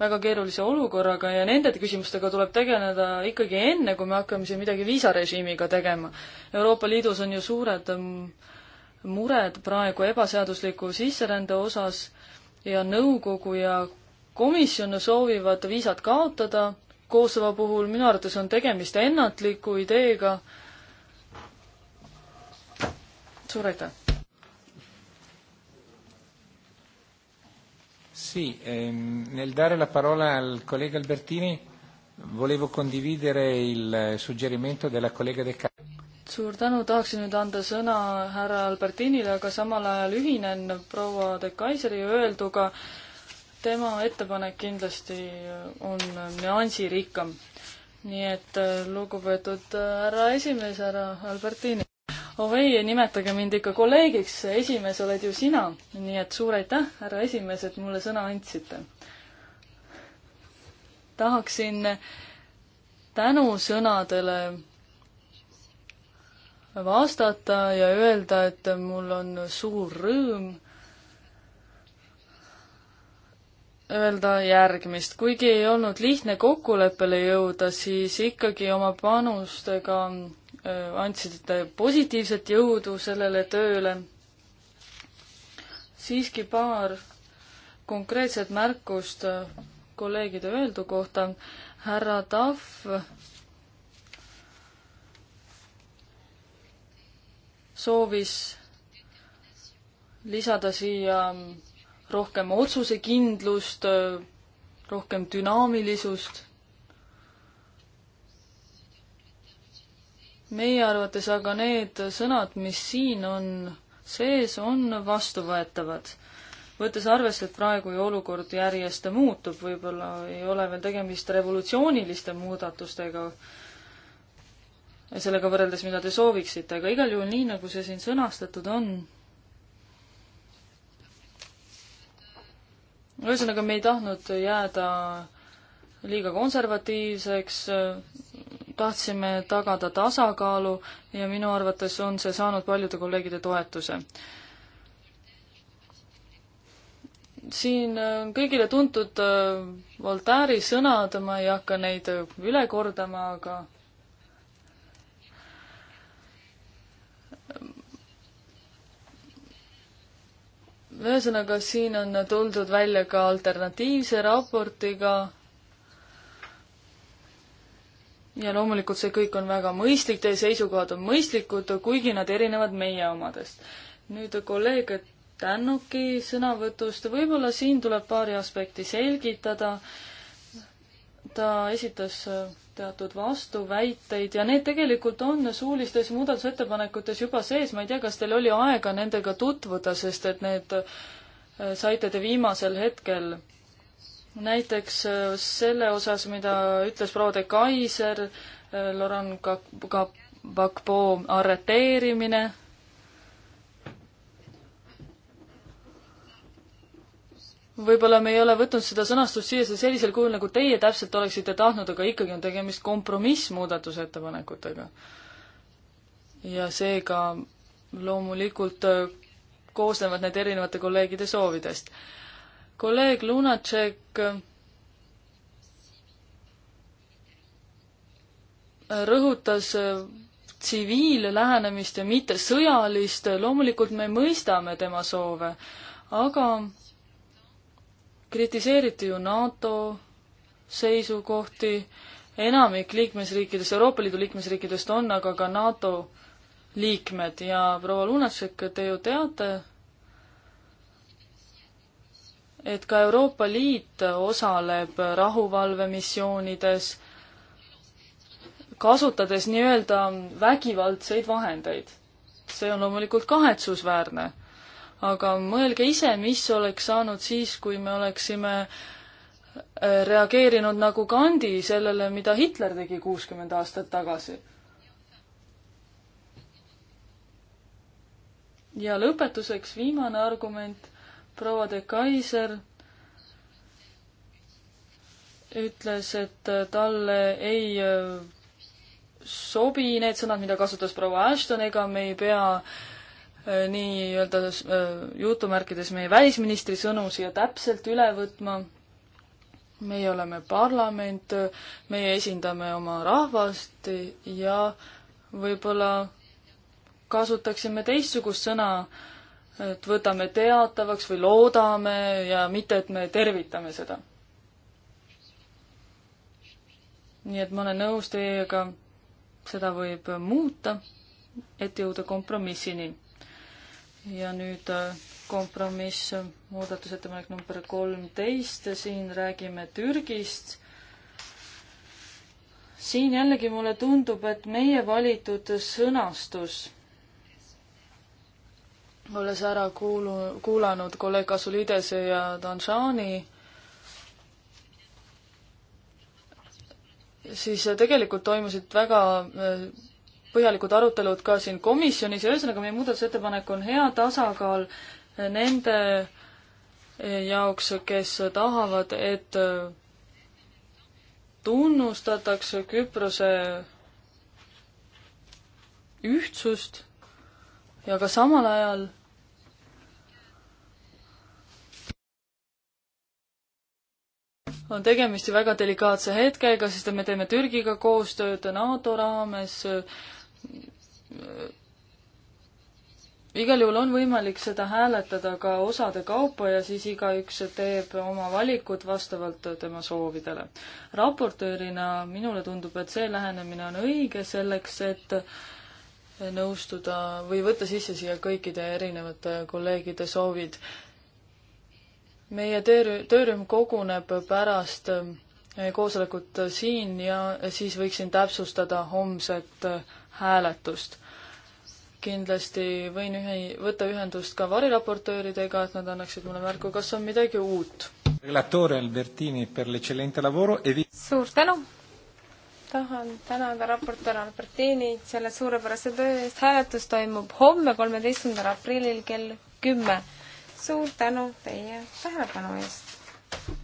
väga keerulise olukorraga ja nende küsimustega tuleb tegeleda ikkagi enne, kui me hakkame siin midagi viisarežiimiga tegema. Euroopa Liidus on ju suured mm, mured praegu ebaseadusliku sisserände osas ja nõukogu ja komisjon soovivad viisad kaotada Kosovo puhul, minu arvates on tegemist ennatliku ideega. suur aitäh! Sì, ehm, nel dare la parola al collega Albertini volevo condividere il eh, suggerimento della collega De Castro. suur tänu, tahaksin nüüd anda sõna härra Albertinile, aga samal ajal ühinen proua De Kaiseri öelduga. tema ettepanek kindlasti on nüansirikkam. nii et eh, lugupeetud eh, härra esimees, härra Albertini oi, nimetage mind ikka kolleegiks, esimees oled ju sina. nii et suur aitäh, härra esimees, et mulle sõna andsite. tahaksin tänusõnadele vastata ja öelda, et mul on suur rõõm öelda järgmist. kuigi ei olnud lihtne kokkuleppele jõuda, siis ikkagi oma panustega Äh, andsite positiivset jõudu sellele tööle. siiski paar konkreetset märkust äh, kolleegide öeldu kohta. härra Tahv soovis lisada siia rohkem otsusekindlust, rohkem dünaamilisust meie arvates aga need sõnad, mis siin on sees, on vastuvõetavad. võttes arvesse, et praegu ju olukord järjest muutub, võib-olla ei ole veel tegemist revolutsiooniliste muudatustega, sellega võrreldes, mida te sooviksite, aga igal juhul nii, nagu see siin sõnastatud on, ühesõnaga, me ei tahtnud jääda liiga konservatiivseks, tahtsime tagada tasakaalu ja minu arvates on see saanud paljude kolleegide toetuse. siin on kõigile tuntud äh, Voltaire'i sõnad, ma ei hakka neid üle kordama, aga ühesõnaga, siin on tuldud välja ka alternatiivse raportiga ja loomulikult see kõik on väga mõistlik, teie seisukohad on mõistlikud, kuigi nad erinevad meie omadest. nüüd kolleeg Tännuki sõnavõtust, võib-olla siin tuleb paari aspekti selgitada. ta esitas äh, teatud vastuväiteid ja need tegelikult on suulistes muudatusettepanekutes juba sees, ma ei tea, kas teil oli aega nendega tutvuda, sest et need äh, saite te viimasel hetkel näiteks äh, selle osas, mida ütles proua de Kaiser, äh, Laurent Gbagbo arreteerimine, võib-olla me ei ole võtnud seda sõnastust siia sellisel kujul, nagu teie täpselt oleksite tahtnud, aga ikkagi on tegemist kompromissmuudatusettepanekutega. ja seega loomulikult äh, koosnevad need erinevate kolleegide soovidest kolleeg Lunatšek äh, rõhutas äh, tsiviillähenemist ja mitte sõjalist, loomulikult me mõistame tema soove, aga kritiseeriti ju NATO seisukohti, enamik liikmesriikidest, Euroopa Liidu liikmesriikidest on aga ka NATO liikmed ja proua Lunatšek, te ju teate, et ka Euroopa Liit osaleb rahuvalvemissioonides, kasutades nii-öelda vägivaldseid vahendeid. see on loomulikult kahetsusväärne. aga mõelge ise, mis oleks saanud siis, kui me oleksime äh, reageerinud nagu Gandhi sellele, mida Hitler tegi kuuskümmend aastat tagasi. ja lõpetuseks viimane argument proua de Kaiser ütles, et äh, talle ei äh, sobi need sõnad, mida kasutas proua Ashton, ega me ei pea äh, nii-öelda jutumärkides meie välisministri sõnu siia täpselt üle võtma. meie oleme parlament, meie esindame oma rahvast ja võib-olla kasutaksime teistsugust sõna äh, et võtame teatavaks või loodame ja mitte, et me tervitame seda. nii et ma olen nõus teiega, seda võib muuta, et jõuda kompromissini. ja nüüd äh, kompromiss, äh, muudatusettepanek number kolmteist, siin räägime Türgist siin jällegi mulle tundub, et meie valitud sõnastus olles ära kuulu-, kuulanud kolleeg Kasulidese ja Danšani, siis tegelikult toimusid väga äh, põhjalikud arutelud ka siin komisjonis ja ühesõnaga meie muudatusettepanek on hea tasakaal nende äh, jaoks, kes tahavad, et äh, tunnustatakse Küprose ühtsust ja ka samal ajal on tegemist ju väga delikaatse hetkega, sest me teeme Türgiga koostööd NATO raames. igal juhul on võimalik seda hääletada ka osade kaupa ja siis igaüks teeb oma valikud vastavalt tema soovidele. raportöörina minule tundub, et see lähenemine on õige selleks, et nõustuda või võtta sisse siia kõikide erinevate kolleegide soovid meie töörühm, töörühm koguneb pärast äh, koosolekut äh, siin ja siis võiksin täpsustada homset äh, hääletust. kindlasti võin ühe, võtta ühendust ka variraportööridega, et nad annaksid mulle märku, kas on midagi uut. E suur tänu! tahan tänada raportöör Albertini selle suurepärase töö eest. hääletus toimub homme, kolmeteistkümnendal aprillil kell kümme suur tänu teie tähelepanu eest!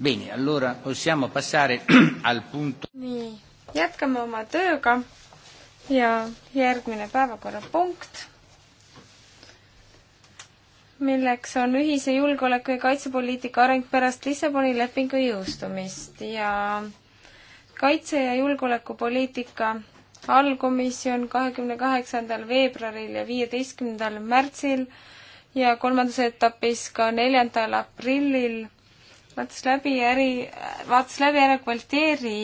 Bene, allora possiamo passare al punto. nii, jätkame oma tööga ja järgmine päevakorrapunkt, milleks on ühise julgeoleku ja kaitsepoliitika areng pärast Lissaboni lepingu jõustumist ja kaitse- ja julgeolekupoliitika allkomisjon kahekümne kaheksandal veebruaril ja viieteistkümnendal märtsil ja kolmandas etapis ka neljandal aprillil vaatas läbi äri, vaatas läbi ära Gualtieri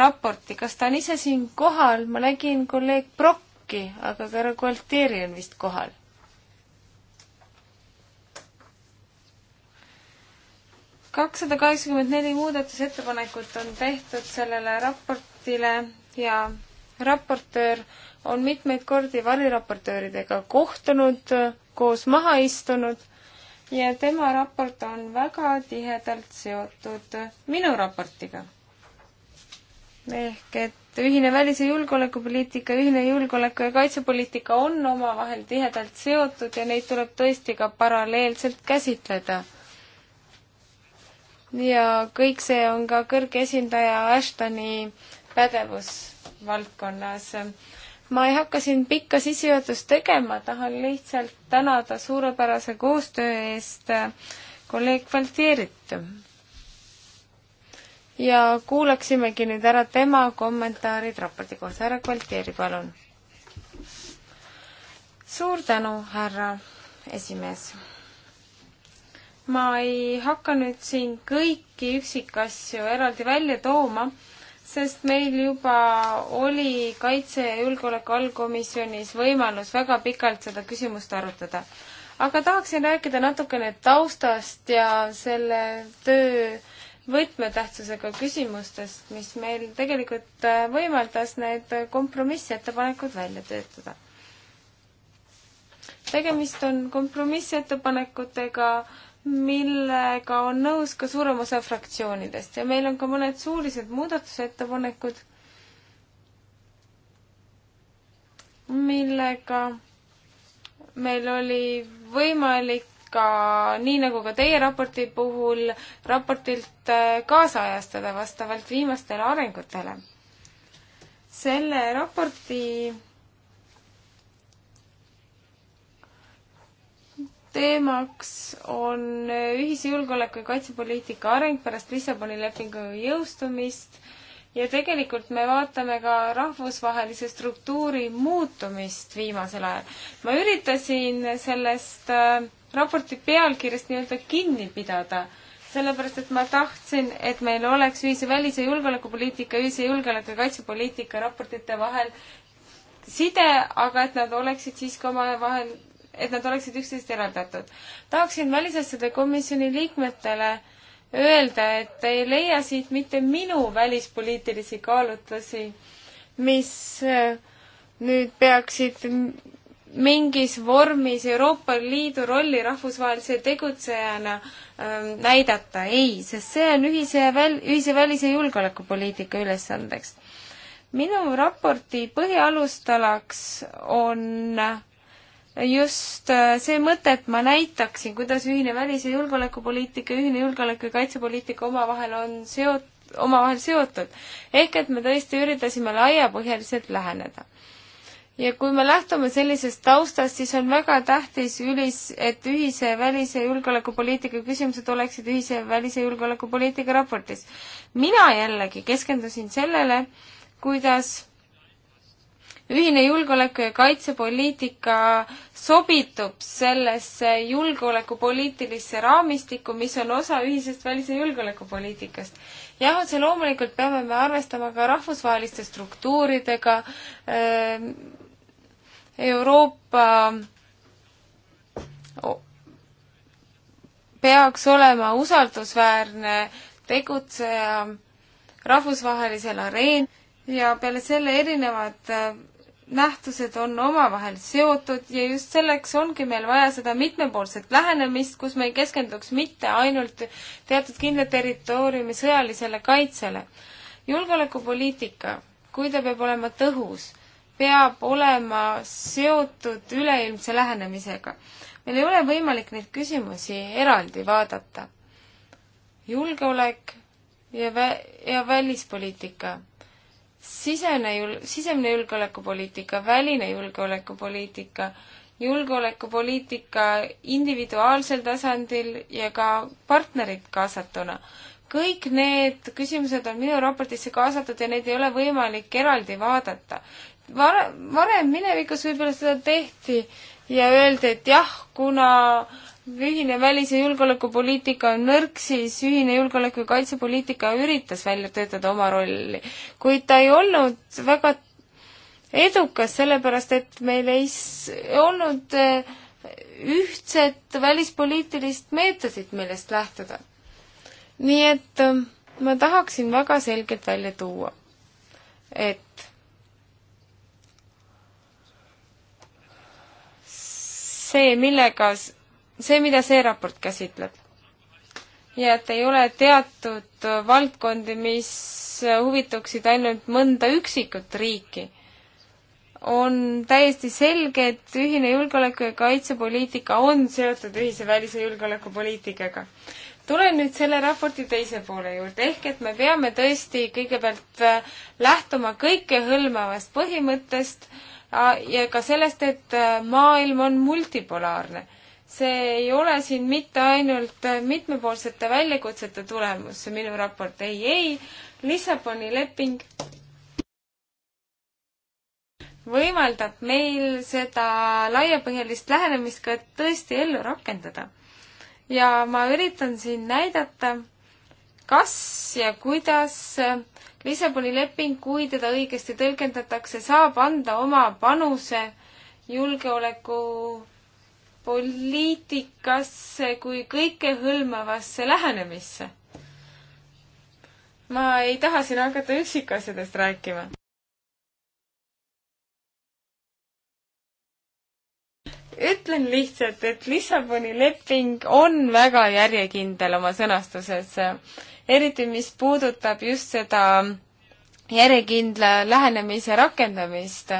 raporti, kas ta on ise siin kohal, ma nägin kolleeg Brocki, aga ka härra Gualtieri on vist kohal. kakssada kaheksakümmend neli muudatusettepanekut on tehtud sellele raportile ja raportöör on mitmeid kordi variraportööridega kohtunud, koos maha istunud ja tema raport on väga tihedalt seotud minu raportiga. ehk et ühine välis- ja julgeolekupoliitika, ühine julgeoleku- ja kaitsepoliitika on omavahel tihedalt seotud ja neid tuleb tõesti ka paralleelselt käsitleda. ja kõik see on ka kõrge esindaja Ashtoni pädevusvaldkonnas ma ei hakka siin pikka sissejuhatust tegema, tahan lihtsalt tänada suurepärase koostöö eest äh, kolleeg Valtierit. ja kuulaksimegi nüüd ära tema kommentaarid raporti kohta. härra Valtieri, palun. suur tänu, härra esimees. ma ei hakka nüüd siin kõiki üksikasju eraldi välja tooma sest meil juba oli Kaitse- ja Julgeoleku allkomisjonis võimalus väga pikalt seda küsimust arutada. aga tahaksin rääkida natukene taustast ja selle töö võtmetähtsusega küsimustest, mis meil tegelikult äh, võimaldas need kompromissettepanekud välja töötada. tegemist on kompromissettepanekutega, millega on nõus ka suurem osa fraktsioonidest ja meil on ka mõned suulised muudatusettepanekud, millega meil oli võimalik ka nii nagu ka teie raporti puhul raportilt äh, kaasajastada vastavalt viimastele arengutele. selle raporti teemaks on ühise julgeoleku ja kaitsepoliitika areng pärast Lissaboni lepingu jõustumist ja tegelikult me vaatame ka rahvusvahelise struktuuri muutumist viimasel ajal. ma üritasin sellest äh, raporti pealkirjast nii-öelda kinni pidada, sellepärast et ma tahtsin, et meil oleks ühise välis- ja julgeolekupoliitika, ühise julgeoleku ja kaitsepoliitika raportite vahel side, aga et nad oleksid siiski omavahel et nad oleksid üksteisest eraldatud. tahaksin välisasjade komisjoni liikmetele öelda, et ei leia siit mitte minu välispoliitilisi kaalutlusi, mis äh, nüüd peaksid mingis vormis Euroopa Liidu rolli rahvusvahelise tegutsejana ähm, näidata, ei, sest see on ühise väl-, ühise välis- ja julgeolekupoliitika ülesandeks. minu raporti põhialustalaks on äh, just äh, see mõte, et ma näitaksin, kuidas ühine välis- ja julgeolekupoliitika, ühine julgeoleku- ja kaitsepoliitika omavahel on seot-, omavahel seotud. ehk et me tõesti üritasime laiapõhjaliselt läheneda. ja kui me lähtume sellisest taustast, siis on väga tähtis ülis, et ühise välis- ja julgeolekupoliitika küsimused oleksid ühise välis- ja julgeolekupoliitika raportis. mina jällegi keskendusin sellele, kuidas ühine julgeoleku- ja kaitsepoliitika sobitub sellesse julgeolekupoliitilisse raamistikku, mis on osa ühisest välis- ja julgeolekupoliitikast. jah, otse loomulikult peame me arvestama ka rahvusvaheliste struktuuridega, ähm, Euroopa peaks olema usaldusväärne tegutseja rahvusvahelisel areen- ja peale selle erinevad äh, nähtused on omavahel seotud ja just selleks ongi meil vaja seda mitmepoolset lähenemist, kus me ei keskenduks mitte ainult teatud kindla territooriumi sõjalisele kaitsele. julgeolekupoliitika, kui ta peab olema tõhus, peab olema seotud üleilmse lähenemisega. meil ei ole võimalik neid küsimusi eraldi vaadata. julgeolek ja vä-, ja välispoliitika sisene jul-, sisemine julgeolekupoliitika, väline julgeolekupoliitika, julgeolekupoliitika individuaalsel tasandil ja ka partnerid kaasatuna. kõik need küsimused on minu raportisse kaasatud ja neid ei ole võimalik eraldi vaadata. Vare-, varem minevikus võib-olla seda tehti ja öeldi, et jah, kuna äh, ühine välis- ja julgeolekupoliitika on nõrk, siis ühine julgeoleku- ja kaitsepoliitika üritas välja töötada oma rolli, kuid ta ei olnud väga edukas, sellepärast et meil ei olnud eh, ühtset välispoliitilist meetodit, millest lähtuda. nii et eh, ma tahaksin väga selgelt välja tuua, et see, millega see, mida see raport käsitleb. ja et ei ole teatud valdkondi, mis huvituksid ainult mõnda üksikut riiki. on täiesti selge, et ühine julgeoleku- ja kaitsepoliitika on seotud ühise välise julgeolekupoliitikaga tulen nüüd selle raporti teise poole juurde, ehk et me peame tõesti kõigepealt äh, lähtuma kõikehõlmavast põhimõttest äh, ja ka sellest, et äh, maailm on multipolaarne see ei ole siin mitte ainult äh, mitmepoolsete väljakutsete tulemus, see minu raport, ei, ei, Lissaboni leping võimaldab meil seda laiapõhjalist lähenemist ka tõesti ellu rakendada. ja ma üritan siin näidata, kas ja kuidas Lissaboni leping, kui teda õigesti tõlgendatakse, saab anda oma panuse julgeoleku poliitikasse kui kõikehõlmavasse lähenemisse. ma ei taha siin hakata üksikasjadest rääkima. ütlen lihtsalt, et Lissaboni leping on väga järjekindel oma sõnastuses, eriti mis puudutab just seda järjekindla lähenemise rakendamist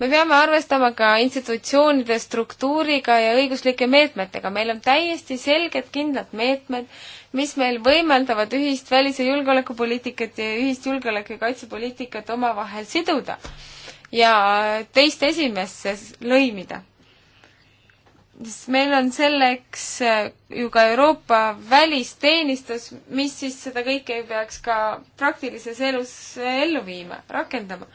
me peame arvestama ka institutsioonide struktuuriga ja õiguslike meetmetega. meil on täiesti selged kindlad meetmed, mis meil võimaldavad ühist välis- ja julgeolekupoliitikat ja ühist julgeoleku- ja kaitsepoliitikat omavahel siduda ja teist esimesse lõimida. sest meil on selleks äh, ju ka Euroopa välisteenistus, mis siis seda kõike peaks ka praktilises elus äh, ellu viima, rakendama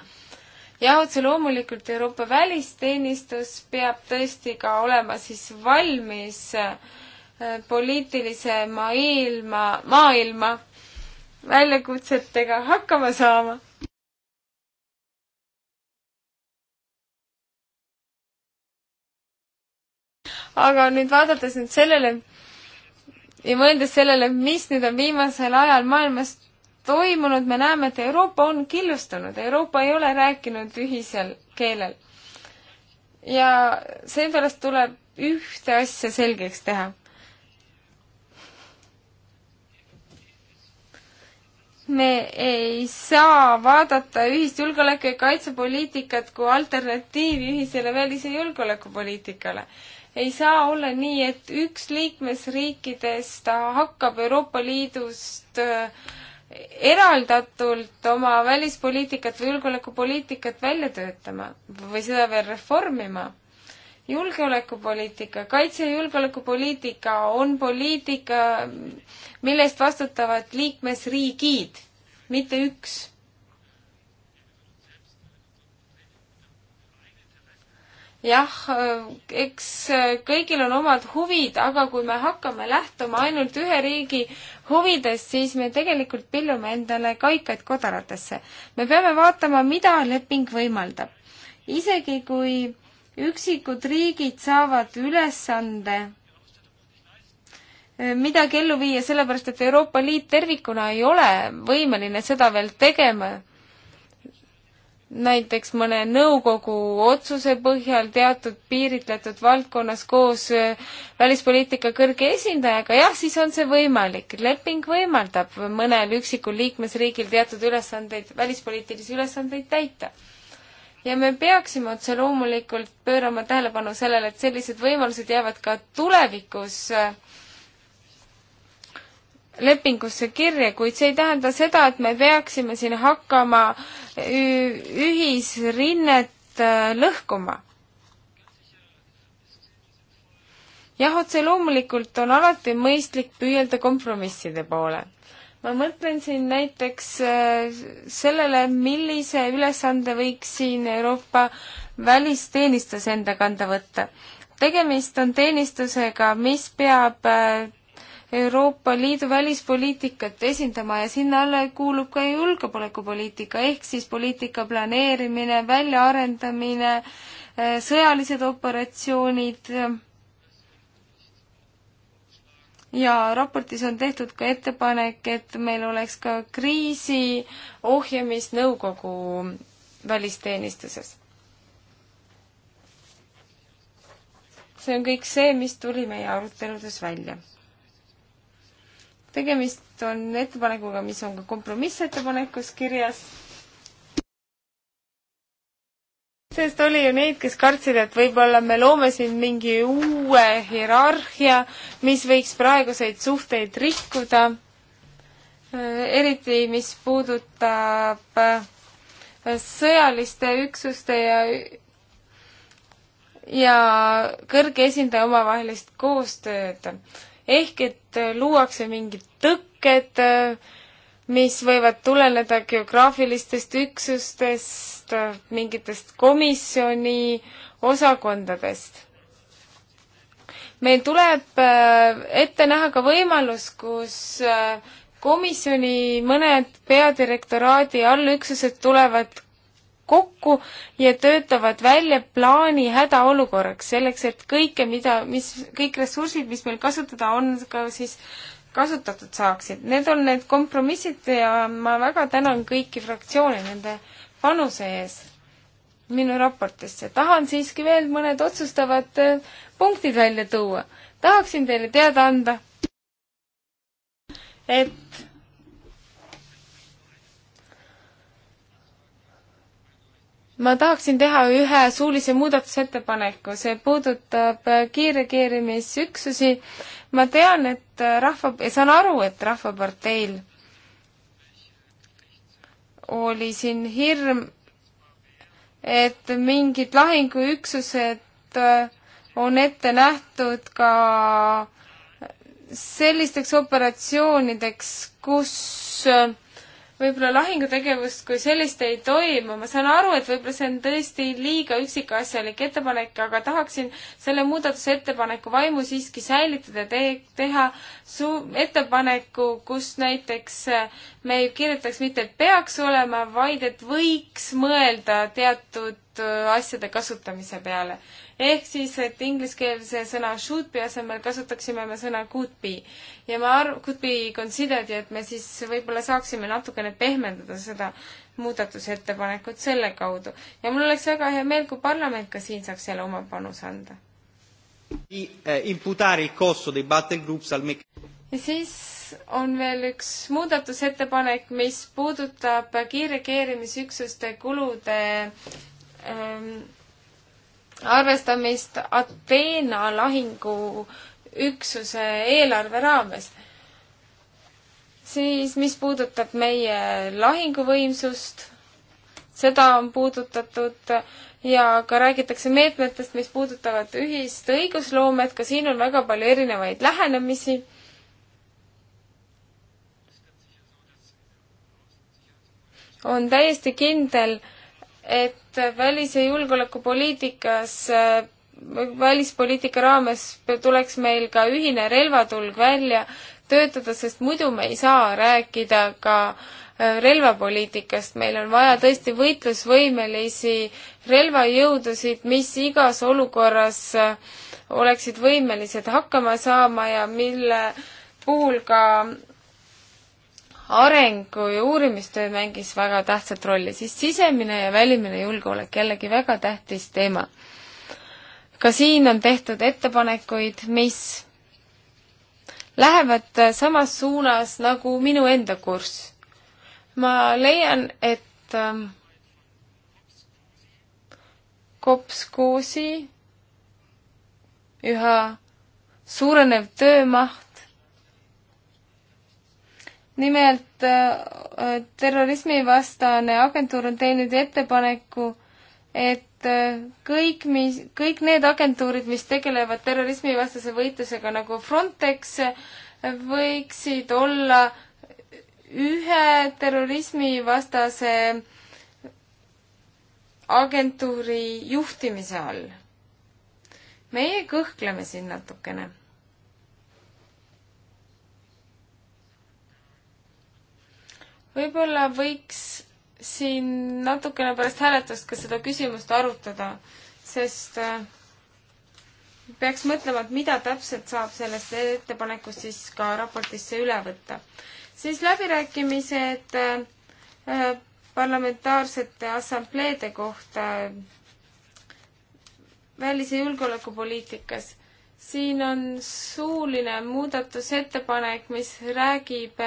ja otse loomulikult Euroopa välisteenistus peab tõesti ka olema siis valmis äh, poliitilise maailma, maailma väljakutsetega hakkama saama aga nüüd vaadates nüüd sellele ja mõeldes sellele, mis nüüd on viimasel ajal maailmas toimunud, me näeme, et Euroopa on killustunud, Euroopa ei ole rääkinud ühisel keelel. ja seepärast tuleb ühte asja selgeks teha. me ei saa vaadata ühist julgeoleku- ja kaitsepoliitikat kui alternatiivi ühisele välis- ja julgeolekupoliitikale ei saa olla nii, et üks liikmesriikidest hakkab Euroopa Liidust äh, eraldatult oma välispoliitikat või julgeolekupoliitikat välja töötama või seda veel reformima. julgeolekupoliitika, kaitse- ja julgeolekupoliitika on poliitika, mille eest vastutavad liikmesriigid, mitte üks jah, äh, eks äh, kõigil on omad huvid, aga kui me hakkame lähtuma ainult ühe riigi huvidest, siis me tegelikult pillume endale kaikaid kodaratesse. me peame vaatama, mida leping võimaldab. isegi kui üksikud riigid saavad ülesande äh, midagi ellu viia, sellepärast et Euroopa Liit tervikuna ei ole võimeline seda veel tegema näiteks mõne nõukogu otsuse põhjal teatud piiritletud valdkonnas koos äh, välispoliitika kõrge esindajaga, jah, siis on see võimalik. leping võimaldab mõnel üksikul liikmesriigil teatud ülesandeid, välispoliitilisi ülesandeid täita. ja me peaksime otse loomulikult pöörama tähelepanu sellele, et sellised võimalused jäävad ka tulevikus äh, lepingusse kirja, kuid see ei tähenda seda, et me peaksime siin hakkama ühisrinnet äh, lõhkuma. jah, otse loomulikult on alati mõistlik püüelda kompromisside poole. ma mõtlen siin näiteks äh, sellele, millise ülesande võiks siin Euroopa välisteenistus enda kanda võtta. tegemist on teenistusega, mis peab äh, Euroopa Liidu välispoliitikat esindama ja sinna alla kuulub ka julgeolekupoliitika, ehk siis poliitika planeerimine, väljaarendamine, eh, sõjalised operatsioonid ja raportis on tehtud ka ettepanek, et meil oleks ka kriisi ohjamisnõukogu välisteenistuses. see on kõik see, mis tuli meie aruteludes välja tegemist on ettepanekuga, mis on ka kompromissettepanekus kirjas. sest oli ju neid, kes kartsid, et võib-olla me loome siin mingi uue hierarhia, mis võiks praeguseid suhteid rikkuda. eriti, mis puudutab sõjaliste üksuste ja ja kõrge esindaja omavahelist koostööd ehk et luuakse mingid tõkked, mis võivad tuleneda geograafilistest üksustest, mingitest komisjoni osakondadest. meil tuleb äh, ette näha ka võimalus, kus äh, komisjoni mõned peadirektoraadi allüksused tulevad kokku ja töötavad välja plaani hädaolukorraks, selleks et kõike, mida, mis, kõik ressursid, mis meil kasutada on, ka siis kasutatud saaksid. Need on need kompromissid ja ma väga tänan kõiki fraktsioone nende panuse ees minu raportisse. tahan siiski veel mõned otsustavad äh, punktid välja tuua. tahaksin teile teada anda, et ma tahaksin teha ühe suulise muudatusettepaneku, see puudutab kiirreageerimisüksusi. ma tean, et rahva, saan aru, et Rahvaparteil oli siin hirm, et mingid lahinguüksused äh, on ette nähtud ka sellisteks operatsioonideks, kus äh, võib-olla lahingutegevust kui sellist ei toimu, ma saan aru, et võib-olla see on tõesti liiga üksikasjalik ettepanek, aga tahaksin selle muudatusettepaneku vaimu siiski säilitada te, teha su-, ettepaneku, kus näiteks äh, me ei kirjutaks mitte, et peaks olema, vaid et võiks mõelda teatud äh, asjade kasutamise peale ehk siis, et ingliskeelse sõna should be asemel kasutaksime me sõna could be. ja ma arv-, could be considered ja et me siis võib-olla saaksime natukene pehmendada seda muudatusettepanekut selle kaudu. ja mul oleks väga hea meel, kui parlament ka siin saaks jälle oma panuse anda. Eh, ja siis on veel üks muudatusettepanek, mis puudutab kiirreageerimisüksuste kulude ähm, arvestamist Ateena lahinguüksuse eelarve raames. siis, mis puudutab meie lahinguvõimsust, seda on puudutatud ja ka räägitakse meetmetest, mis puudutavad ühist õigusloomet, ka siin on väga palju erinevaid lähenemisi on täiesti kindel, et et välis- ja julgeolekupoliitikas, välispoliitika raames tuleks meil ka ühine relvatulg välja töötada, sest muidu me ei saa rääkida ka äh, relvapoliitikast, meil on vaja tõesti võitlusvõimelisi relvajõudusid, mis igas olukorras äh, oleksid võimelised hakkama saama ja mille puhul ka arengu ja uurimistöö mängis väga tähtsat rolli, siis sisemine ja välimine julgeolek, jällegi väga tähtis teema. ka siin on tehtud ettepanekuid, mis lähevad samas suunas nagu minu enda kurss. ma leian, et ähm, kopskuusi üha suurenev töömaht nimelt äh, terrorismivastane agentuur on teinud ettepaneku, et äh, kõik, mis, kõik need agentuurid, mis tegelevad terrorismivastase võitlusega nagu Frontex, võiksid olla ühe terrorismivastase agentuuri juhtimise all. meie kõhkleme siin natukene võib-olla võiks siin natukene pärast hääletust ka seda küsimust arutada, sest äh, peaks mõtlema, et mida täpselt saab sellest ettepanekust siis ka raportisse üle võtta. siis läbirääkimised äh, äh, parlamentaarsete assambleede kohta välis- ja julgeolekupoliitikas. siin on suuline muudatusettepanek, mis räägib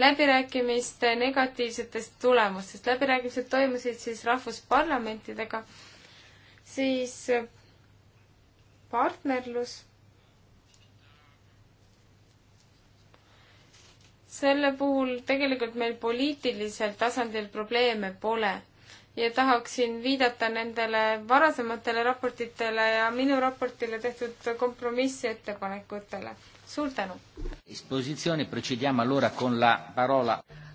läbirääkimiste negatiivsetest tulemustest. läbirääkimised toimusid siis rahvusparlamentidega, siis äh, partnerlus. selle puhul tegelikult meil poliitilisel tasandil probleeme pole ja tahaksin viidata nendele varasematele raportitele ja minu raportile tehtud kompromissettepanekutele suur tänu!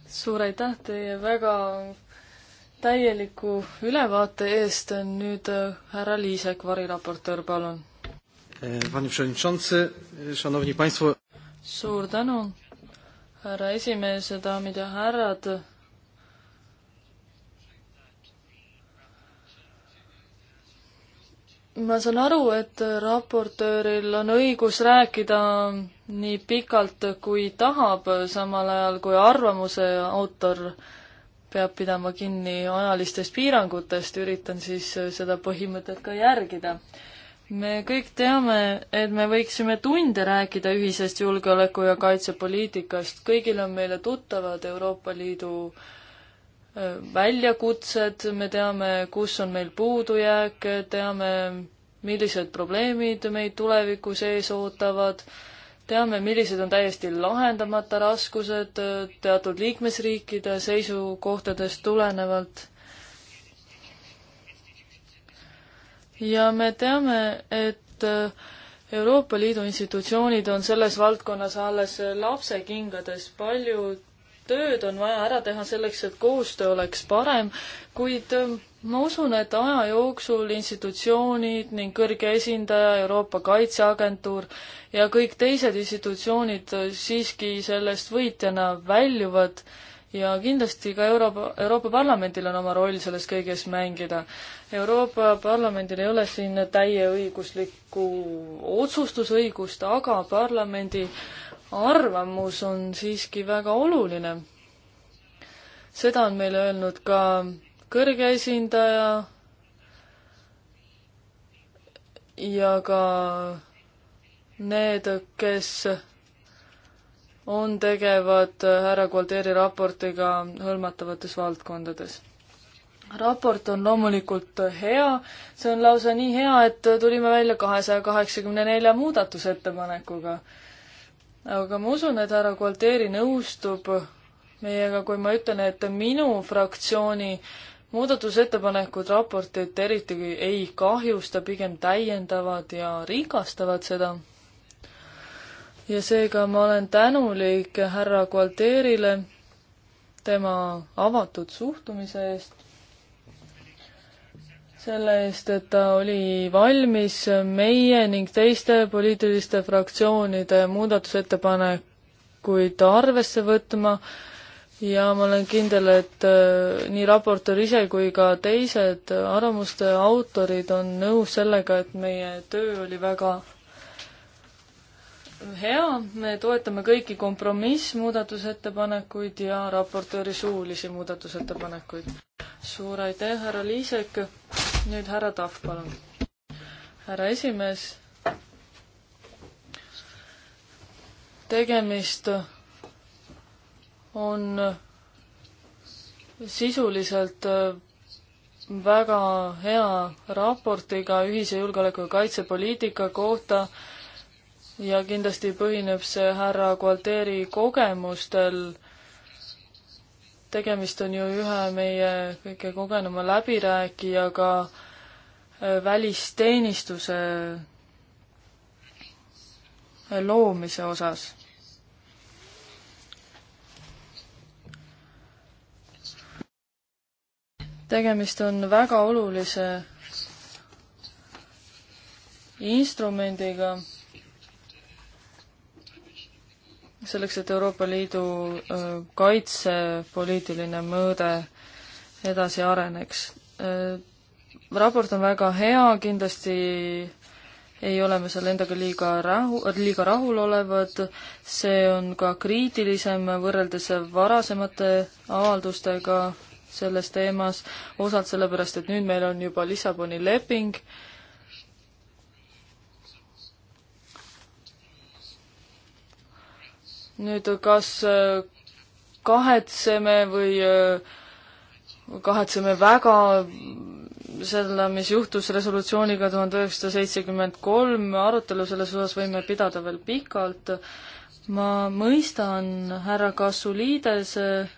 suur aitäh teie väga täieliku ülevaate eest, nüüd äh, härra Liisek, variraportöör, palun! Äh, panie Przewodniczący, Szanowni Państwo! suur tänu, härra esimees, daamid ja härrad! ma saan aru, et raportööril on õigus rääkida nii pikalt, kui tahab, samal ajal kui arvamuse autor peab pidama kinni ajalistest piirangutest, üritan siis seda põhimõtet ka järgida. me kõik teame, et me võiksime tunde rääkida ühisest julgeoleku- ja kaitsepoliitikast, kõigil on meile tuttavad Euroopa Liidu äh, väljakutsed, me teame, kus on meil puudujääk, teame, millised probleemid meid tulevikus ees ootavad, teame, millised on täiesti lahendamata raskused teatud liikmesriikide seisukohtadest tulenevalt. ja me teame, et Euroopa Liidu institutsioonid on selles valdkonnas alles lapsekingades, paljud tööd on vaja ära teha selleks, et koostöö oleks parem, kuid ähm, ma usun, et aja jooksul institutsioonid ning kõrge esindaja, Euroopa Kaitseagentuur ja kõik teised institutsioonid äh, siiski sellest võitjana väljuvad ja kindlasti ka Euroopa, Euroopa Parlamendil on oma roll selles kõiges mängida. Euroopa Parlamendil ei ole siin täieõiguslikku otsustusõigust, aga parlamendi äh, arvamus on siiski väga oluline. seda on meile öelnud ka kõrge esindaja ja ka need, kes on tegevad härra Gualteri raportiga hõlmatavates valdkondades. raport on loomulikult hea, see on lausa nii hea, et tulime välja kahesaja kaheksakümne nelja muudatusettepanekuga aga ma usun, et härra Gualteri nõustub meiega, kui ma ütlen, et minu fraktsiooni muudatusettepanekud raportit eriti ei kahjusta, pigem täiendavad ja rikastavad seda. ja seega ma olen tänulik härra Gualterile tema avatud suhtumise eest selle eest, et ta oli valmis meie ning teiste poliitiliste fraktsioonide muudatusettepanekuid arvesse võtma ja ma olen kindel, et äh, nii raportöör ise kui ka teised arvamuste autorid on nõus sellega, et meie töö oli väga hea, me toetame kõiki kompromissmuudatusettepanekuid ja raportööri suulisi muudatusettepanekuid. suur aitäh, härra Liisek! nüüd härra Tahv, palun. härra esimees. tegemist on sisuliselt väga hea raportiga ühise julgeoleku ja kaitsepoliitika kohta ja kindlasti põhineb see härra Gualteri kogemustel tegemist on ju ühe meie kõige kogenuma läbirääkijaga äh, välisteenistuse äh, loomise osas. tegemist on väga olulise instrumendiga selleks, et Euroopa Liidu äh, kaitsepoliitiline mõõde edasi areneks. Äh, raport on väga hea, kindlasti ei ole me seal endaga liiga rahu, liiga rahulolevad, see on ka kriitilisem võrreldes varasemate avaldustega selles teemas, osalt sellepärast, et nüüd meil on juba Lissaboni leping, nüüd kas äh, kahetseme või äh, kahetseme väga selle, mis juhtus resolutsiooniga tuhande üheksasada seitsekümmend kolm, arutelu selles osas võime pidada veel pikalt. ma mõistan härra Kasuliidese äh,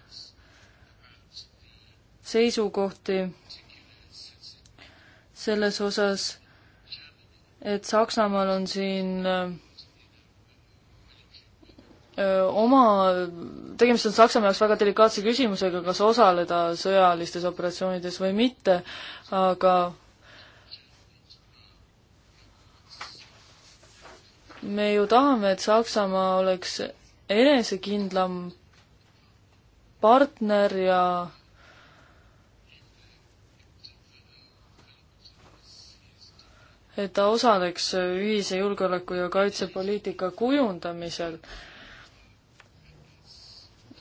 seisukohti selles osas, et Saksamaal on siin oma, tegemist on Saksamaa jaoks väga delikaatse küsimusega, kas osaleda sõjalistes operatsioonides või mitte, aga me ju tahame, et Saksamaa oleks enesekindlam partner ja et ta osaleks ühise julgeoleku- ja kaitsepoliitika kujundamisel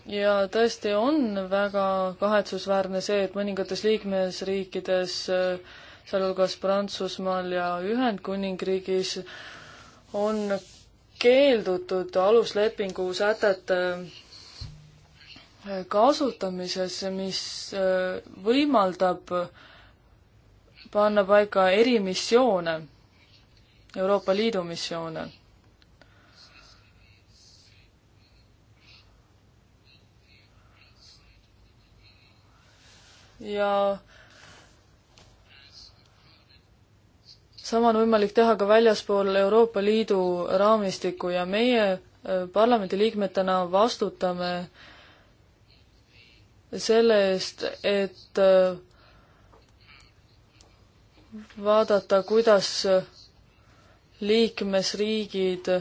ja tõesti on väga kahetsusväärne see, et mõningates liikmesriikides, sealhulgas Prantsusmaal ja Ühendkuningriigis, on keeldutud aluslepingu sätete äh, kasutamises, mis äh, võimaldab panna paika erimissioone, Euroopa Liidu missioone ja sama on võimalik teha ka väljaspool Euroopa Liidu raamistikku ja meie äh, parlamendiliikmetena vastutame selle eest, et äh, vaadata, kuidas äh, liikmesriigid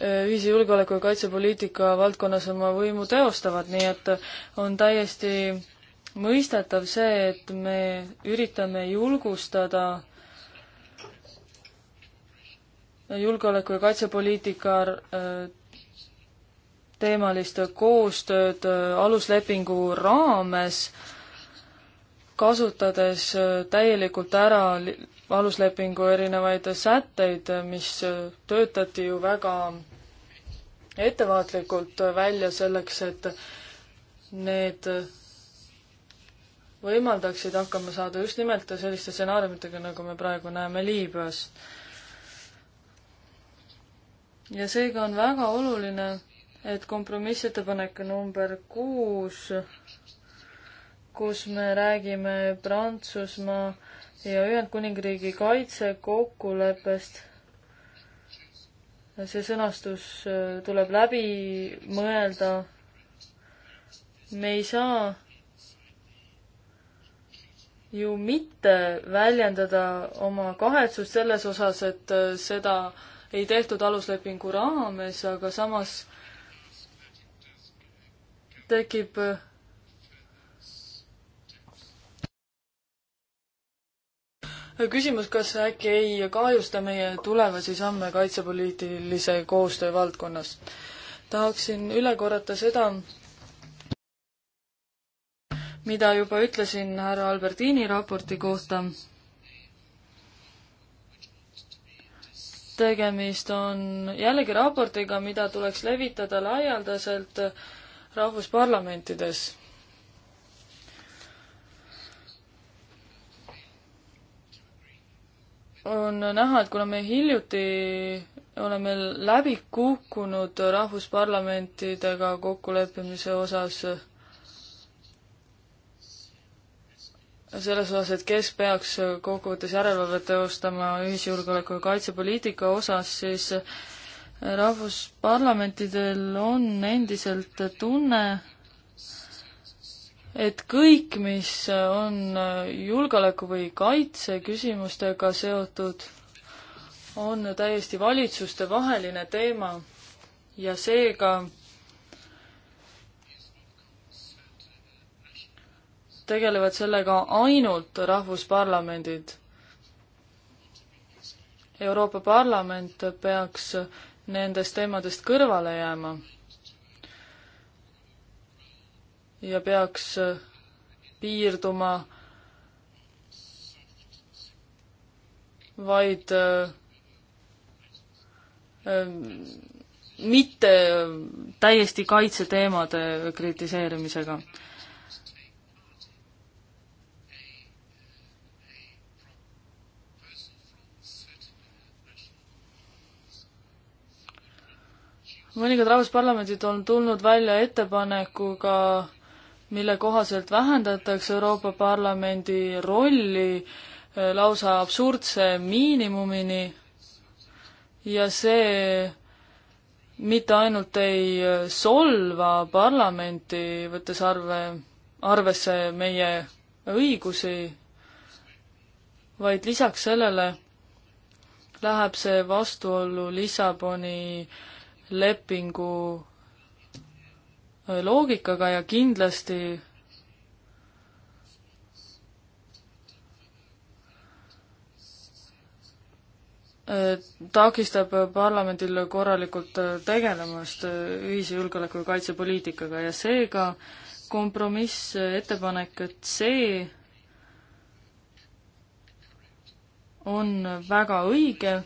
ühise julgeoleku ja kaitsepoliitika valdkonnas oma võimu teostavad, nii et on täiesti mõistetav see, et me üritame julgustada julgeoleku- ja kaitsepoliitika äh, teemalist koostööd äh, aluslepingu raames, kasutades äh, täielikult ära aluslepingu erinevaid sätteid, mis töötati ju väga ettevaatlikult välja selleks, et need võimaldaksid hakkama saada just nimelt selliste stsenaariumitega, nagu me praegu näeme Liibüas. ja seega on väga oluline, et kompromissettepanek number kuus, kus me räägime Prantsusmaa ja Ühendkuningriigi kaitsekokkuleppest, see sõnastus äh, tuleb läbi mõelda. me ei saa ju mitte väljendada oma kahetsust selles osas, et äh, seda ei tehtud aluslepingu raames, aga samas tekib äh, küsimus, kas äkki ei kahjusta meie tulevasi samme kaitsepoliitilise koostöö valdkonnas. tahaksin üle korrata seda, mida juba ütlesin härra Albertini raporti kohta. tegemist on jällegi raportiga, mida tuleks levitada laialdaselt rahvusparlamentides on näha, et kuna me hiljuti oleme läbi kukkunud rahvusparlamentidega kokkuleppimise osas, selles osas, et kes peaks kokkuvõttes järelevalvet teostama ühisjulgeoleku ja kaitsepoliitika osas, siis rahvusparlamentidel on endiselt tunne, et kõik, mis on julgeoleku või kaitse küsimustega seotud, on täiesti valitsustevaheline teema ja seega tegelevad sellega ainult rahvusparlamendid. Euroopa Parlament peaks nendest teemadest kõrvale jääma ja peaks piirduma vaid ähm, mitte täiesti kaitseteemade kritiseerimisega. mõningad rahvusparlamendid on tulnud välja ettepanekuga, mille kohaselt vähendatakse Euroopa Parlamendi rolli eh, lausa absurdse miinimumini ja see mitte ainult ei solva parlamenti, võttes arve, arvesse meie õigusi, vaid lisaks sellele läheb see vastuollu Lissaboni äh, lepingu äh, loogikaga ja kindlasti äh, takistab parlamendil korralikult äh, tegelemast ühise julgeoleku- ja kaitsepoliitikaga ja seega kompromissettepanek C on väga õige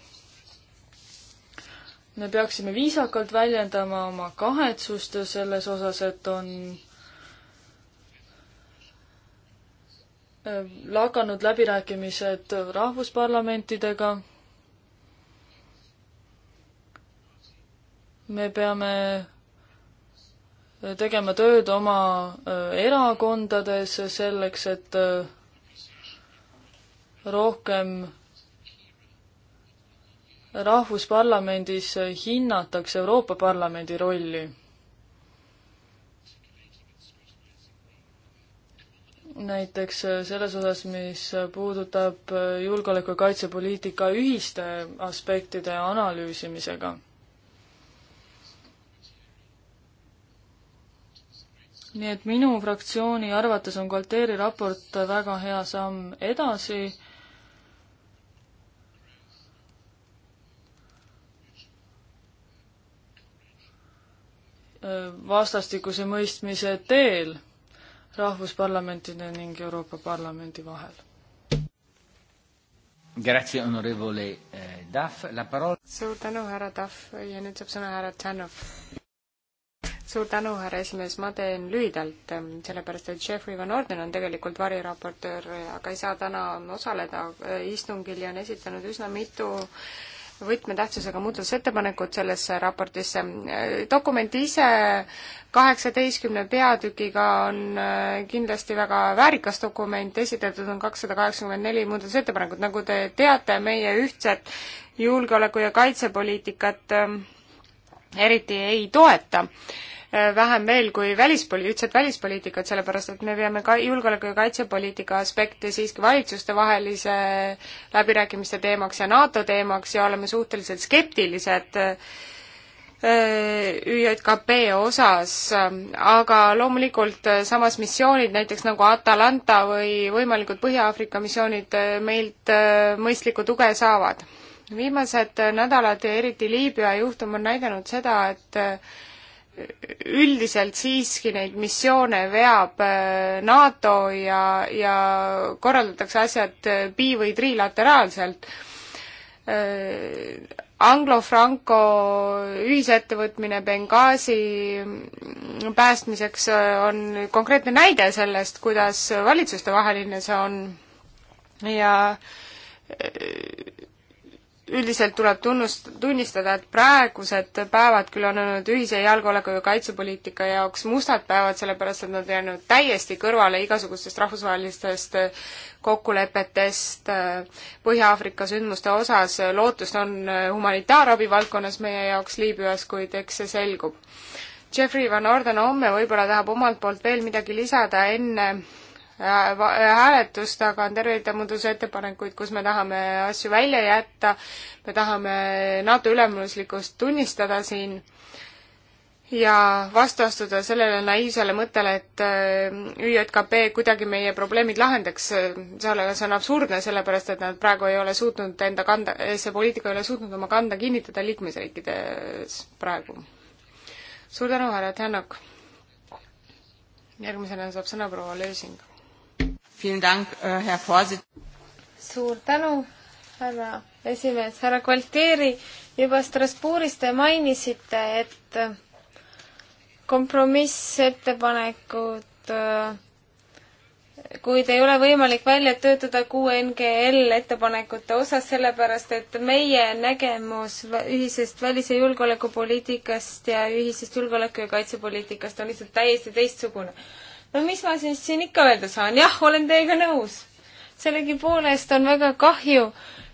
me peaksime viisakalt väljendama oma kahetsust selles osas, et on äh, lakanud läbirääkimised rahvusparlamentidega. me peame äh, tegema tööd oma äh, erakondades selleks, et rohkem rahvusparlamendis hinnatakse Euroopa Parlamendi rolli. näiteks selles osas, mis puudutab julgeoleku- ja kaitsepoliitika ühiste aspektide analüüsimisega. nii et minu fraktsiooni arvates on Gualteri raport väga hea samm edasi vastastikuse mõistmise teel rahvusparlamentide ning Euroopa Parlamendi vahel. Eh, suur tänu, härra Tahv ja nüüd saab sõna härra Tšanov. suur tänu, härra esimees, ma teen lühidalt, eh, sellepärast et Jeffrey Van Orden on tegelikult variraportöör, aga ei saa täna osaleda eh, istungil ja on esitanud üsna mitu äh, võtmetähtsusega muudatusettepanekud sellesse raportisse. dokument ise kaheksateistkümne peatükiga on äh, kindlasti väga väärikas dokument, esitatud on kakssada kaheksakümmend neli muudatusettepanekut, nagu te teate, meie ühtset julgeoleku- ja kaitsepoliitikat äh, eriti ei toeta Äh, vähem veel kui välispoli-, üldset välispoliitikat, sellepärast et me peame ka julgeoleku- ja kaitsepoliitika aspekte siiski valitsustevahelise läbirääkimiste teemaks ja NATO teemaks ja oleme suhteliselt skeptilised äh, ÜJKP osas, aga loomulikult äh, samas missioonid, näiteks nagu Atalanta või võimalikud Põhja-Aafrika missioonid meilt mõistlikku tuge saavad. viimased nädalad ja eriti Liibüa juhtum on näidanud seda, et üldiselt siiski neid missioone veab äh, NATO ja, ja korraldatakse asjad äh, bi- või trilateraalselt. Äh, Anglo-Franco ühisettevõtmine Benghazi mm, päästmiseks on konkreetne näide sellest, kuidas valitsustevaheline see on ja üldiselt tuleb tunnust, tunnistada, et praegused päevad küll on olnud ühise julgeoleku ja kaitsepoliitika jaoks mustad päevad, sellepärast et nad on jäänud täiesti kõrvale igasugustest rahvusvahelistest kokkulepetest äh, Põhja-Aafrika sündmuste osas. lootust on äh, humanitaarabi valdkonnas meie jaoks Liibüas, kuid eks see selgub. Jeffrey Van Orden homme võib-olla tahab omalt poolt veel midagi lisada enne Äh, äh, hääletust, aga on terve rida muudatusettepanekuid, kus me tahame asju välja jätta, me tahame NATO ülemuslikkust tunnistada siin ja vastu astuda sellele naiivsele mõttele, et äh, ÜJKP kuidagi meie probleemid lahendaks, seal, see on absurdne, sellepärast et nad praegu ei ole suutnud enda kanda, see poliitika ei ole suutnud oma kanda kinnitada liikmesriikides praegu. suur tänu, härra Tänak! järgmisena saab sõna proua Lösing Äh, suur tänu, härra esimees, härra Gualtieri, juba Strasbourgis te mainisite, et kompromissettepanekud, äh, kuid ei ole võimalik välja töötada QNGL ettepanekute osas, sellepärast et meie nägemus ühisest välis- ja julgeolekupoliitikast ja ühisest julgeoleku- ja kaitsepoliitikast on lihtsalt täiesti teistsugune no mis ma siis siin ikka öelda saan, jah, olen teiega nõus. sellegipoolest on väga kahju,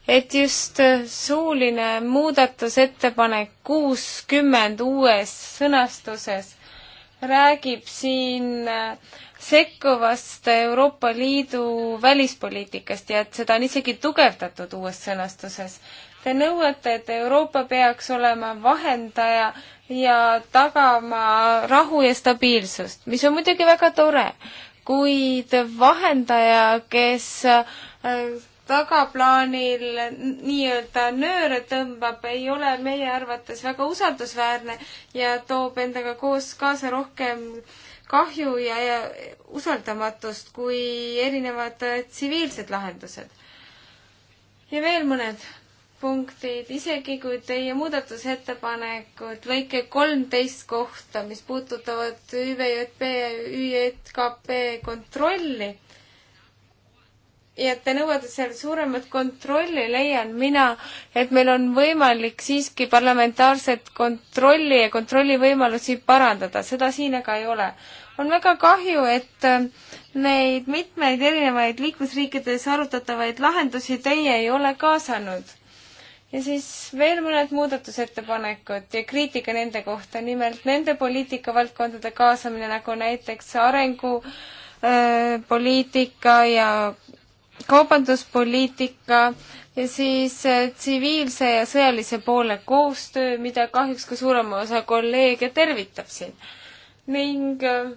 et just äh, suuline muudatusettepanek kuuskümmend uues sõnastuses räägib siin äh, sekkuvast Euroopa Liidu välispoliitikast ja et seda on isegi tugevdatud uues sõnastuses. Te nõuate, et Euroopa peaks olema vahendaja ja tagama rahu ja stabiilsust, mis on muidugi väga tore, kuid vahendaja, kes äh, tagaplaanil nii-öelda nööre tõmbab, ei ole meie arvates väga usaldusväärne ja toob endaga koos kaasa rohkem kahju ja, ja usaldamatust kui erinevad äh, tsiviilsed lahendused. ja veel mõned punktid, isegi kui teie muudatusettepanekud lõike kolmteist kohta, mis puudutavad ÜVJP ja ÜJKP kontrolli ja te nõuate seal suuremat kontrolli, leian mina, et meil on võimalik siiski parlamentaarset kontrolli ja kontrollivõimalusi parandada, seda siin aga ei ole. on väga kahju, et äh, neid mitmeid erinevaid liikmesriikides arutatavaid lahendusi teie ei ole kaasanud ja siis veel mõned muudatusettepanekud ja kriitika nende kohta, nimelt nende poliitikavaldkondade kaasamine, nagu näiteks arengupoliitika äh, ja kaubanduspoliitika ja siis äh, tsiviilse äh, ja sõjalise poole koostöö, mida kahjuks ka suurem osa kolleege tervitab siin. ning äh,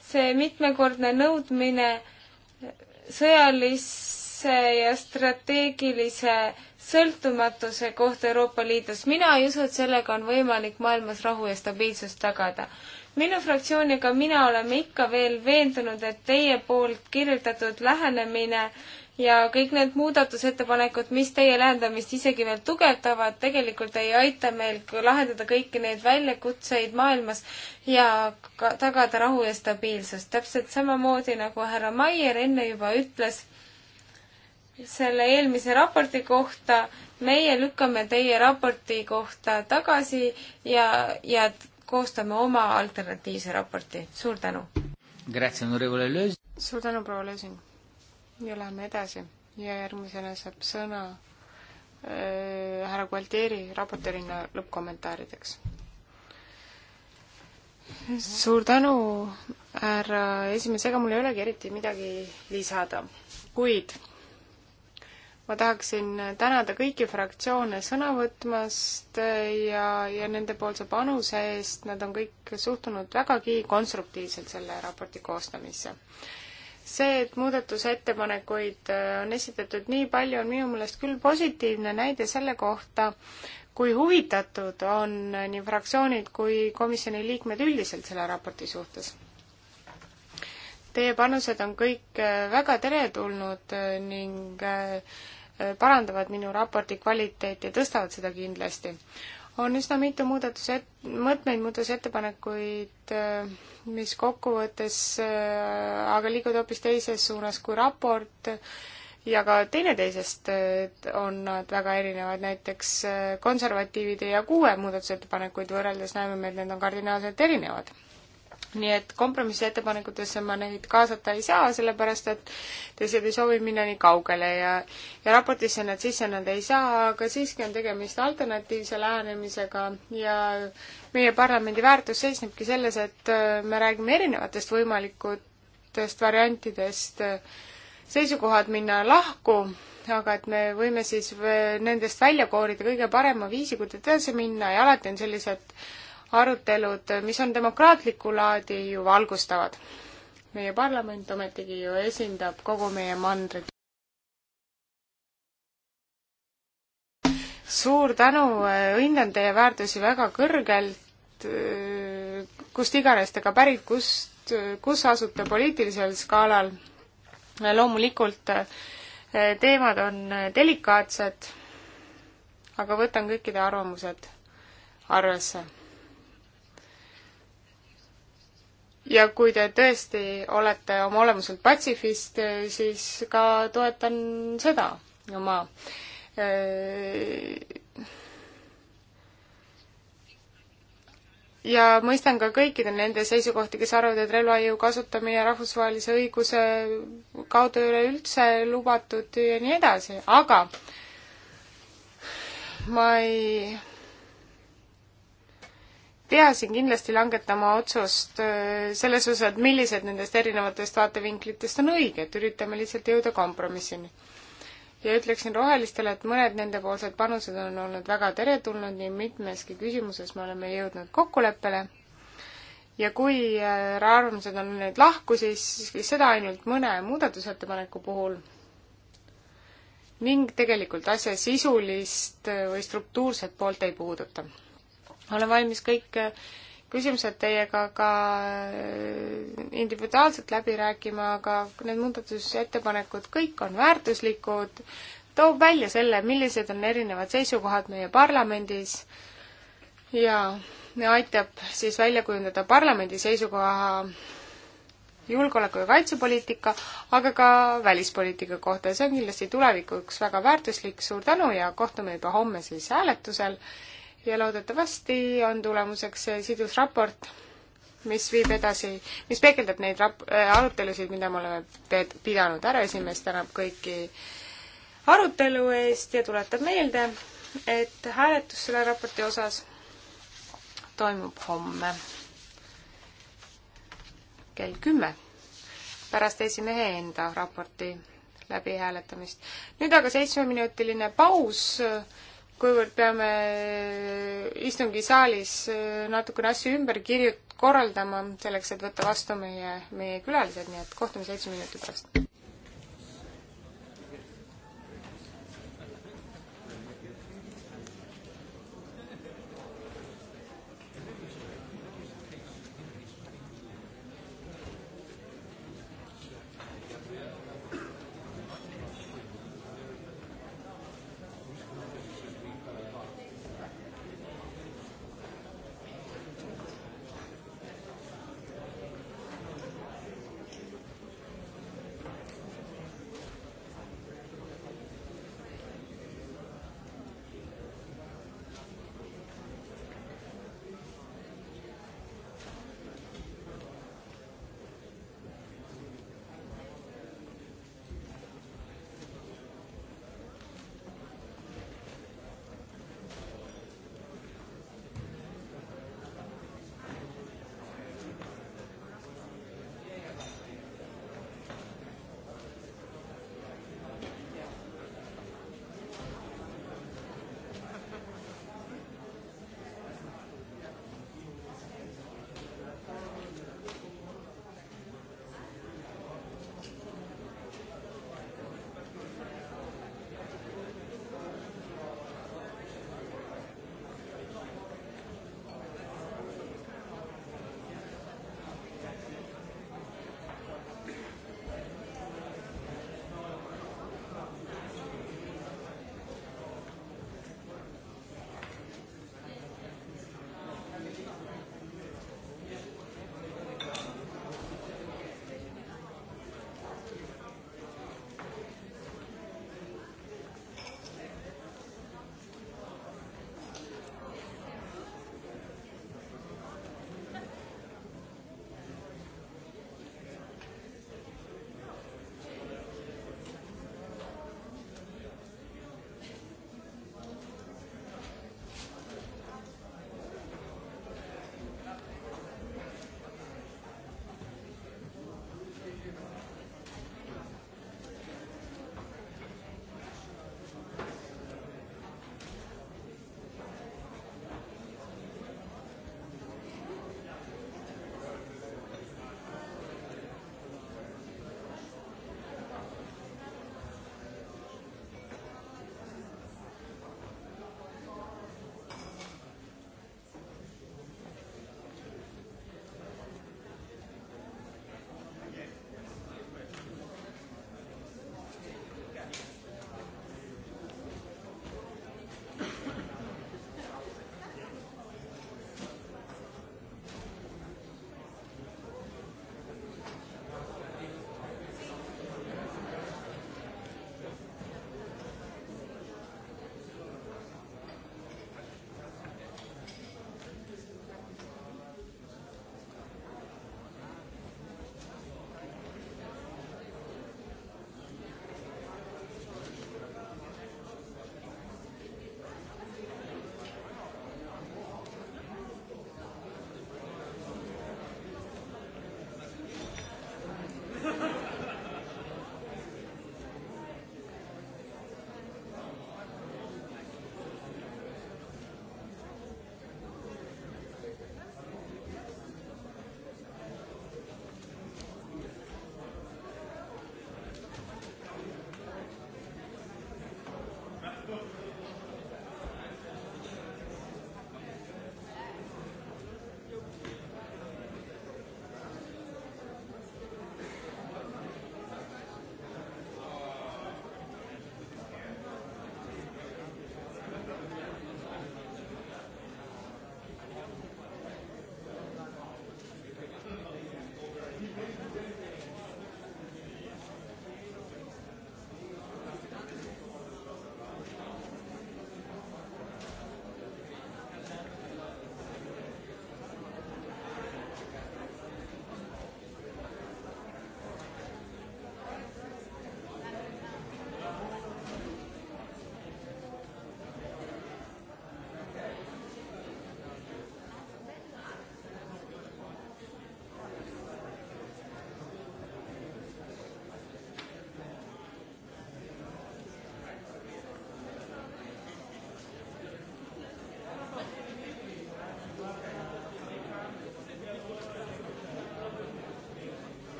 see mitmekordne nõudmine sõjalisse ja strateegilise sõltumatuse kohta Euroopa Liidus. mina ei usu, et sellega on võimalik maailmas rahu ja stabiilsust tagada. minu fraktsioon ja ka mina oleme ikka veel veendunud, et teie poolt kirjeldatud lähenemine ja kõik need muudatusettepanekud, mis teie lähendamist isegi veel tugevdavad, tegelikult ei aita meil lahendada kõiki neid väljakutseid maailmas ja ka tagada rahu ja stabiilsust. täpselt samamoodi, nagu härra Maier enne juba ütles selle eelmise raporti kohta, meie lükkame teie raporti kohta tagasi ja, ja koostame oma alternatiivse raporti. suur tänu! suur tänu, proua Lösing! ja läheme edasi ja järgmisena saab sõna äh, härra Gualtieri raportöörina lõppkommentaarideks. suur tänu, härra esimees, ega mul ei olegi eriti midagi lisada, kuid ma tahaksin tänada kõiki fraktsioone sõna võtmast ja, ja nendepoolse panuse eest, nad on kõik suhtunud vägagi konstruktiivselt selle raporti koostamisse. see, et muudatusettepanekuid äh, on esitatud nii palju, on minu meelest küll positiivne näide selle kohta, kui huvitatud on nii fraktsioonid kui komisjoni liikmed üldiselt selle raporti suhtes Teie panused on kõik äh, väga teretulnud äh, ning äh, parandavad minu raporti kvaliteeti ja tõstavad seda kindlasti. on üsna mitu muudatuse, mõtmeid muudatusettepanekuid, mis kokkuvõttes aga liiguvad hoopis teises suunas kui raport ja ka teineteisest on nad väga erinevad, näiteks konservatiivide ja kuue muudatusettepanekuid võrreldes näeme me, et need on kardinaalselt erinevad nii et kompromissettepanekutesse ma neid kaasata ei saa, sellepärast et teised ei soovi minna nii kaugele ja ja raportisse nad sisse nad ei saa, aga siiski on tegemist alternatiivse lähenemisega ja meie parlamendi väärtus seisnebki selles, et äh, me räägime erinevatest võimalikutest variantidest, äh, seisukohad minna lahku, aga et me võime siis äh, nendest välja koorida kõige parema viisi, kuidas edasi minna ja alati on sellised arutelud, mis on demokraatlikku laadi, ju valgustavad. meie parlament ometigi ju esindab kogu meie mandrit. suur tänu, hindan teie väärtusi väga kõrgelt, kust iganes te ka pärit, kust, kus asute poliitilisel skaalal. loomulikult teemad on delikaatsed, aga võtan kõikide arvamused arvesse ja kui te tõesti olete oma olemuselt patsifist, siis ka toetan seda oma äh, ja mõistan ka kõikide nende seisukohti, kes arvavad, et relvajõu kasutamine rahvusvahelise õiguse kaudu ei ole üldse lubatud ja nii edasi, aga ma ei pea siin kindlasti langetama otsust äh, selles osas, millised nendest erinevatest vaatevinklitest on õiged, üritame lihtsalt jõuda kompromissini. ja ütleksin rohelistele, et mõned nendepoolsed panused on olnud väga teretulnud, nii mitmeski küsimuses me oleme jõudnud kokkuleppele ja kui äh, arvamused on nüüd lahku, siis seda ainult mõne muudatusettepaneku puhul ning tegelikult asja sisulist äh, või struktuurset poolt ei puuduta olen valmis kõik äh, küsimused teiega ka äh, individuaalselt läbi rääkima, aga need muudatusettepanekud kõik on väärtuslikud, toob välja selle, millised on erinevad seisukohad meie parlamendis ja aitab siis välja kujundada parlamendi seisukoha julgeoleku- ja kaitsepoliitika, aga ka välispoliitika kohta ja see on kindlasti tulevikuks väga väärtuslik, suur tänu ja kohtume juba homme siis hääletusel ja loodetavasti on tulemuseks sidus raport, mis viib edasi, mis peegeldab neid rap-, äh, arutelusid, mida me oleme pidanud. härra esimees tänab kõiki arutelu eest ja tuletab meelde, et hääletus selle raporti osas toimub homme kell kümme pärast esimehe enda raporti läbihääletamist. nüüd aga seitsmeminutiline paus kuivõrd peame istungisaalis äh, natukene asju ümber kirjut-, korraldama, selleks et võtta vastu meie, meie külalised, nii et kohtume seitsme minuti pärast.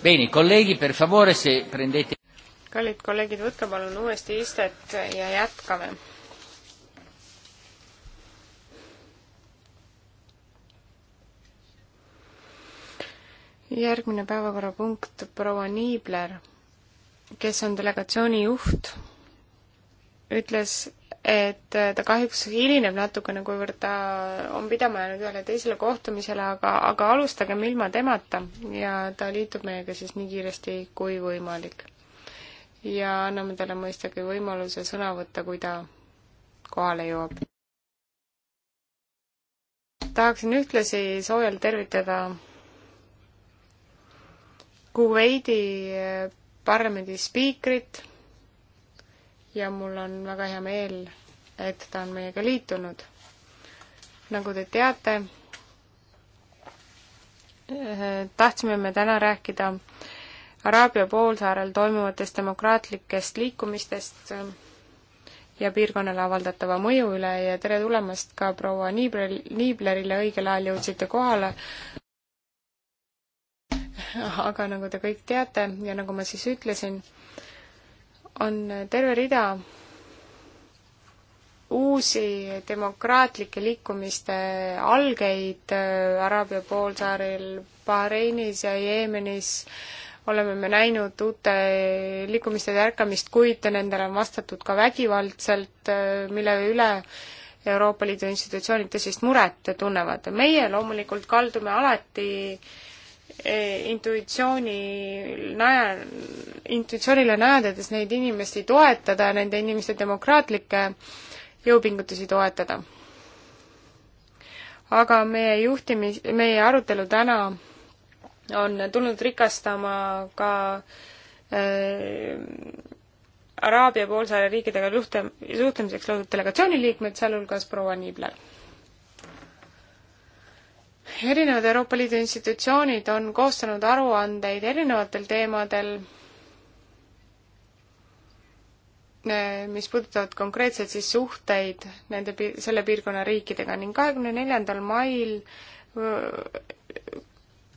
Bene, kolleegi, per favore, se prendete... kallid kolleegid, võtke palun uuesti istet ja jätkame. järgmine päevakorrapunkt, proua Niibler, kes on delegatsiooni juht, ütles, et ta kahjuks hilineb natukene, kuivõrd ta on pidama jäänud ühele teisele kohtumisele, aga, aga alustagem ilma temata ja ta liitub meiega siis nii kiiresti kui võimalik. ja anname talle mõistagi võimaluse sõna võtta, kui ta kohale jõuab. tahaksin ühtlasi soojalt tervitada Kuveidi parlamendi spiikrit ja mul on väga hea meel, et ta on meiega liitunud. nagu te teate, eh, tahtsime me täna rääkida Araabia poolsaarel toimuvatest demokraatlikest liikumistest ja piirkonnale avaldatava mõju üle ja tere tulemast ka proua Niibler, Niiblerile, õigel ajal jõudsite kohale. aga nagu te kõik teate ja nagu ma siis ütlesin, on terve rida uusi demokraatlike liikumiste algeid äh, Araabia poolsaarel, Bahreinis ja Jeemenis oleme me näinud uute liikumiste tärkamist, kuid nendele on vastatud ka vägivaldselt, äh, mille üle Euroopa Liidu institutsioonid tõsist muret tunnevad. meie loomulikult kaldume alati äh, Eh, intuitsiooni naja, intuitsioonile najadades neid inimesi toetada, nende inimeste demokraatlikke jõupingutusi toetada. aga meie juhtimis, meie arutelu täna on tulnud rikastama ka äh, Araabia poolsaare riikidega suhte, suhtlemiseks loodud delegatsiooni liikmed, sealhulgas proua Niibler erinevad Euroopa Liidu institutsioonid on koostanud aruandeid erinevatel teemadel, eh, mis puudutavad konkreetselt siis suhteid nende, selle piirkonna riikidega ning kahekümne neljandal mail eh,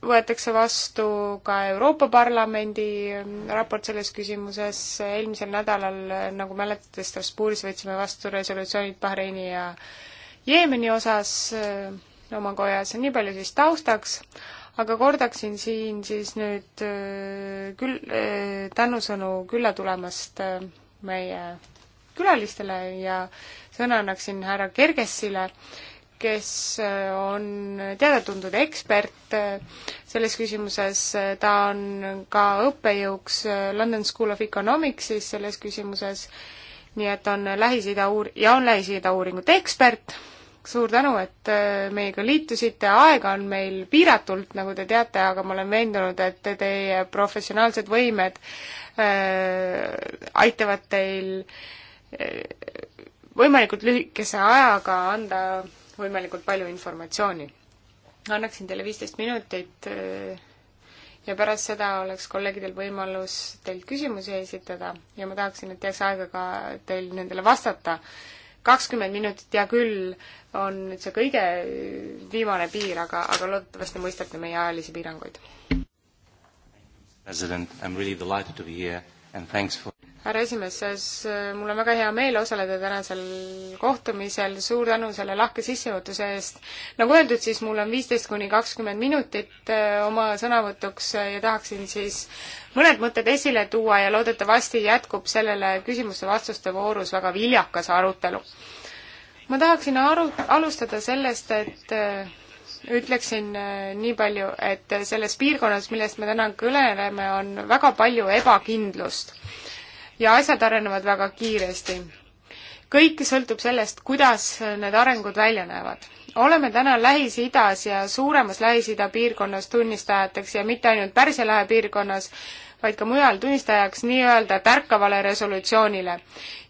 võetakse vastu ka Euroopa Parlamendi eh, raport selles küsimuses, eelmisel nädalal, nagu mäletate, Strasbourgis võtsime vastu resolutsioonid Bahreini ja Jeemeni osas, oma kojas. nii palju siis taustaks, aga kordaksin siin siis nüüd äh, küll äh, tänusõnu külla tulemast äh, meie külalistele ja sõna annaksin härra Kergessile, kes on teada-tuntud ekspert selles küsimuses, ta on ka õppejõuks London School of Economicsis selles küsimuses, nii et on Lähis-Ida uur-, ja on Lähis-Ida uuringute ekspert suur tänu, et äh, meiega liitusite, aega on meil piiratult, nagu te teate, aga ma olen veendunud, et teie professionaalsed võimed äh, aitavad teil äh, võimalikult lühikese ajaga anda võimalikult palju informatsiooni. annaksin teile viisteist minutit äh, ja pärast seda oleks kolleegidel võimalus teilt küsimusi esitada ja ma tahaksin, et jääks aega ka teil nendele vastata kakskümmend minutit, hea küll, on nüüd see kõige viimane piir, aga, aga loodetavasti mõistate meie ajalisi piiranguid. President, I am really delighted to be here härra esimees, äh, mul on väga hea meel osaleda tänasel kohtumisel, suur tänu selle lahke sissejuhatuse eest. nagu öeldud, siis mul on viisteist kuni kakskümmend minutit äh, oma sõnavõtuks äh, ja tahaksin siis mõned mõtted esile tuua ja loodetavasti jätkub sellele küsimuste-vastuste voorus väga viljakas arutelu. ma tahaksin aru, alustada sellest, et ütleksin äh, nii palju, et äh, selles piirkonnas, millest me täna kõneleme, on väga palju ebakindlust ja asjad arenevad väga kiiresti. kõik sõltub sellest, kuidas äh, need arengud välja näevad. oleme täna Lähis-Idas ja suuremas Lähis-Ida piirkonnas tunnistajateks ja mitte ainult Pärsia lahe piirkonnas, vaid ka mujal tunnistajaks nii-öelda tärkavale resolutsioonile.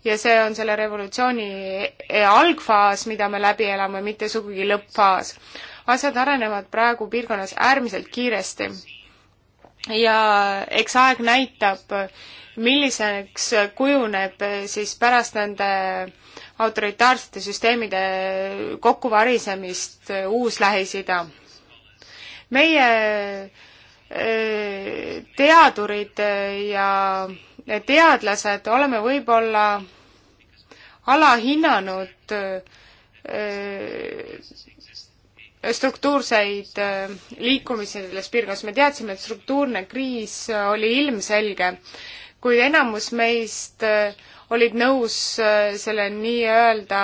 ja see on selle revolutsiooni e, e, algfaas, mida me läbi elame, mitte sugugi lõppfaas asjad arenevad praegu piirkonnas äärmiselt kiiresti ja eks aeg näitab, milliseks kujuneb siis pärast nende autoritaarsete süsteemide kokkuvarisemist uus Lähis-Ida. meie äh, teadurid äh, ja teadlased oleme võib-olla alahinnanud äh, struktuurseid äh, liikumisi selles piirkonnas, me teadsime, et struktuurne kriis äh, oli ilmselge, kuid enamus meist äh, olid nõus selle nii-öelda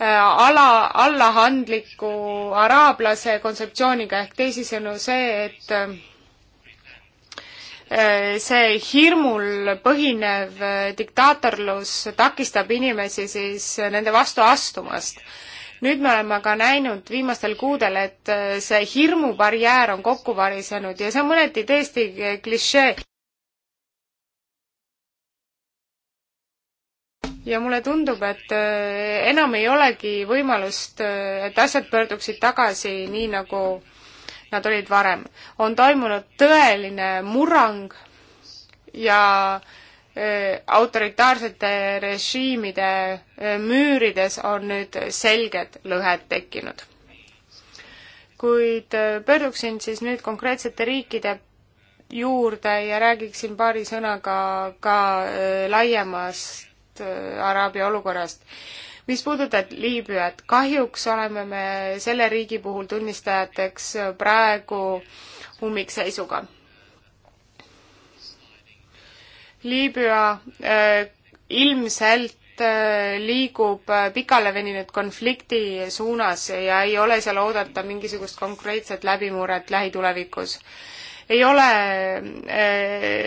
ala, allahandliku araablase kontseptsiooniga ehk teisisõnu see, et see hirmul põhinev diktaatorlus takistab inimesi siis nende vastu astumast nüüd me oleme ka näinud viimastel kuudel, et äh, see hirmubarjäär on kokku varisenud ja see on mõneti tõesti äh, klišee. ja mulle tundub, et äh, enam ei olegi võimalust, et asjad pöörduksid tagasi nii, nagu nad olid varem. on toimunud tõeline murrang ja äh, Äh, autoritaarsete režiimide äh, müürides on nüüd selged lõhed tekkinud. kuid äh, pöörduksin siis nüüd konkreetsete riikide juurde ja räägiksin paari sõnaga ka laiemast araabia olukorrast mis puudutab Liibüat, kahjuks oleme me selle riigi puhul tunnistajateks praegu ummikseisuga. Liibüa äh, ilmselt äh, liigub äh, pikaleveninud konflikti suunas ja ei ole seal oodata mingisugust konkreetset läbimurret lähitulevikus. ei ole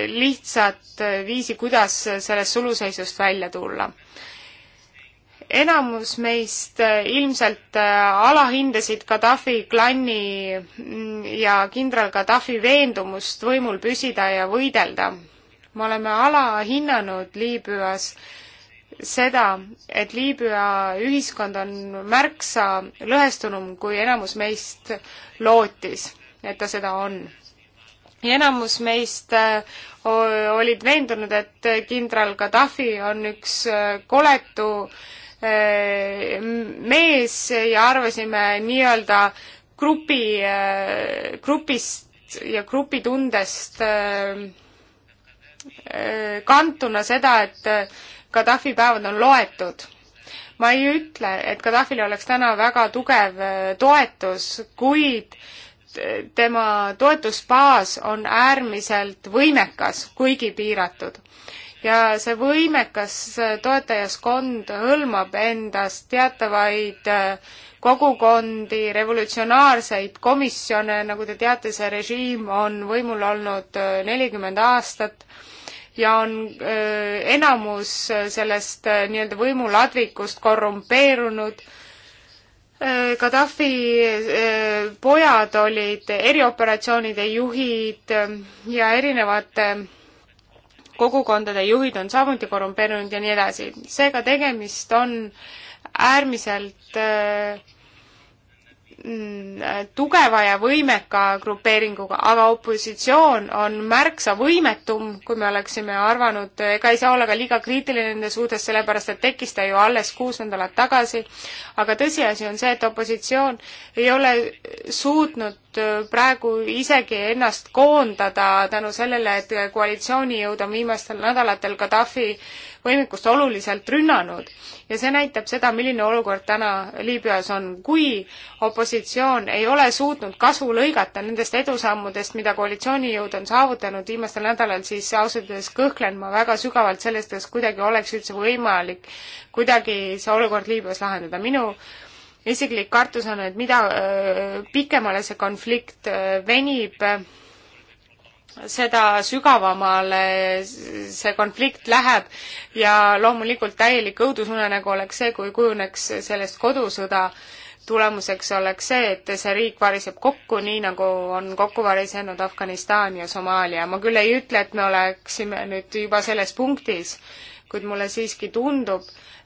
lihtsat viisi, kuidas sellest suluseisust välja tulla enamus meist ilmselt alahindasid Gaddafi klanni mm, ja kindral Gaddafi veendumust võimul püsida ja võidelda me oleme alahinnanud Liibüas seda, et Liibüa ühiskond on märksa lõhestunum, kui enamus meist lootis, et ta seda on. ja enamus meist äh, olid veendunud, et kindral Gaddafi on üks äh, koletu äh, mees ja arvasime nii-öelda grupi, grupist ja grupitundest Äh, kantuna seda, et äh, Gaddafi päevad on loetud. ma ei ütle, et Gaddafil oleks täna väga tugev äh, toetus, kuid tema toetusbaas on äärmiselt võimekas, kuigi piiratud. ja see võimekas toetajaskond hõlmab endas teatavaid kogukondi, revolutsionaarseid komisjone, nagu te teate, see režiim on võimul olnud nelikümmend aastat ja on öö, enamus sellest nii-öelda võimuladvikust korrumpeerunud. Gaddafi pojad olid erioperatsioonide juhid ja erinevate kogukondade juhid on samuti korrumpeerunud ja nii edasi. seega tegemist on äärmiselt öö, Mm, tugeva ja võimeka grupeeringuga, aga opositsioon on märksa võimetum, kui me oleksime arvanud, ega ei saa olla ka liiga kriitiline nende suhtes, sellepärast et tekkis ta ju alles kuus nädalat tagasi, aga tõsiasi on see, et opositsioon ei ole suutnud suutnud äh, praegu isegi ennast koondada tänu sellele, et koalitsioonijõud on viimastel nädalatel Gaddafi võimekust oluliselt rünnanud. ja see näitab seda, milline olukord täna Liibüas on. kui opositsioon ei ole suutnud kasu lõigata nendest edusammudest, mida koalitsioonijõud on saavutanud viimastel nädalal, siis ausalt öeldes kõhklen ma väga sügavalt sellest, kas kuidagi oleks üldse võimalik kuidagi see olukord Liibüas lahendada. minu isiklik kartus on, et mida pikemale see konflikt venib, seda sügavamale see konflikt läheb ja loomulikult täielik õudusunenägu oleks see, kui kujuneks sellest kodusõda. tulemuseks oleks see, et see riik variseb kokku, nii nagu on kokku varisenud Afganistan ja Somaalia. ma küll ei ütle, et me oleksime nüüd juba selles punktis, kuid mulle siiski tundub,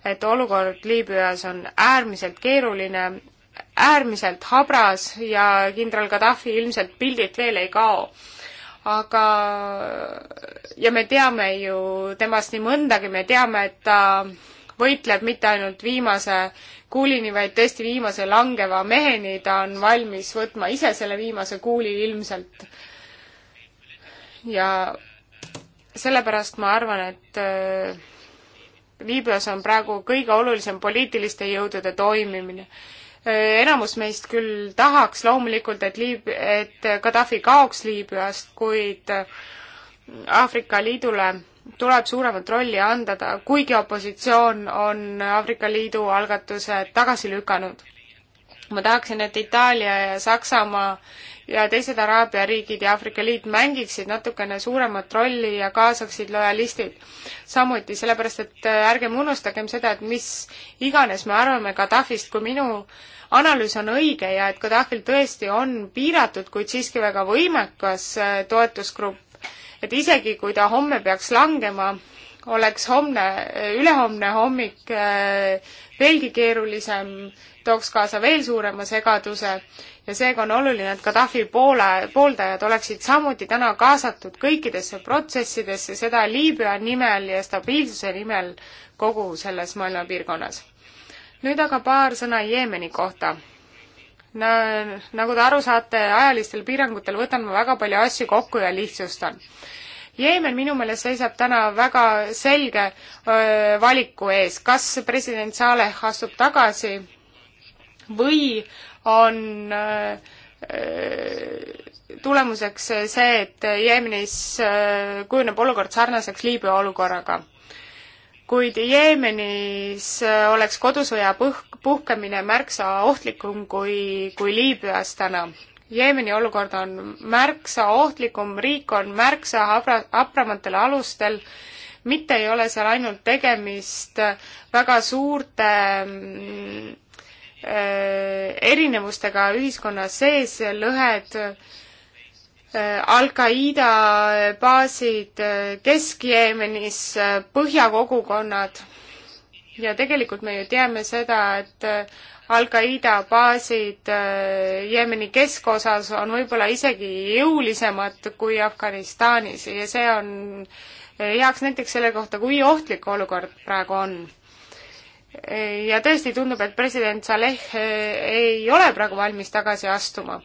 et olukord Liibüas on äärmiselt keeruline, äärmiselt habras ja kindral Gaddafi ilmselt pildilt veel ei kao. aga, ja me teame ju temast nii mõndagi, me teame, et ta võitleb mitte ainult viimase kuulini, vaid tõesti viimase langeva meheni, ta on valmis võtma ise selle viimase kuuli ilmselt. ja sellepärast ma arvan, et Liibüas on praegu kõige olulisem poliitiliste jõudude toimimine. enamus meist küll tahaks loomulikult, et Liib-, et Gaddafi kaoks Liibüast, kuid Aafrika Liidule tuleb suuremat rolli anda ta, kuigi opositsioon on Aafrika Liidu algatuse tagasi lükanud. ma tahaksin, et Itaalia ja Saksamaa ja teised Araabia riigid ja Aafrika Liit mängiksid natukene suuremat rolli ja kaasaksid lojalistid. samuti sellepärast, et äh, ärgem unustagem seda, et mis iganes me arvame Gaddafist, kui minu analüüs on õige ja et Gaddafil tõesti on piiratud, kuid siiski väga võimekas äh, toetusgrupp, et isegi kui ta homme peaks langema, oleks homne, äh, ülehomne hommik veelgi keerulisem, tooks kaasa veel suurema segaduse ja seega on oluline, et Gaddafi poole, pooldajad oleksid samuti täna kaasatud kõikidesse protsessidesse, seda Liibüa nimel ja stabiilsuse nimel kogu selles maailma piirkonnas. nüüd aga paar sõna Jeemeni kohta. Na-, nagu te aru saate, ajalistel piirangutel võtan ma väga palju asju kokku ja lihtsustan. Jeemen minu meelest seisab täna väga selge öö, valiku ees, kas president Saleh astub tagasi või on äh, tulemuseks see, et Jeemenis äh, kujuneb olukord sarnaseks Liibüa olukorraga. kuid Jeemenis äh, oleks kodusõja põhk, puhkemine märksa ohtlikum kui, kui Liibüas täna. Jeemeni olukord on märksa ohtlikum, riik on märksa habra, hapramatel alustel, mitte ei ole seal ainult tegemist väga suurte mm, Äh, erinevustega ühiskonna sees, lõhed, äh, Al-Qaeda baasid äh, Kesk-Jeemenis, põhjakogukonnad ja tegelikult me ju teame seda, et Al-Qaeda baasid Jeemeni keskosas on võib-olla isegi jõulisemad kui Afganistanis ja see on heaks näiteks selle kohta, kui ohtlik olukord praegu on ja tõesti tundub, et president Saleh eh, ei ole praegu valmis tagasi astuma.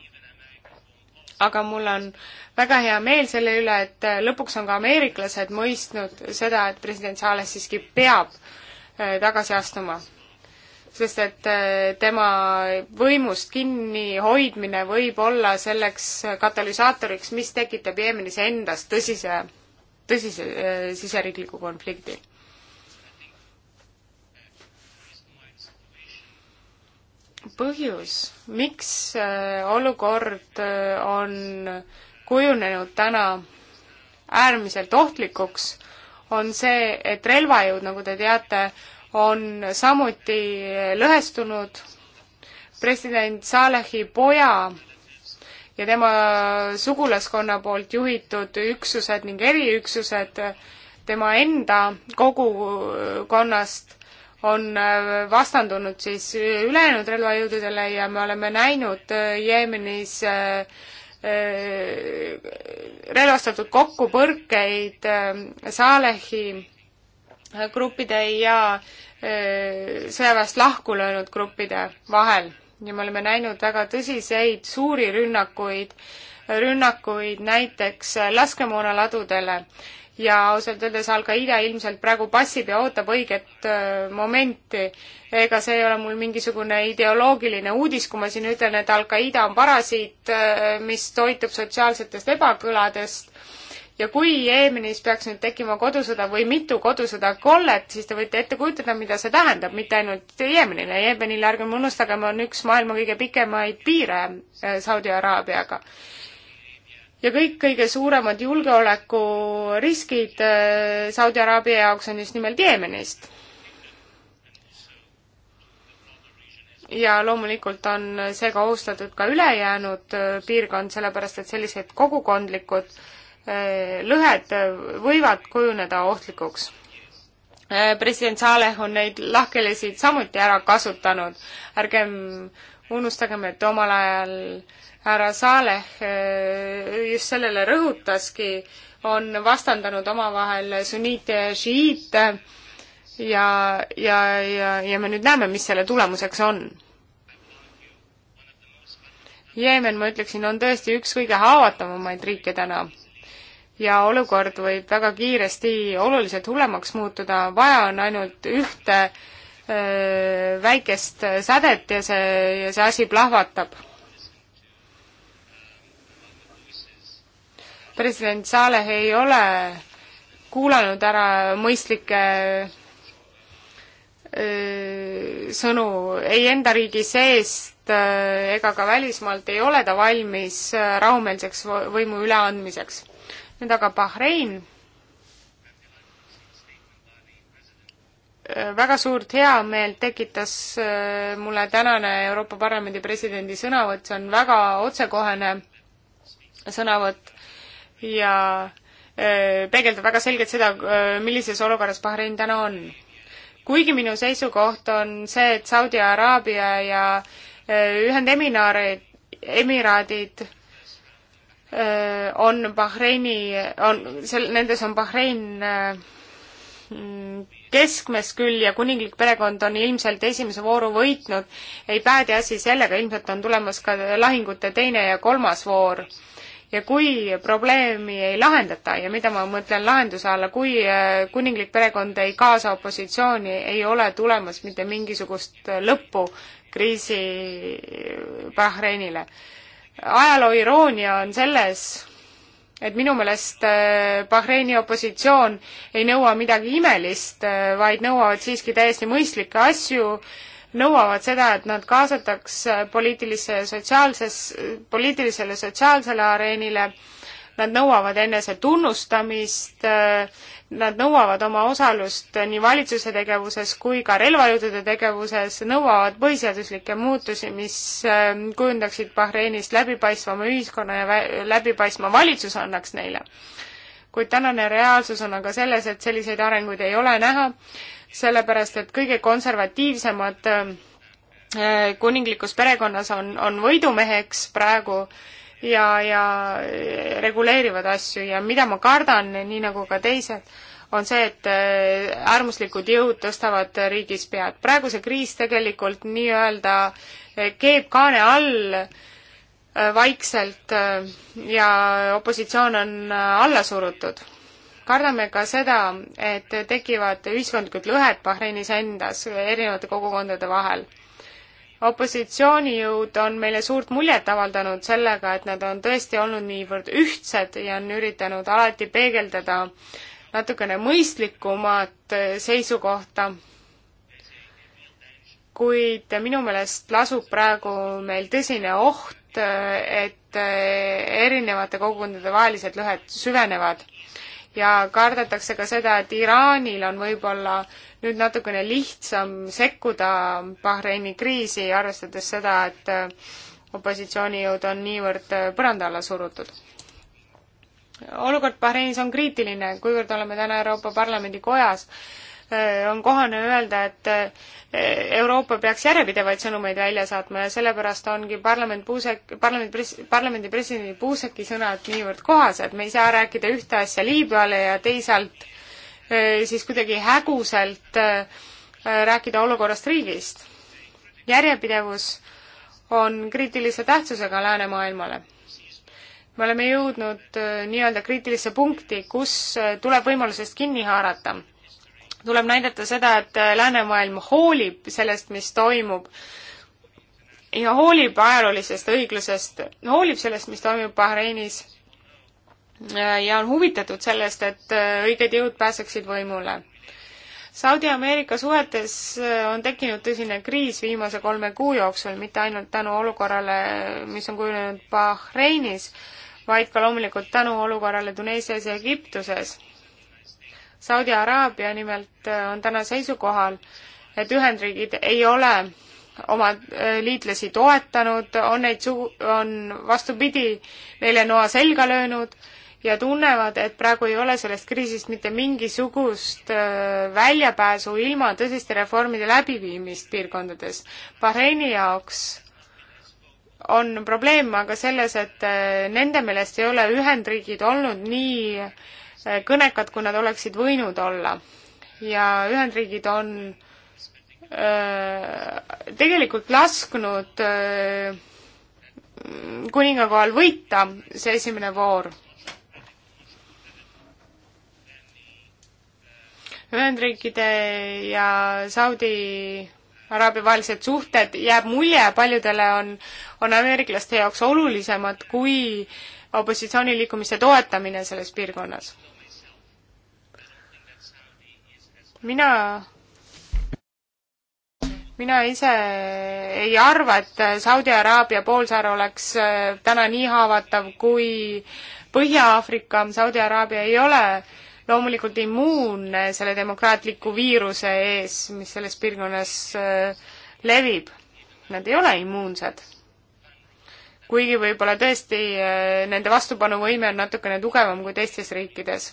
aga mul on väga hea meel selle üle, et lõpuks on ka ameeriklased mõistnud seda, et president Saleh siiski peab eh, tagasi astuma. sest et eh, tema võimust kinnihoidmine võib olla selleks katalüsaatoriks, mis tekitab Jeemenis endas tõsise, tõsise siseriikliku konflikti põhjus, miks äh, olukord äh, on kujunenud täna äärmiselt ohtlikuks, on see, et relvajõud, nagu te teate, on samuti lõhestunud. president Salehi poja ja tema sugulaskonna poolt juhitud üksused ning eriüksused tema enda kogukonnast on äh, vastandunud siis ülejäänud relvajõududele ja me oleme näinud äh, Jeemenis äh, relvastatud kokkupõrkeid Saalehi gruppide ja sõjaväest lahku löönud gruppide vahel ja me oleme näinud väga tõsiseid suuri rünnakuid, rünnakuid näiteks laskemoonaladudele ja ausalt öeldes Al-Qaeda ilmselt praegu passib ja ootab õiget äh, momenti. ega see ei ole mul mingisugune ideoloogiline uudis, kui ma siin ütlen, et Al-Qaeda on parasiit, äh, mis toitub sotsiaalsetest ebakõladest ja kui Jeemenis peaks nüüd tekkima kodusõda või mitu kodusõda kollet, siis te võite ette kujutada, mida see tähendab, mitte ainult Jeemenile. Jeemenile, ärgem unustagem, on üks maailma kõige pikemaid piire äh, Saudi Araabiaga ja kõik kõige suuremad julgeolekuriskid äh, Saudi Araabia jaoks on just nimelt Jeemenist. ja loomulikult on seega ohustatud ka ülejäänud äh, piirkond, sellepärast et sellised kogukondlikud äh, lõhed võivad kujuneda ohtlikuks. president Saleh on neid lahkhelisid samuti ära kasutanud, ärgem unustagem, et omal ajal äh, härra Saaleh eh, just sellele rõhutaski, on vastandanud omavahel sunniite ja šiiite ja, ja, ja, ja me nüüd näeme, mis selle tulemuseks on. Jeemen, ma ütleksin, on tõesti üks kõige haavatavamaid riike täna ja olukord võib väga kiiresti oluliselt hullemaks muutuda, vaja on ainult ühte öö, eh, väikest sädet ja see, ja see asi plahvatab president Saleh ei ole kuulanud ära mõistlikke sõnu ei enda riigi seest ega ka välismaalt ei ole ta valmis rahumeelseks võimu üleandmiseks. nüüd aga Bahrein. väga suurt heameelt tekitas mulle tänane Euroopa Parlamendi presidendi sõnavõtt, see on väga otsekohene sõnavõtt ja äh, peegeldab väga selgelt seda, äh, millises olukorras Bahrein täna on. kuigi minu seisukoht on see, et Saudi Araabia ja äh, Ühendemiraadid, emiraadid on Bahreini, on, sel-, nendes on Bahrein keskmes küll ja kuninglik perekond on ilmselt esimese vooru võitnud, ei päädi asi sellega, ilmselt on tulemas ka lahingute teine ja kolmas voor ja kui probleemi ei lahendata ja mida ma mõtlen lahenduse alla, kui äh, kuninglik perekond ei kaasa opositsiooni, ei ole tulemas mitte mingisugust lõppu kriisi äh, Bahreinile. ajaloo iroonia on selles, et minu meelest äh, Bahreini opositsioon ei nõua midagi imelist, vaid nõuavad siiski täiesti mõistlikke asju, nõuavad seda, et nad kaasataks poliitilisse ja sotsiaalses, poliitilisele sotsiaalsele areenile, nad nõuavad enese tunnustamist, nad nõuavad oma osalust nii valitsuse tegevuses kui ka relvajõudude tegevuses, nõuavad põhiseaduslikke muutusi, mis äh, kujundaksid Bahreinist läbipaistvama ühiskonna ja läbipaistma valitsuse annaks neile kuid tänane reaalsus on aga selles, et selliseid arenguid ei ole näha, sellepärast et kõige konservatiivsemad äh, kuninglikus perekonnas on, on võidumeheks praegu ja, ja äh, reguleerivad asju ja mida ma kardan, nii nagu ka teised, on see, et äh, äärmuslikud jõud tõstavad riigis pead. praegu see kriis tegelikult nii-öelda keeb kaane all Äh, vaikselt äh, ja opositsioon on äh, alla surutud. kardame ka seda, et tekivad ühiskondlikud lõhed Bahreinis endas erinevate kogukondade vahel. opositsioonijõud on meile suurt muljet avaldanud sellega, et nad on tõesti olnud niivõrd ühtsed ja on üritanud alati peegeldada natukene mõistlikumat seisukohta kuid minu meelest lasub praegu meil tõsine oht, et erinevate kogukondade vahelised lõhed süvenevad ja kardetakse ka seda, et Iraanil on võib-olla nüüd natukene lihtsam sekkuda Bahreini kriisi, arvestades seda, et opositsioonijõud on niivõrd põranda alla surutud. olukord Bahreinis on kriitiline, kuivõrd oleme täna Euroopa Parlamendi kojas Äh, on kohane öelda, et äh, Euroopa peaks järjepidevaid sõnumeid välja saatma ja sellepärast ongi parlament Puusek, parlamendi pres-, parlamendi presidendi Puuseki sõnad niivõrd kohased, me ei saa rääkida ühte asja Liibüale ja teisalt äh, siis kuidagi häguselt rääkida olukorrast riigist. järjepidevus on kriitilise tähtsusega läänemaailmale me oleme jõudnud nii-öelda kriitilisse punkti, kus tuleb võimalusest kinni haarata tuleb näidata seda, et äh, läänemaailm hoolib sellest, mis toimub ja hoolib ajaloolisest õiglusest, hoolib sellest, mis toimub Bahreinis äh, ja on huvitatud sellest, et äh, õiged jõud pääseksid võimule. Saudi-Ameerika suhetes on tekkinud tõsine kriis viimase kolme kuu jooksul, mitte ainult tänu olukorrale, mis on kujunenud Bahreinis, vaid ka loomulikult tänu olukorrale Tuneesias ja Egiptuses Saudi Araabia nimelt äh, on täna seisukohal, et Ühendriigid ei ole oma äh, liitlasi toetanud, on neid su-, on vastupidi, neile noa selga löönud ja tunnevad, et praegu ei ole sellest kriisist mitte mingisugust äh, väljapääsu ilma tõsiste reformide läbiviimist piirkondades. Bahreini jaoks on probleem aga selles, et nende meelest ei ole Ühendriigid olnud nii kõnekad, kui nad oleksid võinud olla. ja Ühendriigid on öö, äh, tegelikult lasknud öö, äh, kuningakohal võita see esimene voor. Ühendriikide ja Saudi Araabia vahelised suhted, jääb mulje, paljudele on, on ameeriklaste jaoks olulisemad kui opositsiooniliikumise toetamine selles piirkonnas mina mina ise ei arva, et Saudi Araabia poolsaar oleks äh, täna nii haavatav kui Põhja-Aafrika, Saudi Araabia ei ole loomulikult immuunne selle demokraatliku viiruse ees, mis selles piirkonnas äh, levib. Nad ei ole immuunsed. kuigi võib-olla tõesti äh, nende vastupanuvõime on natukene tugevam kui teistes riikides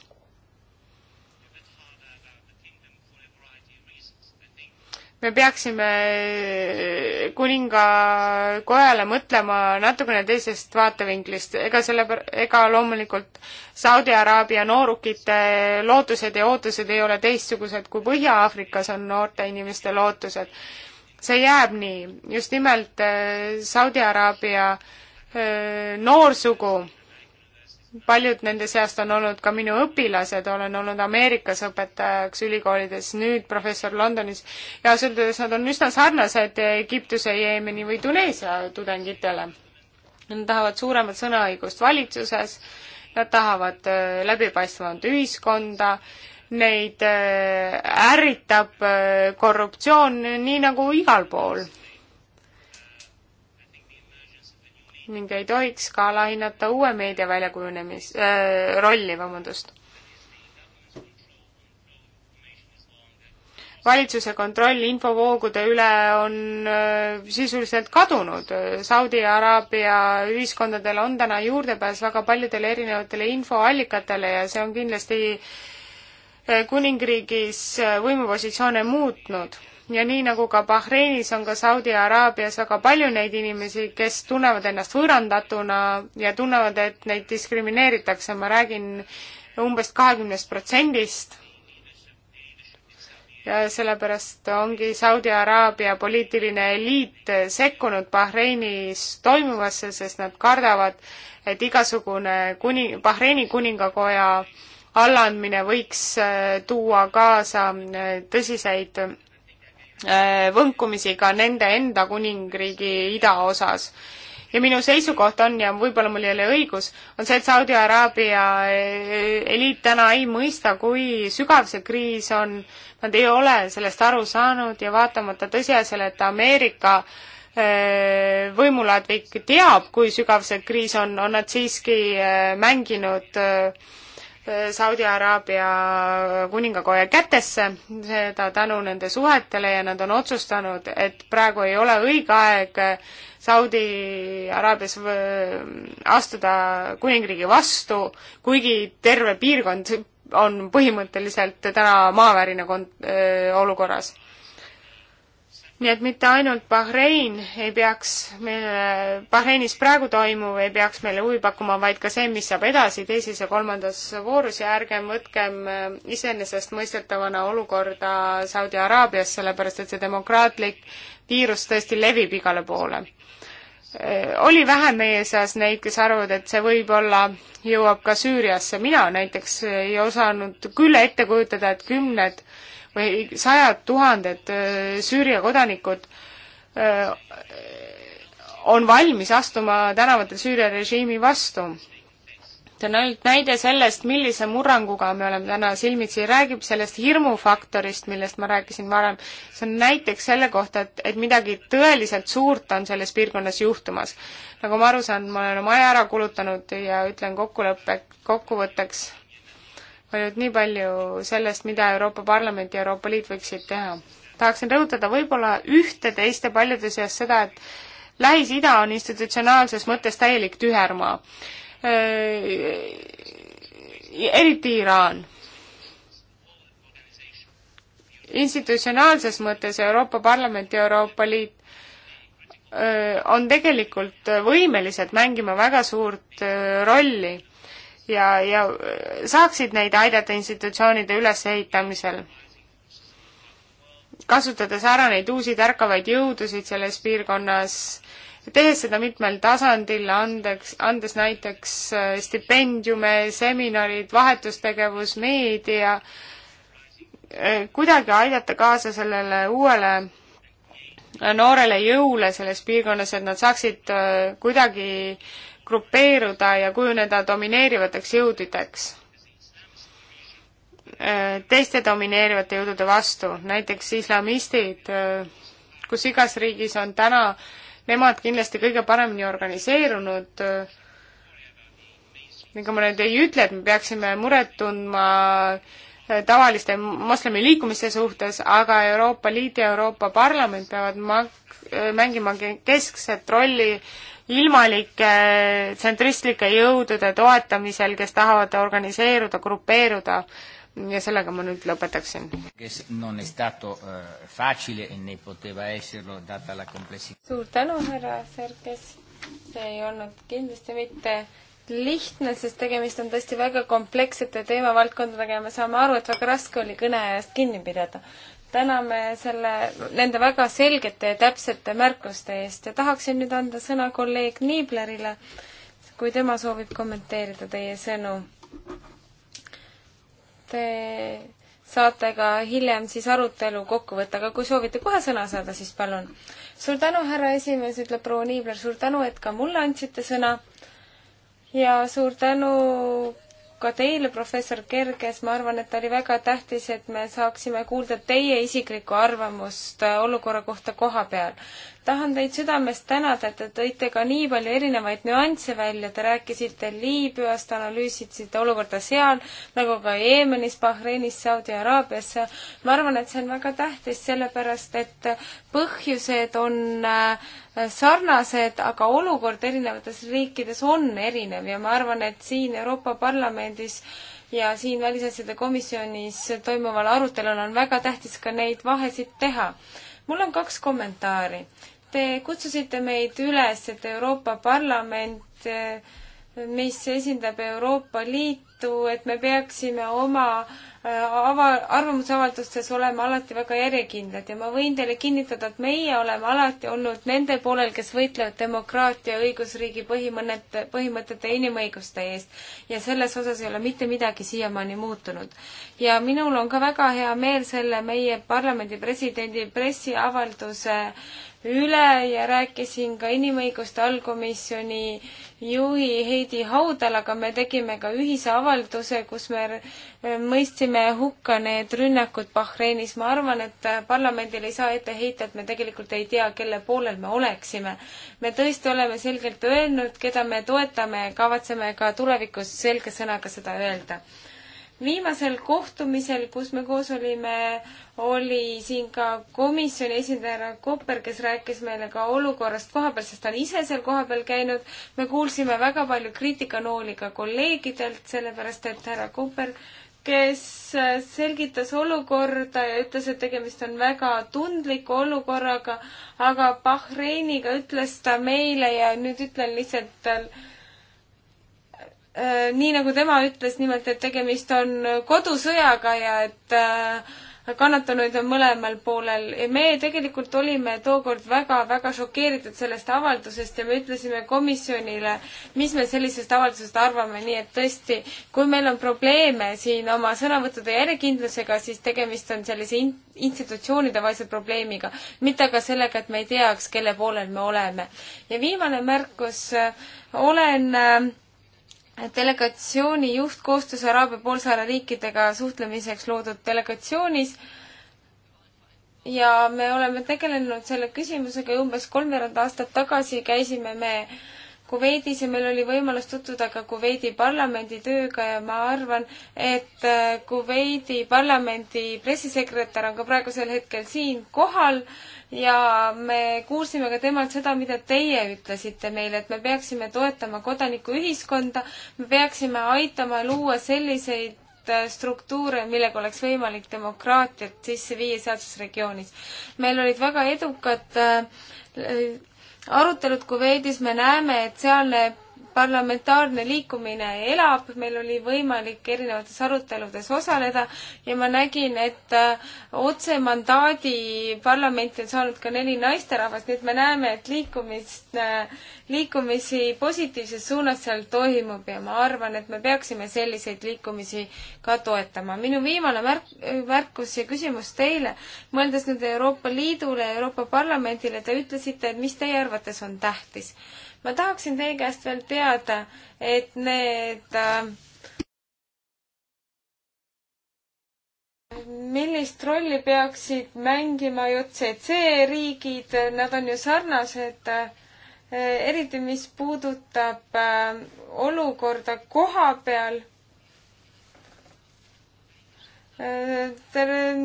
me peaksime eh, kuningakojale mõtlema natukene teisest vaatevinklist, ega selle, ega loomulikult Saudi Araabia noorukite lootused ja ootused ei ole teistsugused kui Põhja-Aafrikas on noorte inimeste lootused. see jääb nii, just nimelt eh, Saudi Araabia eh, noorsugu paljud nende seast on olnud ka minu õpilased, olen olnud Ameerikas õpetajaks ülikoolides, nüüd professor Londonis ja ausalt öeldes nad on üsna sarnased Egiptuse, Jeemeni või Tuneesia tudengitele. Nad tahavad suuremat sõnaõigust valitsuses, nad tahavad äh, läbipaistvamat ühiskonda, neid äh, ärritab äh, korruptsioon nii nagu igal pool ning ei tohiks ka alahinnata uue meedia väljakujunemis- äh,, rolli, vabandust. valitsuse kontroll infovoogude üle on äh, sisuliselt kadunud, Saudi Araabia ühiskondadel on täna juurdepääs väga paljudele erinevatele infoallikatele ja see on kindlasti äh, kuningriigis äh, võimupositsioone muutnud ja nii nagu ka Bahreinis on ka Saudi Araabias väga palju neid inimesi, kes tunnevad ennast võõrandatuna ja tunnevad, et neid diskrimineeritakse, ma räägin umbes kahekümnest protsendist. ja sellepärast ongi Saudi Araabia poliitiline eliit sekkunud Bahreinis toimuvasse, sest nad kardavad, et igasugune kuni-, Bahreini kuningakoja allaandmine võiks äh, tuua kaasa äh, tõsiseid Äh, võnkumisi ka nende enda kuningriigi idaosas. ja minu seisukoht on ja võib-olla mul ei ole õigus, on see, et Saudi Araabia äh, eliit täna ei mõista, kui sügav see kriis on. Nad ei ole sellest aru saanud ja vaatamata tõsiasjale, et Ameerika äh, võimuladvik teab, kui sügav see kriis on, on nad siiski mänginud äh, Saudi Araabia kuningakoja kätesse, seda tänu nende suhetele ja nad on otsustanud, et praegu ei ole õige aeg Saudi Araabias astuda kuningriigi vastu, kuigi terve piirkond on põhimõtteliselt täna maavärina kont-, olukorras nii et mitte ainult Bahrein ei peaks meile, Bahreinis praegu toimuv ei peaks meile huvi pakkuma, vaid ka see, mis saab edasi teises ja kolmandas voorus ja ärgem võtkem äh, iseenesestmõistetavana olukorda Saudi Araabias, sellepärast et see demokraatlik viirus tõesti levib igale poole. Äh, oli vähe meie seas neid, kes arvavad, et see võib-olla jõuab ka Süüriasse, mina näiteks ei osanud küll ette kujutada, et kümned või sajad tuhanded äh, Süüria kodanikud äh, on valmis astuma tänavatel Süüria režiimi vastu. see on ainult näide sellest, millise murranguga me oleme täna silmitsi, räägib sellest hirmufaktorist, millest ma rääkisin varem. see on näiteks selle kohta, et, et midagi tõeliselt suurt on selles piirkonnas juhtumas. nagu ma aru saan, ma olen oma aja ära kulutanud ja ütlen kokkuleppe, kokkuvõtteks aga nüüd nii palju sellest, mida Euroopa Parlament ja Euroopa Liit võiksid teha. tahaksin rõhutada võib-olla ühte teiste paljude seas seda, et Lähis-Ida on institutsionaalses mõttes täielik tühermaa. Äh, eriti Iraan. institutsionaalses mõttes Euroopa Parlament ja Euroopa Liit äh, on tegelikult võimelised mängima väga suurt äh, rolli ja, ja saaksid neid aidata institutsioonide ülesehitamisel. kasutades ära neid uusi tärkavaid jõudusid selles piirkonnas, tehes seda mitmel tasandil, andeks, andes näiteks äh, stipendiume, seminarid, vahetustegevus, meedia, äh, kuidagi aidata kaasa sellele uuele äh, noorele jõule selles piirkonnas, et nad saaksid kuidagi grupeeruda ja kujuneda domineerivateks jõududeks äh, teiste domineerivate jõudude vastu, näiteks islamistid, äh, kus igas riigis on täna nemad kindlasti kõige paremini organiseerunud. Äh, ega ma nüüd ei ütle, et me peaksime muret tundma tavaliste moslemi liikumiste suhtes, aga Euroopa Liit ja Euroopa Parlament peavad mängima keskset rolli ilmalike tsentristlike jõudude toetamisel, kes tahavad organiseeruda, grupeeruda ja sellega ma nüüd lõpetaksin. Eh, e suur tänu, härra Serkes, see ei olnud kindlasti mitte lihtne, sest tegemist on tõesti väga komplekssete teemavaldkondadega ja me saame aru, et väga raske oli kõne ajast kinni pidada täname selle, nende väga selgete ja täpsete märkuste eest ja tahaksin nüüd anda sõna kolleeg Niiblerile, kui tema soovib kommenteerida teie sõnu. Te saate ka hiljem siis arutelu kokku võtta, aga kui soovite kohe sõna saada, siis palun. suur tänu, härra esimees, ütleb proua Niibler, suur tänu, et ka mulle andsite sõna ja suur tänu ka teile, professor Kerges, ma arvan, et oli väga tähtis, et me saaksime kuulda teie isiklikku arvamust äh, olukorra kohta koha peal tahan teid südamest tänada, et te tõite ka nii palju erinevaid nüansse välja, te rääkisite Liibüast, analüüsisite olukorda seal, nagu ka Jeemenis, Bahreinis, Saudi Araabias. ma arvan, et see on väga tähtis, sellepärast et põhjused on äh, sarnased, aga olukord erinevates riikides on erinev ja ma arvan, et siin Euroopa Parlamendis ja siin välisasjade komisjonis toimuval arutelul on väga tähtis ka neid vahesid teha mul on kaks kommentaari. Te kutsusite meid üles, et Euroopa Parlament, mis esindab Euroopa Liitu, et me peaksime oma äh, ava-, arvamusavaldustes olema alati väga järjekindlad ja ma võin teile kinnitada, et meie oleme alati olnud nende poolel, kes võitlevad demokraatia, õigusriigi põhimõtete, põhimõtete ja inimõiguste eest. ja selles osas ei ole mitte midagi siiamaani muutunud. ja minul on ka väga hea meel selle meie parlamendi presidendi pressiavalduse üle ja rääkisin ka inimõiguste allkomisjoni juhi Heidi Haudalaga, me tegime ka ühise avalduse, kus me mõistsime hukka need rünnakud Bahreinis. ma arvan, et parlamendil ei saa ette heita, et me tegelikult ei tea, kelle poolel me oleksime. me tõesti oleme selgelt öelnud, keda me toetame ja kavatseme ka tulevikus selge sõnaga seda öelda viimasel kohtumisel, kus me koos olime, oli siin ka komisjoni esindaja härra Kopper, kes rääkis meile ka olukorrast kohapeal, sest ta on ise seal kohapeal käinud. me kuulsime väga palju kriitikanooli ka kolleegidelt, sellepärast et härra Kopper, kes selgitas olukorda ja ütles, et tegemist on väga tundliku olukorraga, aga Bahreiniga ütles ta meile ja nüüd ütlen lihtsalt Äh, nii nagu tema ütles, nimelt et tegemist on kodusõjaga ja et äh, kannatanuid on mõlemal poolel ja me tegelikult olime tookord väga-väga šokeeritud sellest avaldusest ja me ütlesime komisjonile, mis me sellisest avaldusest arvame, nii et tõesti, kui meil on probleeme siin oma sõnavõttude järjekindlusega, siis tegemist on sellise in-, institutsioonidevahise probleemiga, mitte aga sellega, et me ei teaks, kelle poolel me oleme. ja viimane märkus, äh, olen äh, delegatsiooni juht koostöös Araabia poolsaare riikidega suhtlemiseks loodud delegatsioonis ja me oleme tegelenud selle küsimusega ja umbes kolmveerand aastat tagasi käisime me Kuveidis ja meil oli võimalus tutvuda ka Kuveidi parlamendi tööga ja ma arvan, et äh, Kuveidi parlamendi pressisekretär on ka praegusel hetkel siin kohal ja me kuulsime ka temalt seda, mida teie ütlesite meile, et me peaksime toetama kodanikuühiskonda, me peaksime aitama luua selliseid äh, struktuure, millega oleks võimalik demokraatiat sisse viia sealses regioonis. meil olid väga edukad äh, arutelud Kuveidis, me näeme, et sealne parlamentaarne liikumine elab, meil oli võimalik erinevates aruteludes osaleda ja ma nägin, et äh, otsemandaadi parlamenti on saanud ka neli naisterahvast, nii et me näeme, et liikumist, äh, liikumisi positiivses suunas seal toimub ja ma arvan, et me peaksime selliseid liikumisi ka toetama. minu viimane märk, märkus ja küsimus teile, mõeldes nüüd Euroopa Liidule, Euroopa Parlamendile, te ütlesite, et mis teie arvates on tähtis ma tahaksin teie käest veel teada, et need äh, millist rolli peaksid mängima JCC riigid, nad on ju sarnased, äh, eriti mis puudutab äh, olukorda koha peal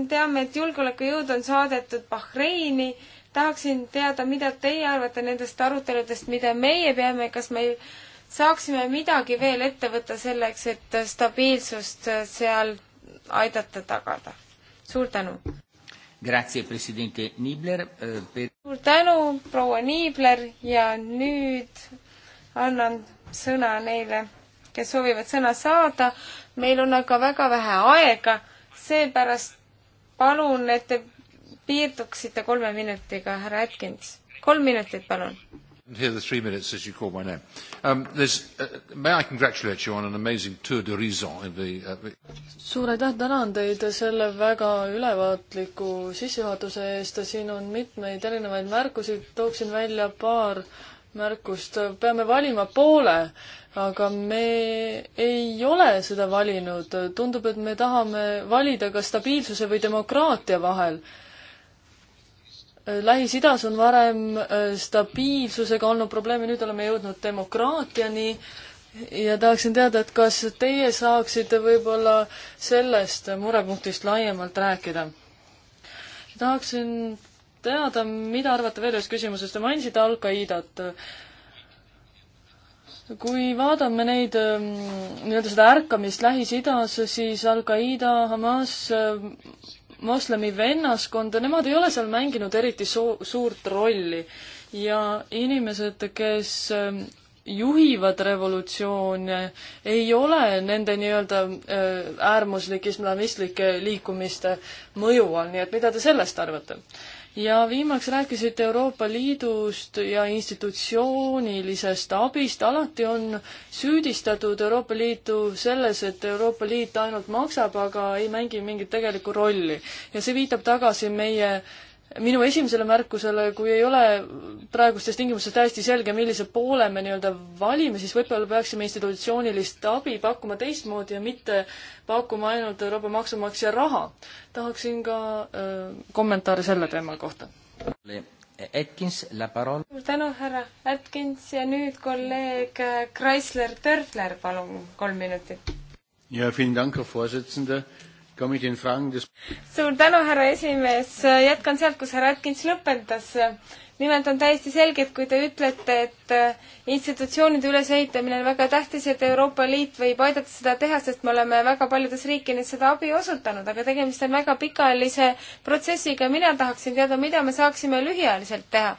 teame, et julgeolekujõud on saadetud Bahreini tahaksin teada, mida teie arvate nendest aruteludest, mida meie peame, kas me saaksime midagi veel ette võtta selleks, et stabiilsust seal aidata tagada. suur tänu! Grazie, president Niibler eh, per.... suur tänu, proua Niibler ja nüüd annan sõna neile, kes soovivad sõna saada. meil on aga väga vähe aega, seepärast palun, et te piirduksite kolme minutiga, härra Atkins. kolm minutit, palun. Here the three minutes as you call my name. Um, there's, uh, may I congratulate you on an amazing tour d'horizon in the uh, suur aitäh, tänan teid selle väga ülevaatliku sissejuhatuse eest, siin on mitmeid erinevaid märkusi, tooksin välja paar märkust, peame valima poole, aga me ei ole seda valinud, tundub, et me tahame valida kas stabiilsuse või demokraatia vahel Lähis-Idas on varem äh, stabiilsusega olnud probleeme, nüüd oleme jõudnud demokraatiani ja tahaksin teada, et kas teie saaksite võib-olla sellest murepunktist laiemalt rääkida? tahaksin teada, mida arvate veel ühest küsimusest, te mainisite Al-Qaidat. kui vaatame neid, ähm, nii-öelda seda ärkamist Lähis-Idas, siis Al-Qaeda, Hamas moslemi vennaskonda, nemad ei ole seal mänginud eriti soo-, suurt rolli. ja inimesed, kes ähm, juhivad revolutsioone, ei ole nende nii-öelda äh, äärmuslike islamistlike liikumiste mõju all, nii et mida te sellest arvate? ja viimaks rääkisite Euroopa Liidust ja institutsioonilisest abist. alati on süüdistatud Euroopa Liitu selles, et Euroopa Liit ainult maksab, aga ei mängi mingit tegelikku rolli. ja see viitab tagasi meie minu esimesele märkusele, kui ei ole praegustes tingimustes täiesti selge, millise poole me nii-öelda valime, siis võib-olla peaksime institutsioonilist abi pakkuma teistmoodi ja mitte pakkuma ainult Euroopa maksumaksja raha. tahaksin ka äh, kommentaari selle teema kohta. Eh, Atkins, la parole. suur tänu, härra Atkins ja nüüd kolleeg äh, Chrysler Dörfler, palun kolm minutit. ja, vielen Dank, Herr Vorsitzende suur tänu, härra esimees, jätkan sealt, kus härra Atkins lõpetas. nimelt on täiesti selge, et kui te ütlete, et institutsioonide ülesehitamine on väga tähtis, et Euroopa Liit võib aidata seda teha, sest me oleme väga paljudes riikides seda abi osutanud, aga tegemist on väga pikaajalise protsessiga. mina tahaksin teada, mida me saaksime lühiajaliselt teha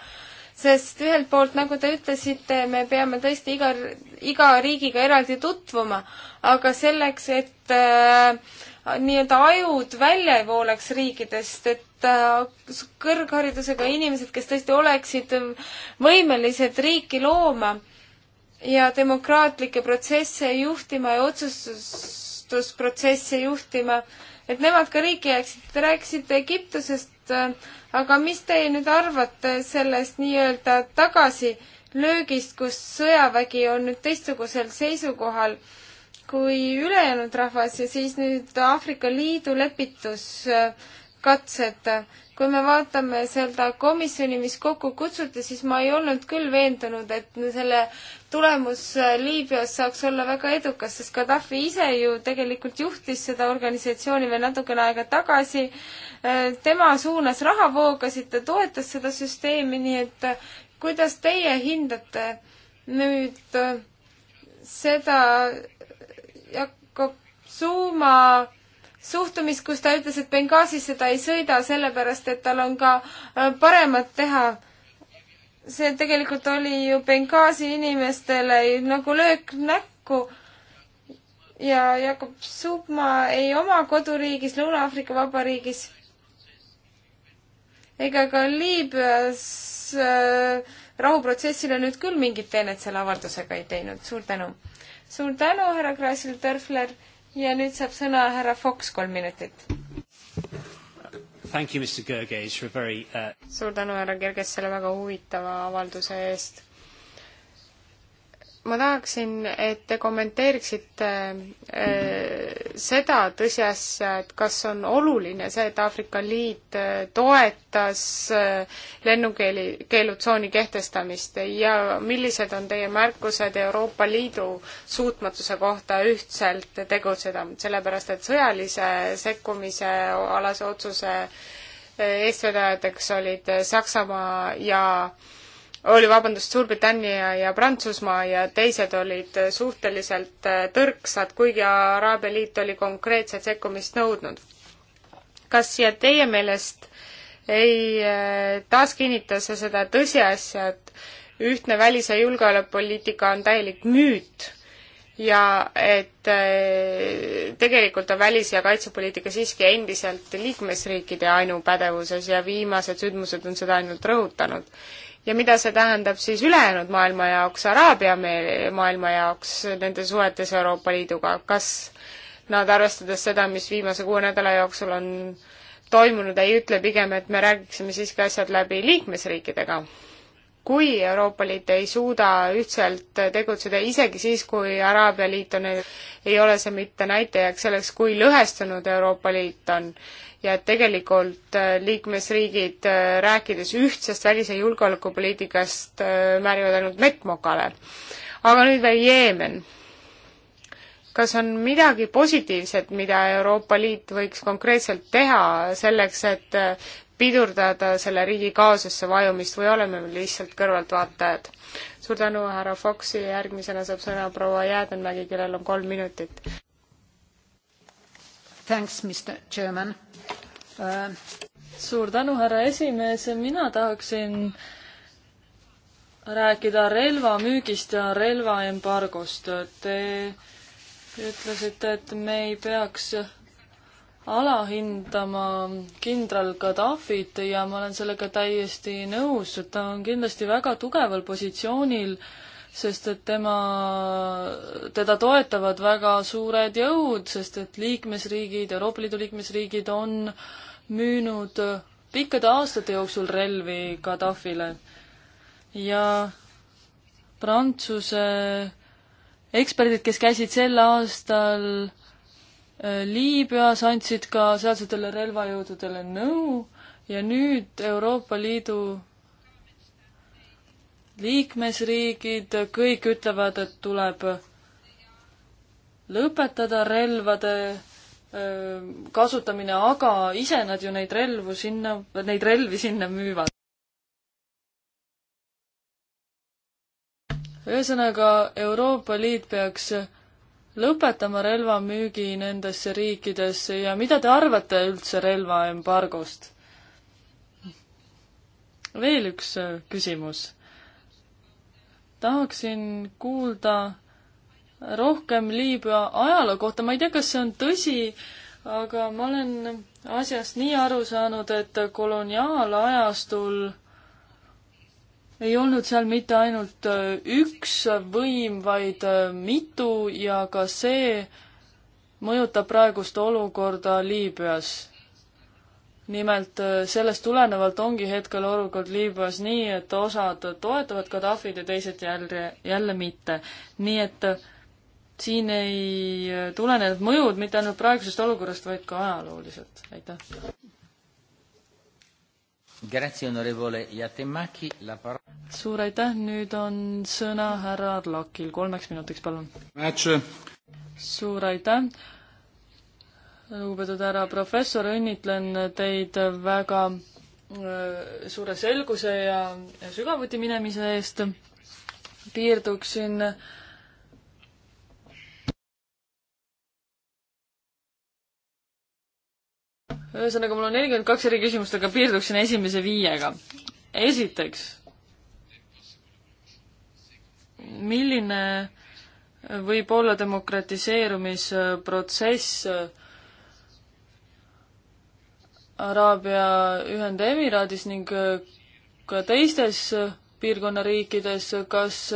sest ühelt poolt, nagu te ütlesite, me peame tõesti iga, iga riigiga eraldi tutvuma, aga selleks, et äh, nii-öelda ajud välja ei voolaks riikidest, et äh, kõrgharidusega inimesed, kes tõesti oleksid võimelised riiki looma ja demokraatlikke protsesse juhtima ja otsustusprotsesse juhtima, et nemad ka riiki jääksid. Te rääkisite Egiptusest, äh, aga mis teie nüüd arvate sellest nii-öelda tagasilöögist, kus sõjavägi on nüüd teistsugusel seisukohal kui ülejäänud rahvas ja siis nüüd Aafrika Liidu lepituskatsed. kui me vaatame seda komisjoni, mis kokku kutsuti, siis ma ei olnud küll veendunud, et selle tulemus Liibüas saaks olla väga edukas, sest Gaddafi ise ju tegelikult juhtis seda organisatsiooni veel natukene aega tagasi. tema suunas rahavoogasid, ta toetas seda süsteemi, nii et kuidas teie hindate nüüd seda Jakob Zuma suhtumist, kus ta ütles, et Benghazisse ta ei sõida sellepärast, et tal on ka äh, paremat teha. see tegelikult oli ju Benghazi inimestele nagu löök näkku ja Jakob Zuma ei oma koduriigis, Lõuna-Aafrika Vabariigis ega ka Liibüas äh, rahuprotsessile nüüd küll mingit teenet selle avaldusega ei teinud, suur tänu! suur tänu, härra Krassil-Dörfler ja nüüd saab sõna härra Fox, kolm minutit. Thank you, Mr Gerges, for a very uh... suur tänu, härra Gerges, selle väga huvitava avalduse eest ma tahaksin, et te kommenteeriksite äh, seda tõsiasja, et kas on oluline see, et Aafrika Liit äh, toetas äh, lennukeeli, keelutsooni kehtestamist ja millised on teie märkused Euroopa Liidu suutmatuse kohta ühtselt tegutseda, sellepärast et sõjalise sekkumise alase otsuse eestvedajateks olid Saksamaa ja äh, oli vabandust, Suurbritannia ja Prantsusmaa ja teised olid suhteliselt äh, tõrksad, kuigi Araabia Liit oli konkreetset sekkumist nõudnud. kas ja teie meelest ei äh, taaskinnita see seda tõsiasja, et ühtne välis- ja julgeolekupoliitika on täielik müüt ja et äh, tegelikult on välis- ja kaitsepoliitika siiski endiselt liikmesriikide ainupädevuses ja viimased sündmused on seda ainult rõhutanud ja mida see tähendab siis ülejäänud maailma jaoks, Araabia maailma jaoks nende suhetes Euroopa Liiduga, kas nad, arvestades seda, mis viimase kuue nädala jooksul on toimunud, ei ütle pigem, et me räägiksime siiski asjad läbi liikmesriikidega? kui Euroopa Liit ei suuda ühtselt tegutseda, isegi siis, kui Araabia Liit on, ei ole see mitte näitajaks selleks, kui lõhestunud Euroopa Liit on ja et tegelikult äh, liikmesriigid, äh, rääkides ühtsest välis- ja julgeolekupoliitikast, äh, määrivad ainult mettmokale. aga nüüd veel Jeemen. kas on midagi positiivset, mida Euroopa Liit võiks konkreetselt teha selleks, et pidurdada selle riigi kaosesse vajumist või oleme me lihtsalt kõrvaltvaatajad? suur tänu, härra Foxi, järgmisena saab sõna proua Jäädenmägi, kellel on kolm minutit. Thanks, Mr Chairman uh.... suur tänu, härra esimees, mina tahaksin rääkida relvamüügist ja relvaembargost. Te ütlesite, et me ei peaks alahindama kindral Gaddafit ja ma olen sellega täiesti nõus, ta on kindlasti väga tugeval positsioonil äh, sest et tema, teda toetavad väga suured jõud, sest et liikmesriigid, Euroopa Liidu liikmesriigid on müünud pikkade aastate jooksul relvi Gaddafile. ja Prantsuse eksperdid, kes käisid sel aastal äh, Liibüas, andsid ka sealsetele relvajõududele nõu ja nüüd Euroopa Liidu liikmesriigid, kõik ütlevad, et tuleb lõpetada relvade kasutamine, aga ise nad ju neid relvu sinna, neid relvi sinna müüvad. ühesõnaga, Euroopa Liit peaks lõpetama relvamüügi nendesse riikidesse ja mida te arvate üldse relvaembargost? veel üks küsimus tahaksin kuulda rohkem Liibüa ajaloo kohta, ma ei tea, kas see on tõsi, aga ma olen asjast nii aru saanud, et koloniaalajastul ei olnud seal mitte ainult üks võim, vaid mitu ja ka see mõjutab praegust olukorda Liibüas nimelt äh, sellest tulenevalt ongi hetkel olukord Liibüas nii, et osad toetavad Gaddafid ja teised jälle, jälle mitte. nii et äh, siin ei äh, tule need mõjud mitte ainult praegusest olukorrast, vaid ka ajalooliselt. aitäh. suur aitäh, nüüd on sõna härra Arlakil, kolmeks minutiks palun. suur aitäh lugupeetud härra professor, õnnitlen teid väga äh, suure selguse ja sügavuti minemise eest. piirduksin ühesõnaga, mul on nelikümmend kaks eri küsimust, aga piirduksin esimese viiega. esiteks, milline võib olla demokratiseerumisprotsess Araabia Ühendemiraadis ning äh, ka teistes äh, piirkonna riikides, äh, kas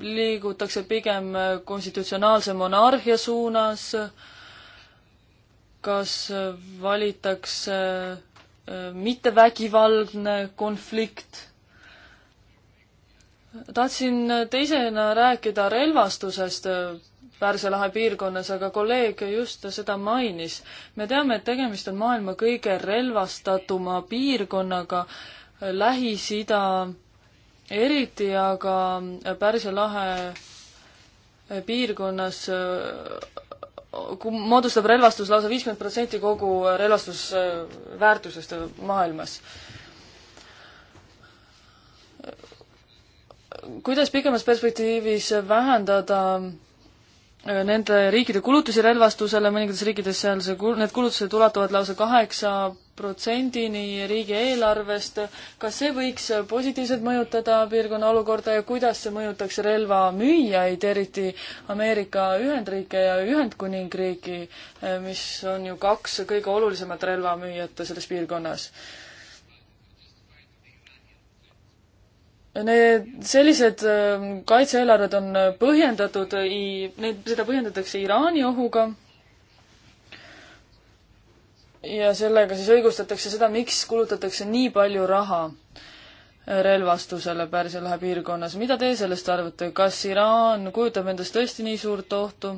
liigutakse pigem konstitutsionaalse monarhia suunas, kas valitakse mittevägivaldne konflikt? tahtsin teisena rääkida relvastusest Pärsia lahe piirkonnas, aga kolleeg just seda mainis. me teame, et tegemist on maailma kõige relvastatuma piirkonnaga, Lähis-Ida eriti, aga Pärsia lahe piirkonnas moodustab relvastus lausa viiskümmend protsenti kogu relvastusväärtusest maailmas kuidas pikemas perspektiivis vähendada Äh, nende riikide kulutusi relvastusele, mõningates riikides seal see, need kulutused ulatuvad lausa kaheksa protsendini riigieelarvest. kas see võiks positiivselt mõjutada piirkonna olukorda ja kuidas see mõjutaks relvamüüjaid, eriti Ameerika Ühendriike ja Ühendkuningriigi, äh, mis on ju kaks kõige olulisemat relvamüüjat selles piirkonnas? Need, sellised ähm, kaitse-eelarved on põhjendatud, neid, seda põhjendatakse Iraani ohuga ja sellega siis õigustatakse seda, miks kulutatakse nii palju raha äh, relvastusele Pärsia lahe piirkonnas. mida teie sellest arvate, kas Iraan kujutab endast tõesti nii suurt ohtu?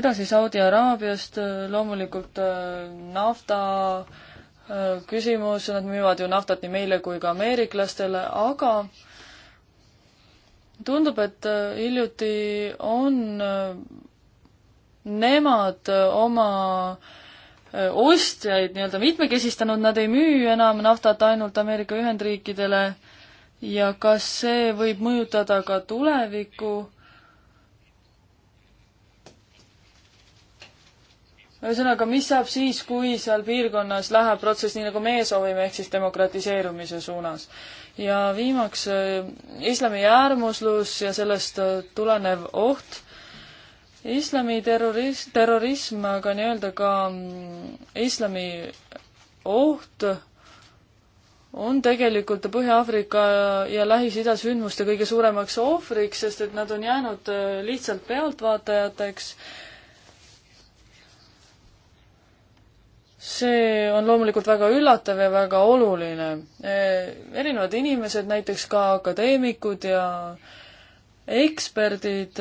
edasi Saudi Araabiast äh, loomulikult äh, nafta äh, Äh, küsimus, nad müüvad ju naftat nii meile kui ka ameeriklastele, aga tundub, et äh, hiljuti on äh, nemad oma ostjaid nii-öelda mitmekesistanud, nad ei müü enam naftat ainult Ameerika Ühendriikidele ja kas see võib mõjutada ka tulevikku ühesõnaga, mis saab siis, kui seal piirkonnas läheb protsess nii, nagu meie soovime, ehk siis demokratiseerumise suunas? ja viimaks äh, islami äärmuslus ja sellest äh, tulenev oht. islami terrorism, terrorism, aga nii-öelda ka mm, islami oht on tegelikult Põhja-Aafrika ja Lähis-Ida sündmuste kõige suuremaks ohvriks, sest et nad on jäänud äh, lihtsalt pealtvaatajateks see on loomulikult väga üllatav ja väga oluline. E, erinevad inimesed, näiteks ka akadeemikud ja eksperdid,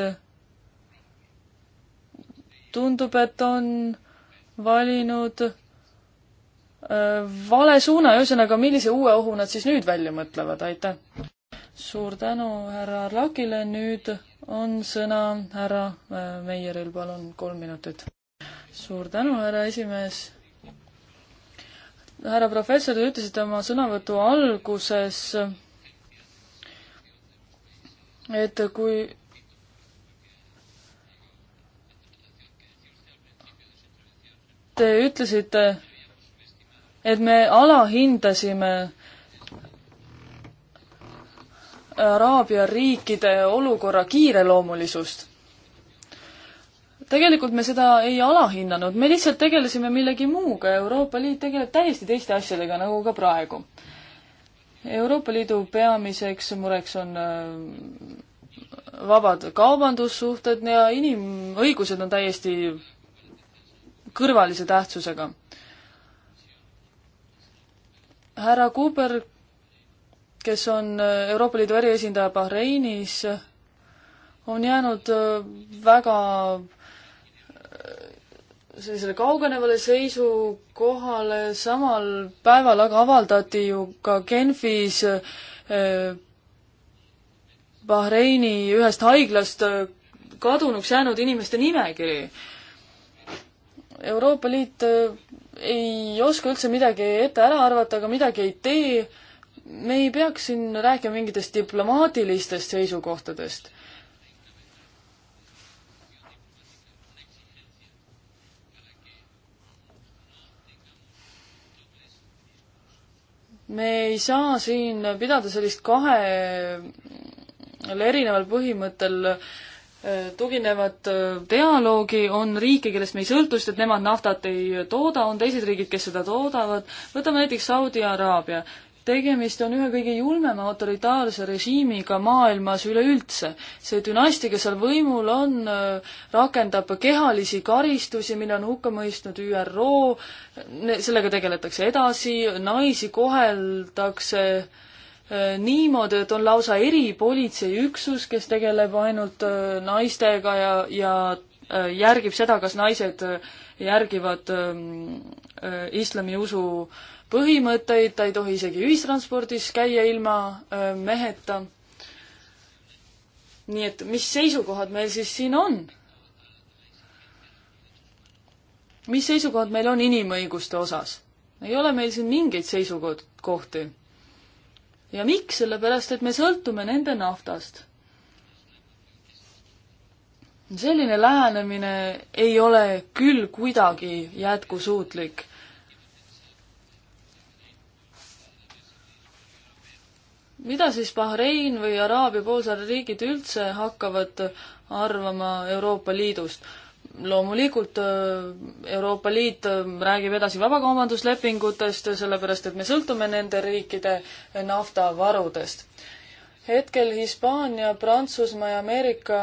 tundub, et on valinud e, vale suuna, ühesõnaga, millise uue ohu nad siis nüüd välja mõtlevad, aitäh! suur tänu härra Arlakile, nüüd on sõna härra e, Meieril, palun, kolm minutit. suur tänu, härra esimees härra professor, te ütlesite oma sõnavõtu alguses, et kui te ütlesite, et me alahindasime Araabia riikide olukorra kiireloomulisust tegelikult me seda ei alahinnanud, me lihtsalt tegelesime millegi muuga, Euroopa Liit tegeleb täiesti teiste asjadega, nagu ka praegu. Euroopa Liidu peamiseks mureks on äh, vabad kaubandussuhted ja inimõigused on täiesti kõrvalise tähtsusega. härra Kuuber, kes on äh, Euroopa Liidu eriesindaja Bahreinis, on jäänud äh, väga sellisele kaugenevale seisukohale, samal päeval aga avaldati ju ka Genfis äh, Bahreini ühest haiglast äh, kadunuks jäänud inimeste nimekiri. Euroopa Liit äh, ei oska üldse midagi ette ära arvata, aga midagi ei tee. me ei peaks siin rääkima mingitest diplomaatilistest seisukohtadest me ei saa siin pidada sellist kahel erineval põhimõttel äh, tuginevat äh, dialoogi, on riike, kellest me ei sõltu, sest et nemad naftat ei tooda, on teised riigid, kes seda toodavad, võtame näiteks Saudi Araabia tegemist on ühe kõige julmema autoritaarse režiimiga maailmas üleüldse. see dünastia, kes seal võimul on, rakendab kehalisi karistusi, mille on hukka mõistnud ÜRO, sellega tegeletakse edasi, naisi koheldakse äh, niimoodi, et on lausa eripolitseiüksus, kes tegeleb ainult äh, naistega ja, ja äh, järgib seda, kas naised järgivad ähm, äh, islami usu põhimõtteid, ta ei tohi isegi ühistranspordis käia ilma äh, meheta. nii et mis seisukohad meil siis siin on? mis seisukohad meil on inimõiguste osas? ei ole meil siin mingeid seisukohti. ja miks? sellepärast, et me sõltume nende naftast selline lähenemine ei ole küll kuidagi jätkusuutlik. mida siis Bahrein või Araabia poolsaare riigid üldse hakkavad arvama Euroopa Liidust? loomulikult äh, Euroopa Liit äh, räägib edasi vabakaubanduslepingutest, sellepärast et me sõltume nende riikide naftavarudest. hetkel Hispaania, Prantsusmaa ja Ameerika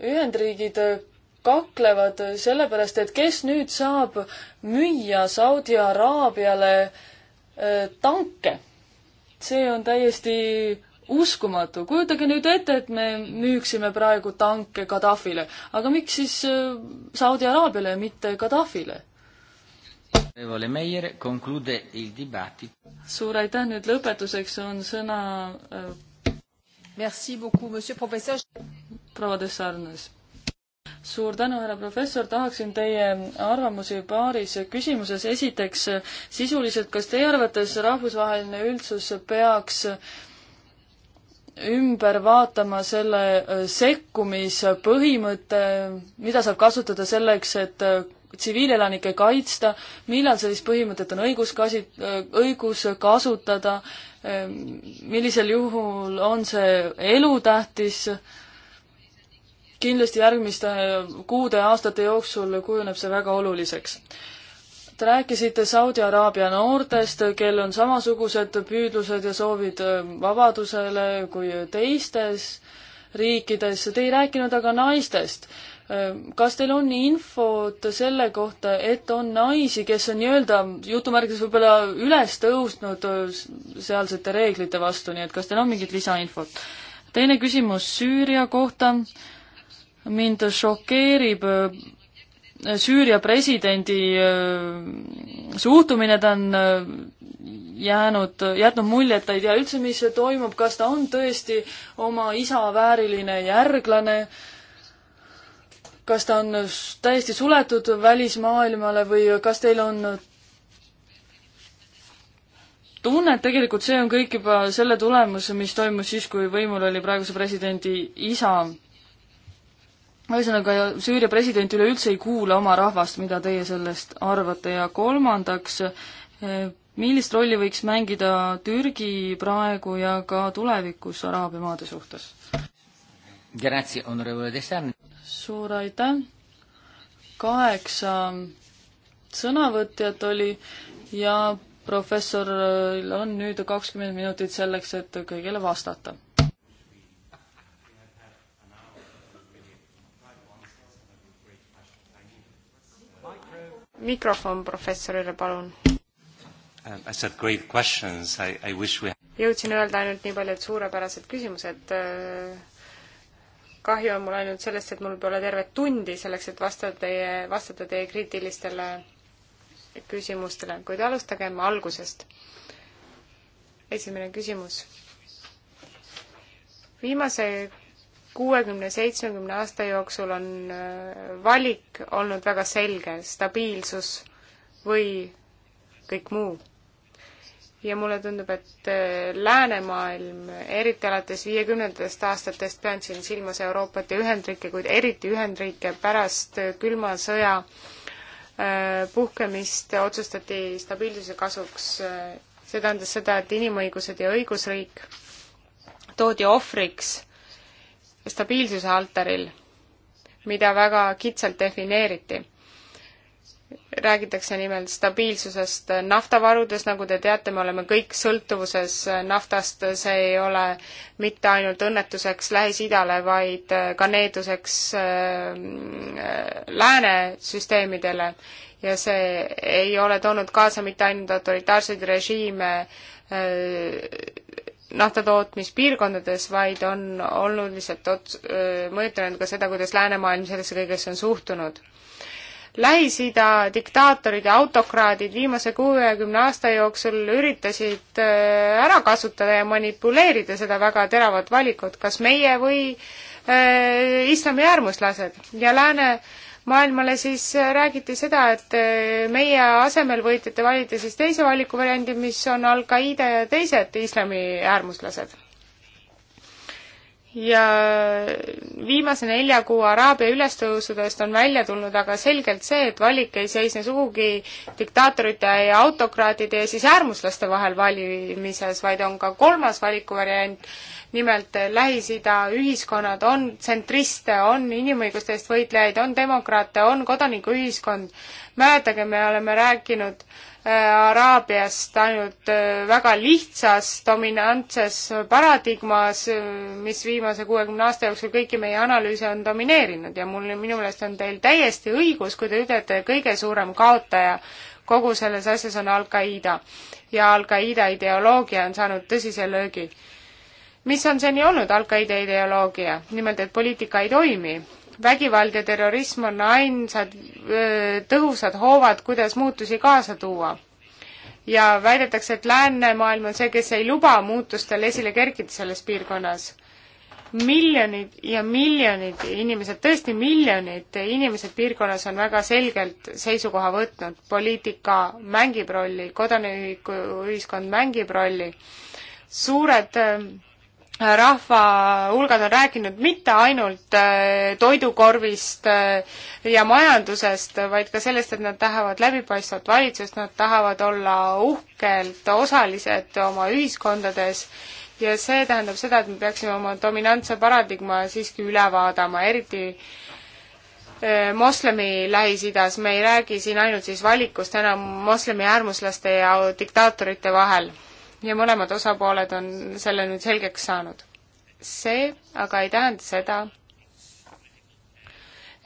Ühendriigid kaklevad sellepärast, et kes nüüd saab müüa Saudi Araabiale äh, tanke. see on täiesti uskumatu, kujutage nüüd ette, et me müüksime praegu tanke Gaddafile, aga miks siis äh, Saudi Araabiale ja mitte Gaddafile? suur aitäh, nüüd lõpetuseks on sõna äh, Merci beaucoup, monsieur professeur proua Dessarnes. suur tänu, härra professor, tahaksin teie arvamusi paaris küsimuses. esiteks sisuliselt, kas teie arvates rahvusvaheline üldsus peaks ümber vaatama selle äh, sekkumispõhimõtte, mida saab kasutada selleks, et äh, tsiviilelanikke kaitsta, millal sellist põhimõtet on õigus kasi-, äh, õigus kasutada, millisel juhul on see elutähtis kindlasti järgmiste kuude, aastate jooksul kujuneb see väga oluliseks. Te rääkisite Saudi Araabia noortest, kel on samasugused püüdlused ja soovid äh, vabadusele kui teistes riikides. Te ei rääkinud aga naistest. Äh, kas teil on infot selle kohta, et on naisi, kes on nii-öelda jutumärkides võib-olla üles tõusnud äh, sealsete reeglite vastu, nii et kas teil on mingit lisainfot? teine küsimus Süüria kohta mind šokeerib äh, Süüria presidendi äh, suhtumine, ta on äh, jäänud, jätnud mulje, et ta ei tea üldse, mis toimub, kas ta on tõesti oma isa vääriline järglane, kas ta on täiesti suletud välismaailmale või kas teil on tunne, et tegelikult see on kõik juba selle tulemus, mis toimus siis, kui võimul oli praeguse presidendi isa ühesõnaga, Süüria president üleüldse ei kuula oma rahvast, mida teie sellest arvate, ja kolmandaks, eh, millist rolli võiks mängida Türgi praegu ja ka tulevikus Araabia maade suhtes? suur aitäh! kaheksa sõnavõtjat oli ja professoril on nüüd kakskümmend minutit selleks, et kõigile vastata mikrofon professorile, palun. Um, we... jõudsin öelda ainult nii palju, et suurepärased küsimused. Äh, kahju on mul ainult sellest, et mul pole tervet tundi selleks, et vastata teie, vastata teie kriitilistele küsimustele, kuid alustagem algusest. esimene küsimus. viimase kuuekümne, seitsmekümne aasta jooksul on äh, valik olnud väga selge, stabiilsus või kõik muu. ja mulle tundub, et äh, läänemaailm, eriti alates viiekümnendatest aastatest, pean siin silmas Euroopat ja Ühendriike, kuid eriti Ühendriike pärast äh, külma sõja puhkemist otsustati stabiilsuse kasuks. see tähendas seda, et inimõigused ja õigusriik toodi ohvriks stabiilsuse altaril, mida väga kitsalt defineeriti. räägitakse nimelt stabiilsusest naftavarudes, nagu te teate, me oleme kõik sõltuvuses naftast, see ei ole mitte ainult õnnetuseks Lähis-Idale, vaid ka needuseks äh, lääne süsteemidele ja see ei ole toonud kaasa mitte ainult autoritaarseid režiime äh, naftatootmispiirkondades, vaid on oluliselt ots-, mõjutanud ka seda, kuidas läänemaailm sellesse kõigesse on suhtunud. Lähis-Ida diktaatorid ja autokraadid viimase kuuekümne aasta jooksul üritasid ära kasutada ja manipuleerida seda väga teravat valikut, kas meie või äh, islami äärmuslased ja lääne äh, maailmale, siis äh, räägiti seda, et äh, meie asemel võite te valida siis teise valikuvariandi, mis on Al-Qaeda ja teised islami äärmuslased ja viimase nelja kuu Araabia ülestõusudest on välja tulnud aga selgelt see, et valik ei seisne sugugi diktaatorite ja autokraatide ja siis äärmuslaste vahel valimises, vaid on ka kolmas valikuvariant, nimelt Lähis-Ida ühiskonnad on tsentriste, on inimõiguste eest võitlejaid, on demokraate, on kodanikuühiskond. mäletage, me oleme rääkinud äh, Araabiast ainult äh, väga lihtsas dominantses paradigmas, äh, mis viimase kuuekümne aasta jooksul kõiki meie analüüse on domineerinud ja mul, minu meelest on teil täiesti õigus, kui te ütlete, kõige suurem kaotaja kogu selles asjas on Al-Qaeda. ja Al-Qaeda ideoloogia on saanud tõsise löögi. mis on seni olnud Al-Qaeda ideoloogia? nimelt, et poliitika ei toimi vägivald ja terrorism on ainsad tõhusad hoovad, kuidas muutusi kaasa tuua. ja väidetakse, et läänemaailm on see, kes ei luba muutustel esile kerkida selles piirkonnas. miljonid ja miljonid inimesed, tõesti miljonid inimesed piirkonnas on väga selgelt seisukoha võtnud, poliitika mängib rolli, kodanikuühiskond mängib rolli, suured rahva hulgad on rääkinud mitte ainult äh, toidukorvist äh, ja majandusest, vaid ka sellest, et nad tahavad läbipaistvat valitsust, nad tahavad olla uhkelt osalised oma ühiskondades ja see tähendab seda, et me peaksime oma dominantse paradigma siiski üle vaatama, eriti äh, moslemi Lähis-Idas, me ei räägi siin ainult siis valikust enam moslemi äärmuslaste ja diktaatorite vahel ja mõlemad osapooled on selle nüüd selgeks saanud. see aga ei tähenda seda,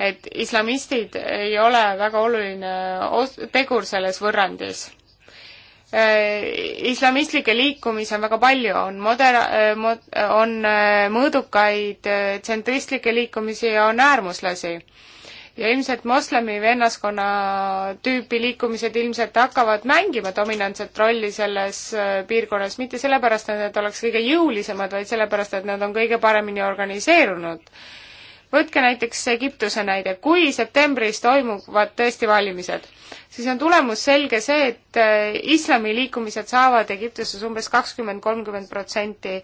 et islamistid ei ole väga oluline os-, tegur selles võrrandis. Äh, Islamistlikke liikumisi on väga palju, on moder-, äh, mod-, on äh, mõõdukaid tsentristlikke liikumisi ja on äärmuslasi ja ilmselt moslemi vennaskonna tüüpi liikumised ilmselt hakkavad mängima dominantset rolli selles äh, piirkonnas, mitte sellepärast, et nad oleks kõige jõulisemad, vaid sellepärast, et nad on kõige paremini organiseerunud. võtke näiteks Egiptuse näide, kui septembris toimuvad tõesti valimised, siis on tulemus selge see, et äh, islamiliikumised saavad Egiptuses umbes kakskümmend, kolmkümmend protsenti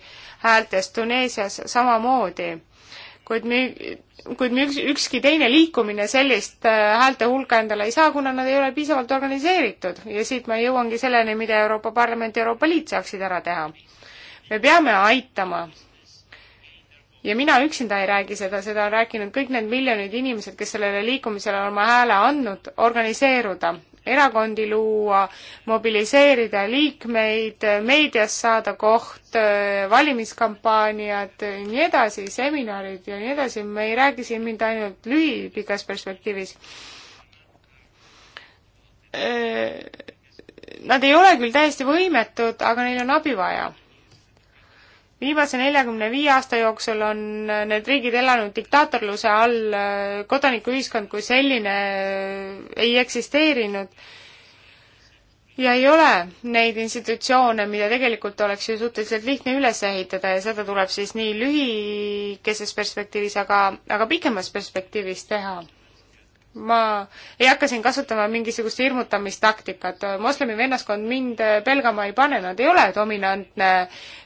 häältest, Tuneesias samamoodi kuid müü-, kuid müü-, ükski teine liikumine sellist äh, häälte hulka endale ei saa, kuna nad ei ole piisavalt organiseeritud ja siit ma jõuangi selleni, mida Euroopa Parlament ja Euroopa Liit saaksid ära teha. me peame aitama ja mina üksinda ei räägi seda, seda on rääkinud kõik need miljonid inimesed, kes sellele liikumisele on oma hääle andnud, organiseeruda, erakondi luua, mobiliseerida liikmeid, meedias saada koht, valimiskampaaniad, nii edasi, seminarid ja nii edasi, me ei räägi siin mitte ainult lühipikas perspektiivis. Äh, nad ei ole küll täiesti võimetud, aga neil on abi vaja viimase neljakümne viie aasta jooksul on äh, need riigid elanud diktaatorluse all, äh, kodanikuühiskond kui selline äh, ei eksisteerinud ja ei ole neid institutsioone, mida tegelikult oleks ju suhteliselt lihtne üles ehitada ja seda tuleb siis nii lühikeses perspektiivis, aga, aga pikemas perspektiivis teha ma ei hakka siin kasutama mingisugust hirmutamistaktikat, moslemi vennaskond mind pelgama ei pane, nad ei ole dominantne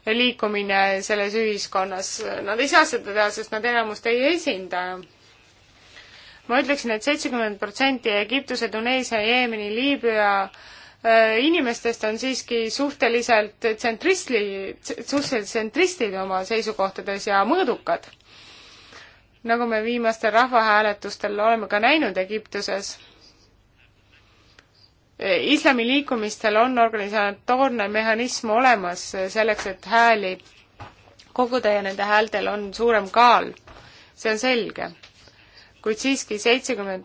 liikumine selles ühiskonnas, nad ei saa seda teha, sest nad enamust ei esinda. ma ütleksin et, et seitsekümmend protsenti Egiptuse, Tuneesia, Jeemeni, Liibüa äh, inimestest on siiski suhteliselt tsentristli, suhteliselt tsentristid oma seisukohtades ja mõõdukad nagu me viimastel rahvahääletustel oleme ka näinud Egiptuses, e, islamiliikumistel on organisatoorne mehhanism olemas e, selleks, et hääli koguda ja nende häältel on suurem kaal. see on selge. kuid siiski seitsekümmend,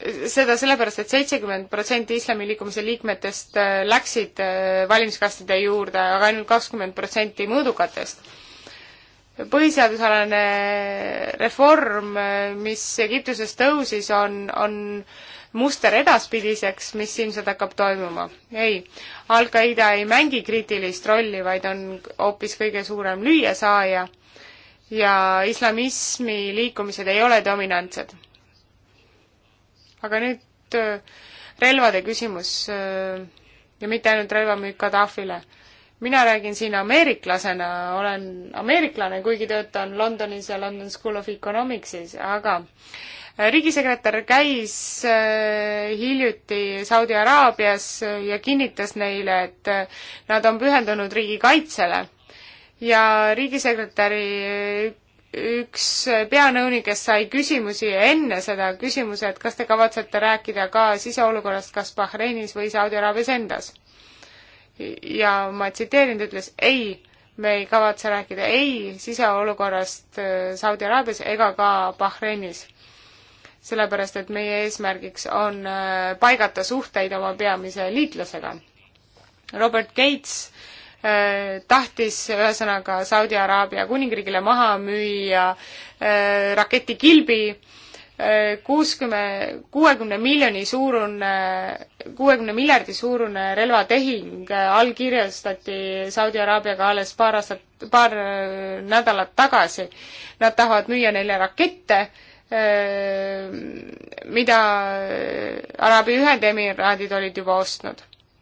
e, seda sellepärast et, et seitsekümmend protsenti islamiliikumise liikmetest läksid valimiskastide juurde, aga ainult kakskümmend protsenti mõõdukatest põhiseadusalane reform, mis Egiptuses tõusis, on, on muster edaspidiseks, mis ilmselt hakkab toimuma. ei, Al-Qaeda ei mängi kriitilist rolli, vaid on hoopis kõige suurem lüüasaaja ja islamismi liikumised ei ole dominantsed. aga nüüd äh, relvade küsimus äh, ja mitte ainult relvamüük Gaddafile mina räägin siin ameeriklasena, olen ameeriklane, kuigi töötan Londonis ja London School of Economicsis, aga äh, riigisekretär käis äh, hiljuti Saudi Araabias äh, ja kinnitas neile, et nad on pühendunud riigikaitsele ja riigisekretäri üks peanõunikest sai küsimusi enne seda küsimuse, et kas te kavatsete rääkida ka siseolukorrast kas Bahreinis või Saudi Araabias endas ja ma tsiteerin, ta ütles ei, me ei kavatse rääkida ei siseolukorrast äh, Saudi Araabias ega ka Bahreinis. sellepärast, et meie eesmärgiks on äh, paigata suhteid oma peamise liitlasega. Robert Gates äh, tahtis ühesõnaga Saudi Araabia kuningriigile maha müüa raketikilbi kuuskümmend, kuuekümne miljoni suurune, kuuekümne miljardi suurune relvatehing allkirjastati Saudi Araabiaga alles paar aastat, paar nädalat tagasi. Nad tahavad müüa neile rakette, eh, mida Araabia Ühendemiraadid olid juba ostnud.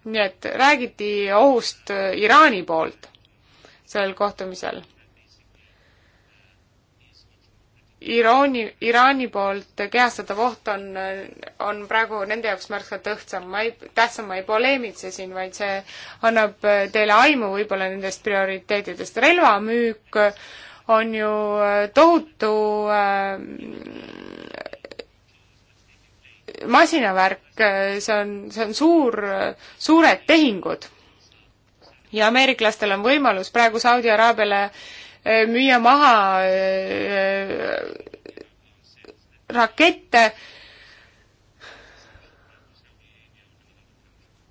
nii et räägiti ohust Iraani poolt sellel kohtumisel Iraani, Iraani poolt kehastatav oht on, on praegu nende jaoks märksa tõhtsam, ma ei, tähtsam, ma ei poleemitse siin, vaid see annab teile aimu võib-olla nendest prioriteetidest. relvamüük on ju äh, tohutu äh, masinavärk, see on, see on suur, suured tehingud. ja ameeriklastel on võimalus praegu Saudi Araabiale äh, Äh, müüa maha äh, rakette.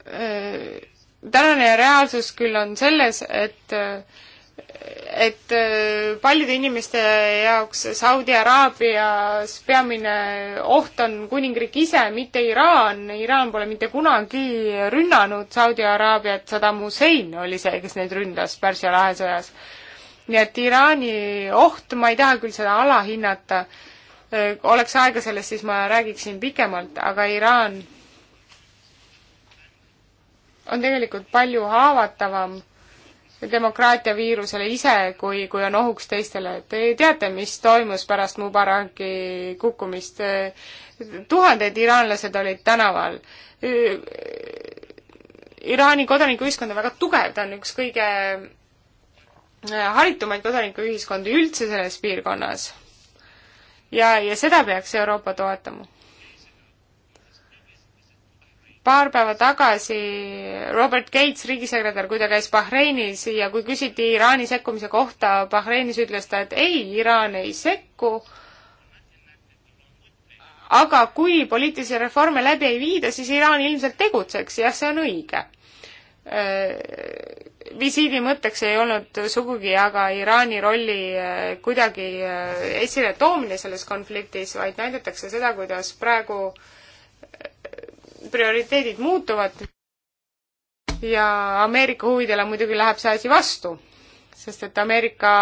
Äh, tänane reaalsus küll on selles, et et paljude inimeste jaoks Saudi Araabias peamine oht on kuningriik ise, mitte Iraan. Iraan pole mitte kunagi rünnanud Saudi Araabiat, Saddam Hussein oli see, kes neid ründas Pärsia lahe sõjas nii et Iraani oht, ma ei taha küll seda alahinnata, äh, oleks aega sellest, siis ma räägiksin pikemalt, aga Iraan on tegelikult palju haavatavam demokraatia viirusele ise, kui, kui on ohuks teistele. Te teate, mis toimus pärast Mubaraki kukkumist? tuhanded iraanlased olid tänaval. Äh, Iraani kodanikuühiskond on väga tugev, ta on üks kõige haritumaid kodanikuühiskondi üldse selles piirkonnas. ja, ja seda peaks Euroopa toetama. paar päeva tagasi Robert Gates, riigisekretär, kui ta käis Bahreinis ja kui küsiti Iraani sekkumise kohta, Bahreinis ütles ta, et ei, Iraan ei sekku, aga kui poliitilisi reforme läbi ei viida, siis Iraan ilmselt tegutseks, jah, see on õige Äh, visiidi mõtteks ei olnud sugugi aga Iraani rolli äh, kuidagi äh, esile toomine selles konfliktis, vaid näidatakse seda, kuidas praegu prioriteedid muutuvad ja Ameerika huvidele muidugi läheb see asi vastu, sest et Ameerika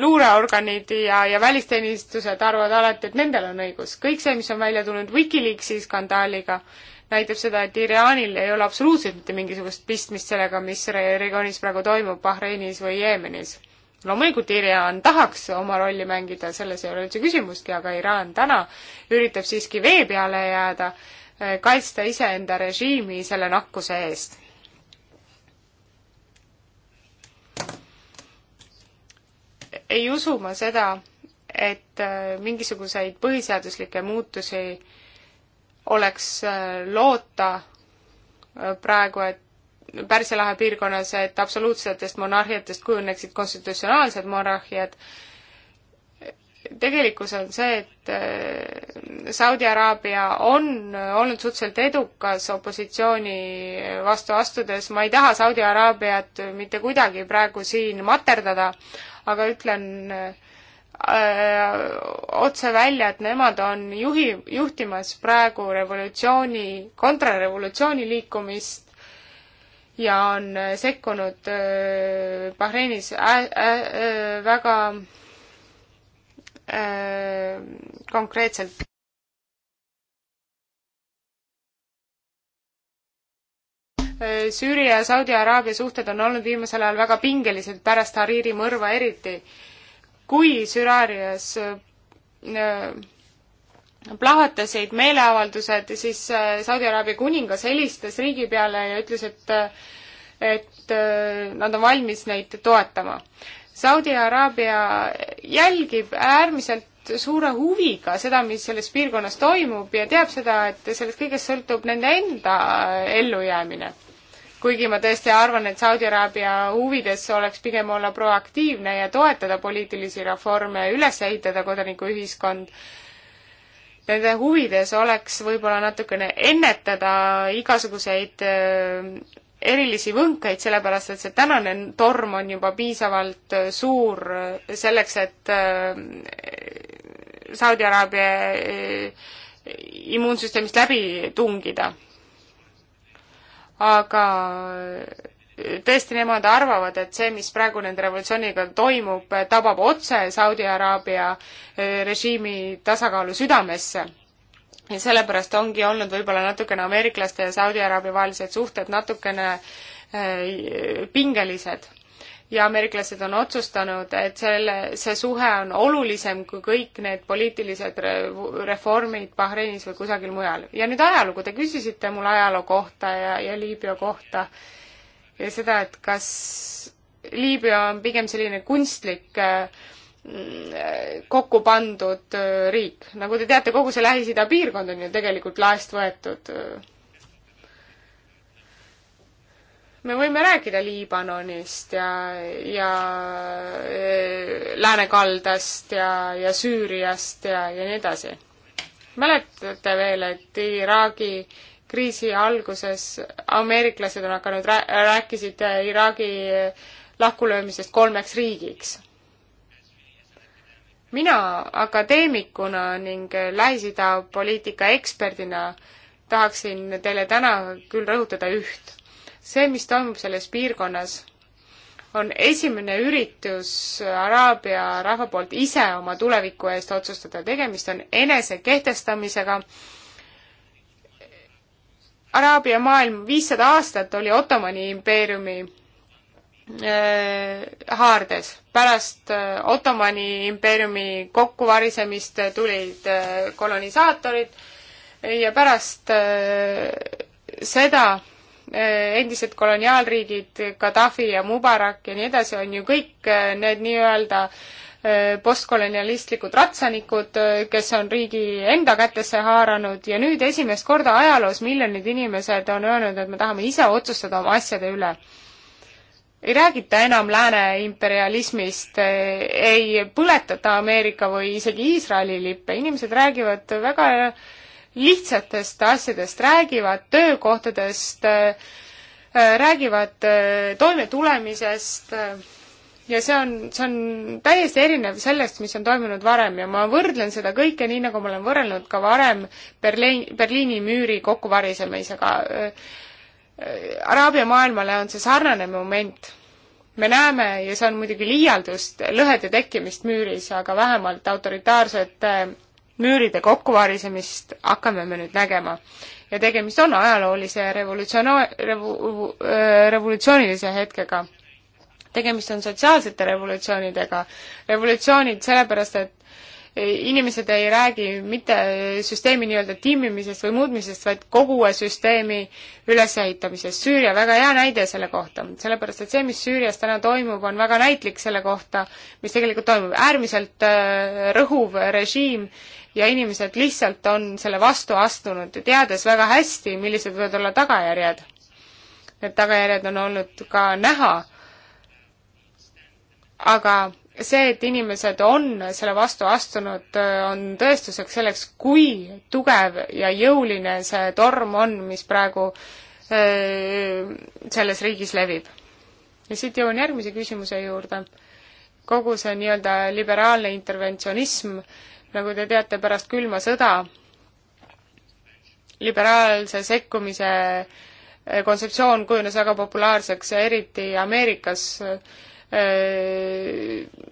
luureorganid ja, ja välisteenistused arvavad alati, et nendel on õigus. kõik see, mis on välja tulnud Wikileaksi skandaaliga, näitab seda, et Iraanil ei ole absoluutselt mitte mingisugust pistmist sellega, mis regioonis praegu toimub Bahreinis või Jeemenis. loomulikult Iraan tahaks oma rolli mängida, selles ei ole üldse küsimustki, aga Iraan täna üritab siiski vee peale jääda, eh, kaitsta iseenda režiimi selle nakkuse eest. ei usu ma seda, et eh, mingisuguseid põhiseaduslikke muutusi äh, oleks äh, loota äh, praegu, et Pärsia lahe piirkonnas, et absoluutsetest monarhiatest kujuneksid konstitutsionaalsed monarhiad, tegelikkus on see, et äh, Saudi Araabia on olnud suhteliselt edukas opositsiooni vastu astudes, ma ei taha Saudi Araabiat mitte kuidagi praegu siin materdada, aga ütlen äh, Äh, otse välja, et nemad on juhi, juhtimas praegu revolutsiooni, kontrarevolutsiooni liikumist ja on sekkunud äh, Bahreinis ä-, äh, ä-, väga äh, konkreetselt. Süüria ja Saudi Araabia suhted on olnud viimasel ajal väga pingelised pärast Hariri mõrva eriti kui Süraarias äh, plahvatasid meeleavaldused, siis äh, Saudi Araabia kuningas helistas riigi peale ja ütles, et äh, et nad on valmis neid toetama. Saudi Araabia jälgib äärmiselt suure huviga seda, mis selles piirkonnas toimub ja teab seda, et sellest kõigest sõltub nende enda ellujäämine kuigi ma tõesti arvan, et Saudi Araabia huvides oleks pigem olla proaktiivne ja toetada poliitilisi reforme, üles ehitada kodanikuühiskond. Nende huvides oleks võib-olla natukene ennetada igasuguseid äh, erilisi võnkeid, sellepärast et see tänane torm on juba piisavalt äh, suur äh, selleks, et Saudi Araabia immuunsüsteemist läbi tungida aga tõesti nemad arvavad, et see, mis praegu nende revolutsiooniga toimub, tabab otse Saudi Araabia äh, režiimi tasakaalu südamesse. ja sellepärast ongi olnud võib-olla natukene ameeriklaste ja Saudi Araabia vahelised suhted natukene äh, pingelised ja ameeriklased on otsustanud, et selle, see suhe on olulisem kui kõik need poliitilised reformid Bahreinis või kusagil mujal. ja nüüd ajalugu, te küsisite mul ajaloo kohta ja, ja Liibüa kohta ja seda, et kas Liibüa on pigem selline kunstlik äh, kokku pandud äh, riik. nagu te teate, kogu see Lähis-Ida piirkond on ju tegelikult laest võetud äh, me võime rääkida Liibanonist ja, ja eh, läänekaldast ja, ja Süüriast ja, ja nii edasi. mäletate veel, et Iraagi kriisi alguses ameeriklased on hakanud rää-, rääkisid Iraagi lahkulöömisest kolmeks riigiks mina akadeemikuna ning Lähis-Ida poliitika eksperdina tahaksin teile täna küll rõhutada üht see, mis toimub selles piirkonnas, on esimene üritus Araabia rahva poolt ise oma tuleviku eest otsustada, tegemist on enesekehtestamisega. Araabia maailm viissada aastat oli Ottomani impeeriumi äh, haardes. pärast äh, Ottomani impeeriumi kokkuvarisemist tulid äh, kolonisaatorid ja pärast seda Eh, endised koloniaalriigid, Gaddafi ja Mubarak ja nii edasi, on ju kõik eh, need nii-öelda eh, postkolonialistlikud ratsanikud, kes on riigi enda kätesse haaranud ja nüüd esimest korda ajaloos miljonid inimesed on öelnud, et me tahame ise otsustada oma asjade üle. ei räägita enam lääne imperialismist, ei põletata Ameerika või isegi Iisraeli lippe, inimesed räägivad väga lihtsatest asjadest, räägivad töökohtadest, äh, äh, räägivad äh, toimetulemisest ja see on, see on täiesti erinev sellest, mis on toimunud varem ja ma võrdlen seda kõike nii, nagu ma olen võrrelnud ka varem Berliini, Berliini müüri kokkuvarisemisega. Araabia maailmale on see sarnane moment me näeme ja see on muidugi liialdus, lõhede tekkimist müüris, aga vähemalt autoritaarsete müüride kokkuvarisemist hakkame me nüüd nägema. ja tegemist on ajaloolise revolutsioona-, revu-, äh, revolutsioonilise hetkega. tegemist on sotsiaalsete revolutsioonidega, revolutsioonid sellepärast, et inimesed ei räägi mitte süsteemi nii-öelda timmimisest või muutmisest, vaid kogu uue süsteemi ülesehitamisest. Süüria väga hea näide selle kohta, sellepärast et see, mis Süürias täna toimub, on väga näitlik selle kohta, mis tegelikult toimub. äärmiselt äh, rõhuv režiim, ja inimesed lihtsalt on selle vastu astunud, teades väga hästi, millised võivad olla tagajärjed. Need tagajärjed on olnud ka näha. aga see, et inimesed on selle vastu astunud, on tõestuseks selleks, kui tugev ja jõuline see torm on, mis praegu öö, selles riigis levib. ja siit jõuan järgmise küsimuse juurde. kogu see nii-öelda liberaalne interventsionism nagu te teate, pärast külma sõda liberaalse sekkumise eh, kontseptsioon kujunes väga populaarseks ja eriti Ameerikas, eh,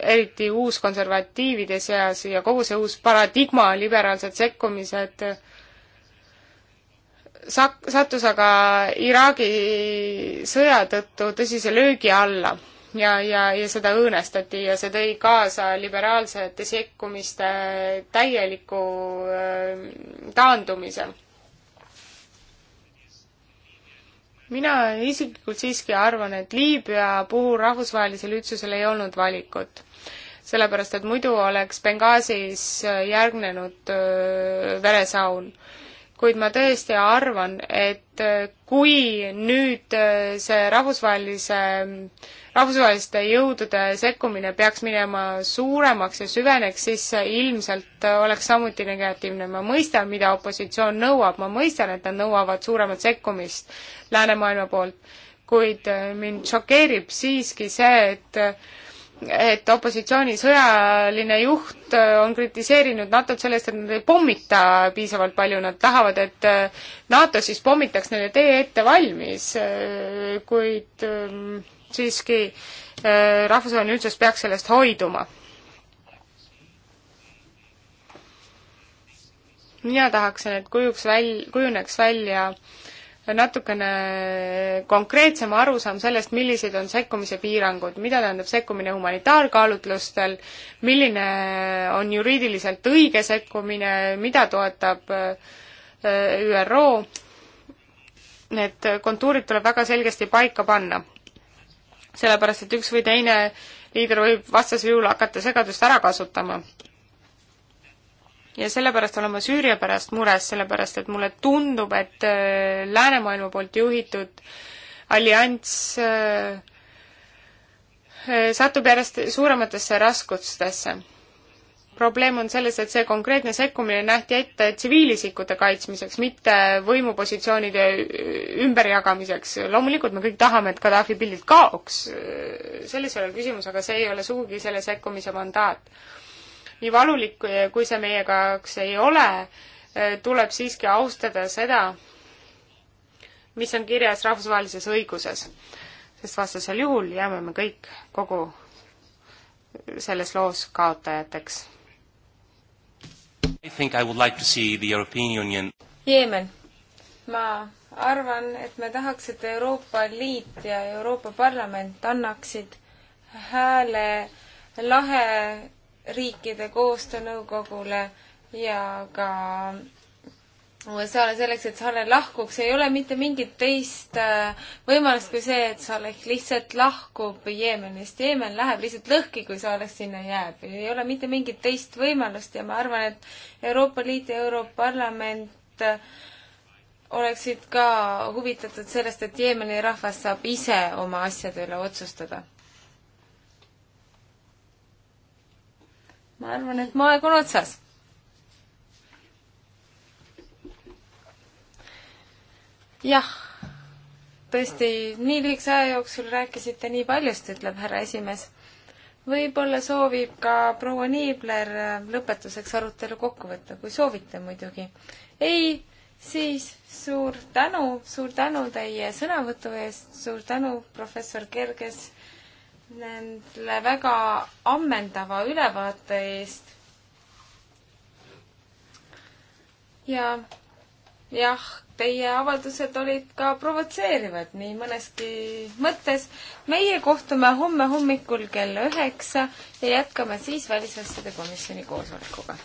eriti uuskonservatiivide seas ja kogu see uus paradigma, liberaalsed sekkumised, sak-, sattus aga Iraagi sõja tõttu tõsise löögi alla ja, ja, ja seda õõnestati ja see tõi kaasa liberaalsete sekkumiste täieliku taandumise. mina isiklikult siiski arvan, et Liibüa puhul rahvusvahelisel üldsusel ei olnud valikut. sellepärast, et muidu oleks Benghazis järgnenud veresaun kuid ma tõesti arvan, et äh, kui nüüd äh, see rahvusvahelise, mm, rahvusvaheliste jõudude sekkumine peaks minema suuremaks ja süveneks, siis ilmselt äh, oleks samuti negatiivne. ma mõistan, mida opositsioon nõuab, ma mõistan, et nad nõuavad suuremat sekkumist läänemaailma poolt, kuid mind šokeerib siiski see, et et opositsiooni sõjaline juht äh, on kritiseerinud NATO-t sellest, et nad ei pommita piisavalt palju, nad tahavad, et äh, NATO siis pommitaks neile tee ette valmis, äh, kuid ähm, siiski rahvusvaheline üldsus peaks sellest hoiduma. mina tahaksin, et kujuks väl-, kujuneks välja äh, natukene konkreetsem arusaam sellest, millised on sekkumise piirangud, mida tähendab sekkumine humanitaarkaalutlustel, milline on juriidiliselt õige sekkumine, mida toetab äh, ÜRO, need kontuurid tuleb väga selgesti paika panna. sellepärast, et üks või teine liider võib vastasel juhul hakata segadust ära kasutama ja sellepärast olen ma Süüria pärast mures, sellepärast et mulle tundub, et äh, läänemaailma poolt juhitud allianss äh, äh, satub järjest suurematesse raskustesse. probleem on selles, et see konkreetne sekkumine nähti ette tsiviilisikute kaitsmiseks, mitte võimupositsioonide ümberjagamiseks. loomulikult me kõik tahame, et Gaddafi pildid kaoks, selles ei ole küsimus, aga see ei ole sugugi selle sekkumise mandaat nii valulik, kui see meie jaoks ei ole, tuleb siiski austada seda, mis on kirjas rahvusvahelises õiguses. sest vastasel juhul jääme me kõik kogu selles loos kaotajateks. Jeemen, ma arvan, et me tahaks, et Euroopa Liit ja Euroopa Parlament annaksid hääle lahe riikide koostöönõukogule ja ka USA-le selleks, et Saleh lahkuks, ei ole mitte mingit teist äh, võimalust kui see, et Saleh lihtsalt lahkub Jeemenist. Jeemen läheb lihtsalt lõhki, kui Saleh sinna jääb. ei ole mitte mingit teist võimalust ja ma arvan, et Euroopa Liit ja Europarlament äh, oleksid ka huvitatud sellest, et Jeemeni rahvas saab ise oma asjade üle otsustada ma arvan, et mu aeg on otsas. jah, tõesti, nii lühikese aja jooksul rääkisite nii paljust, ütleb härra esimees. võib-olla soovib ka proua Niibler lõpetuseks arutelu kokku võtta, kui soovite muidugi. ei, siis suur tänu, suur tänu teie sõnavõtu eest, suur tänu, professor Kerges nendele väga ammendava ülevaate eest. ja jah, teie avaldused olid ka provotseerivad nii mõneski mõttes. meie kohtume homme hommikul kell üheksa ja jätkame siis Välisasjade Komisjoni koosolekuga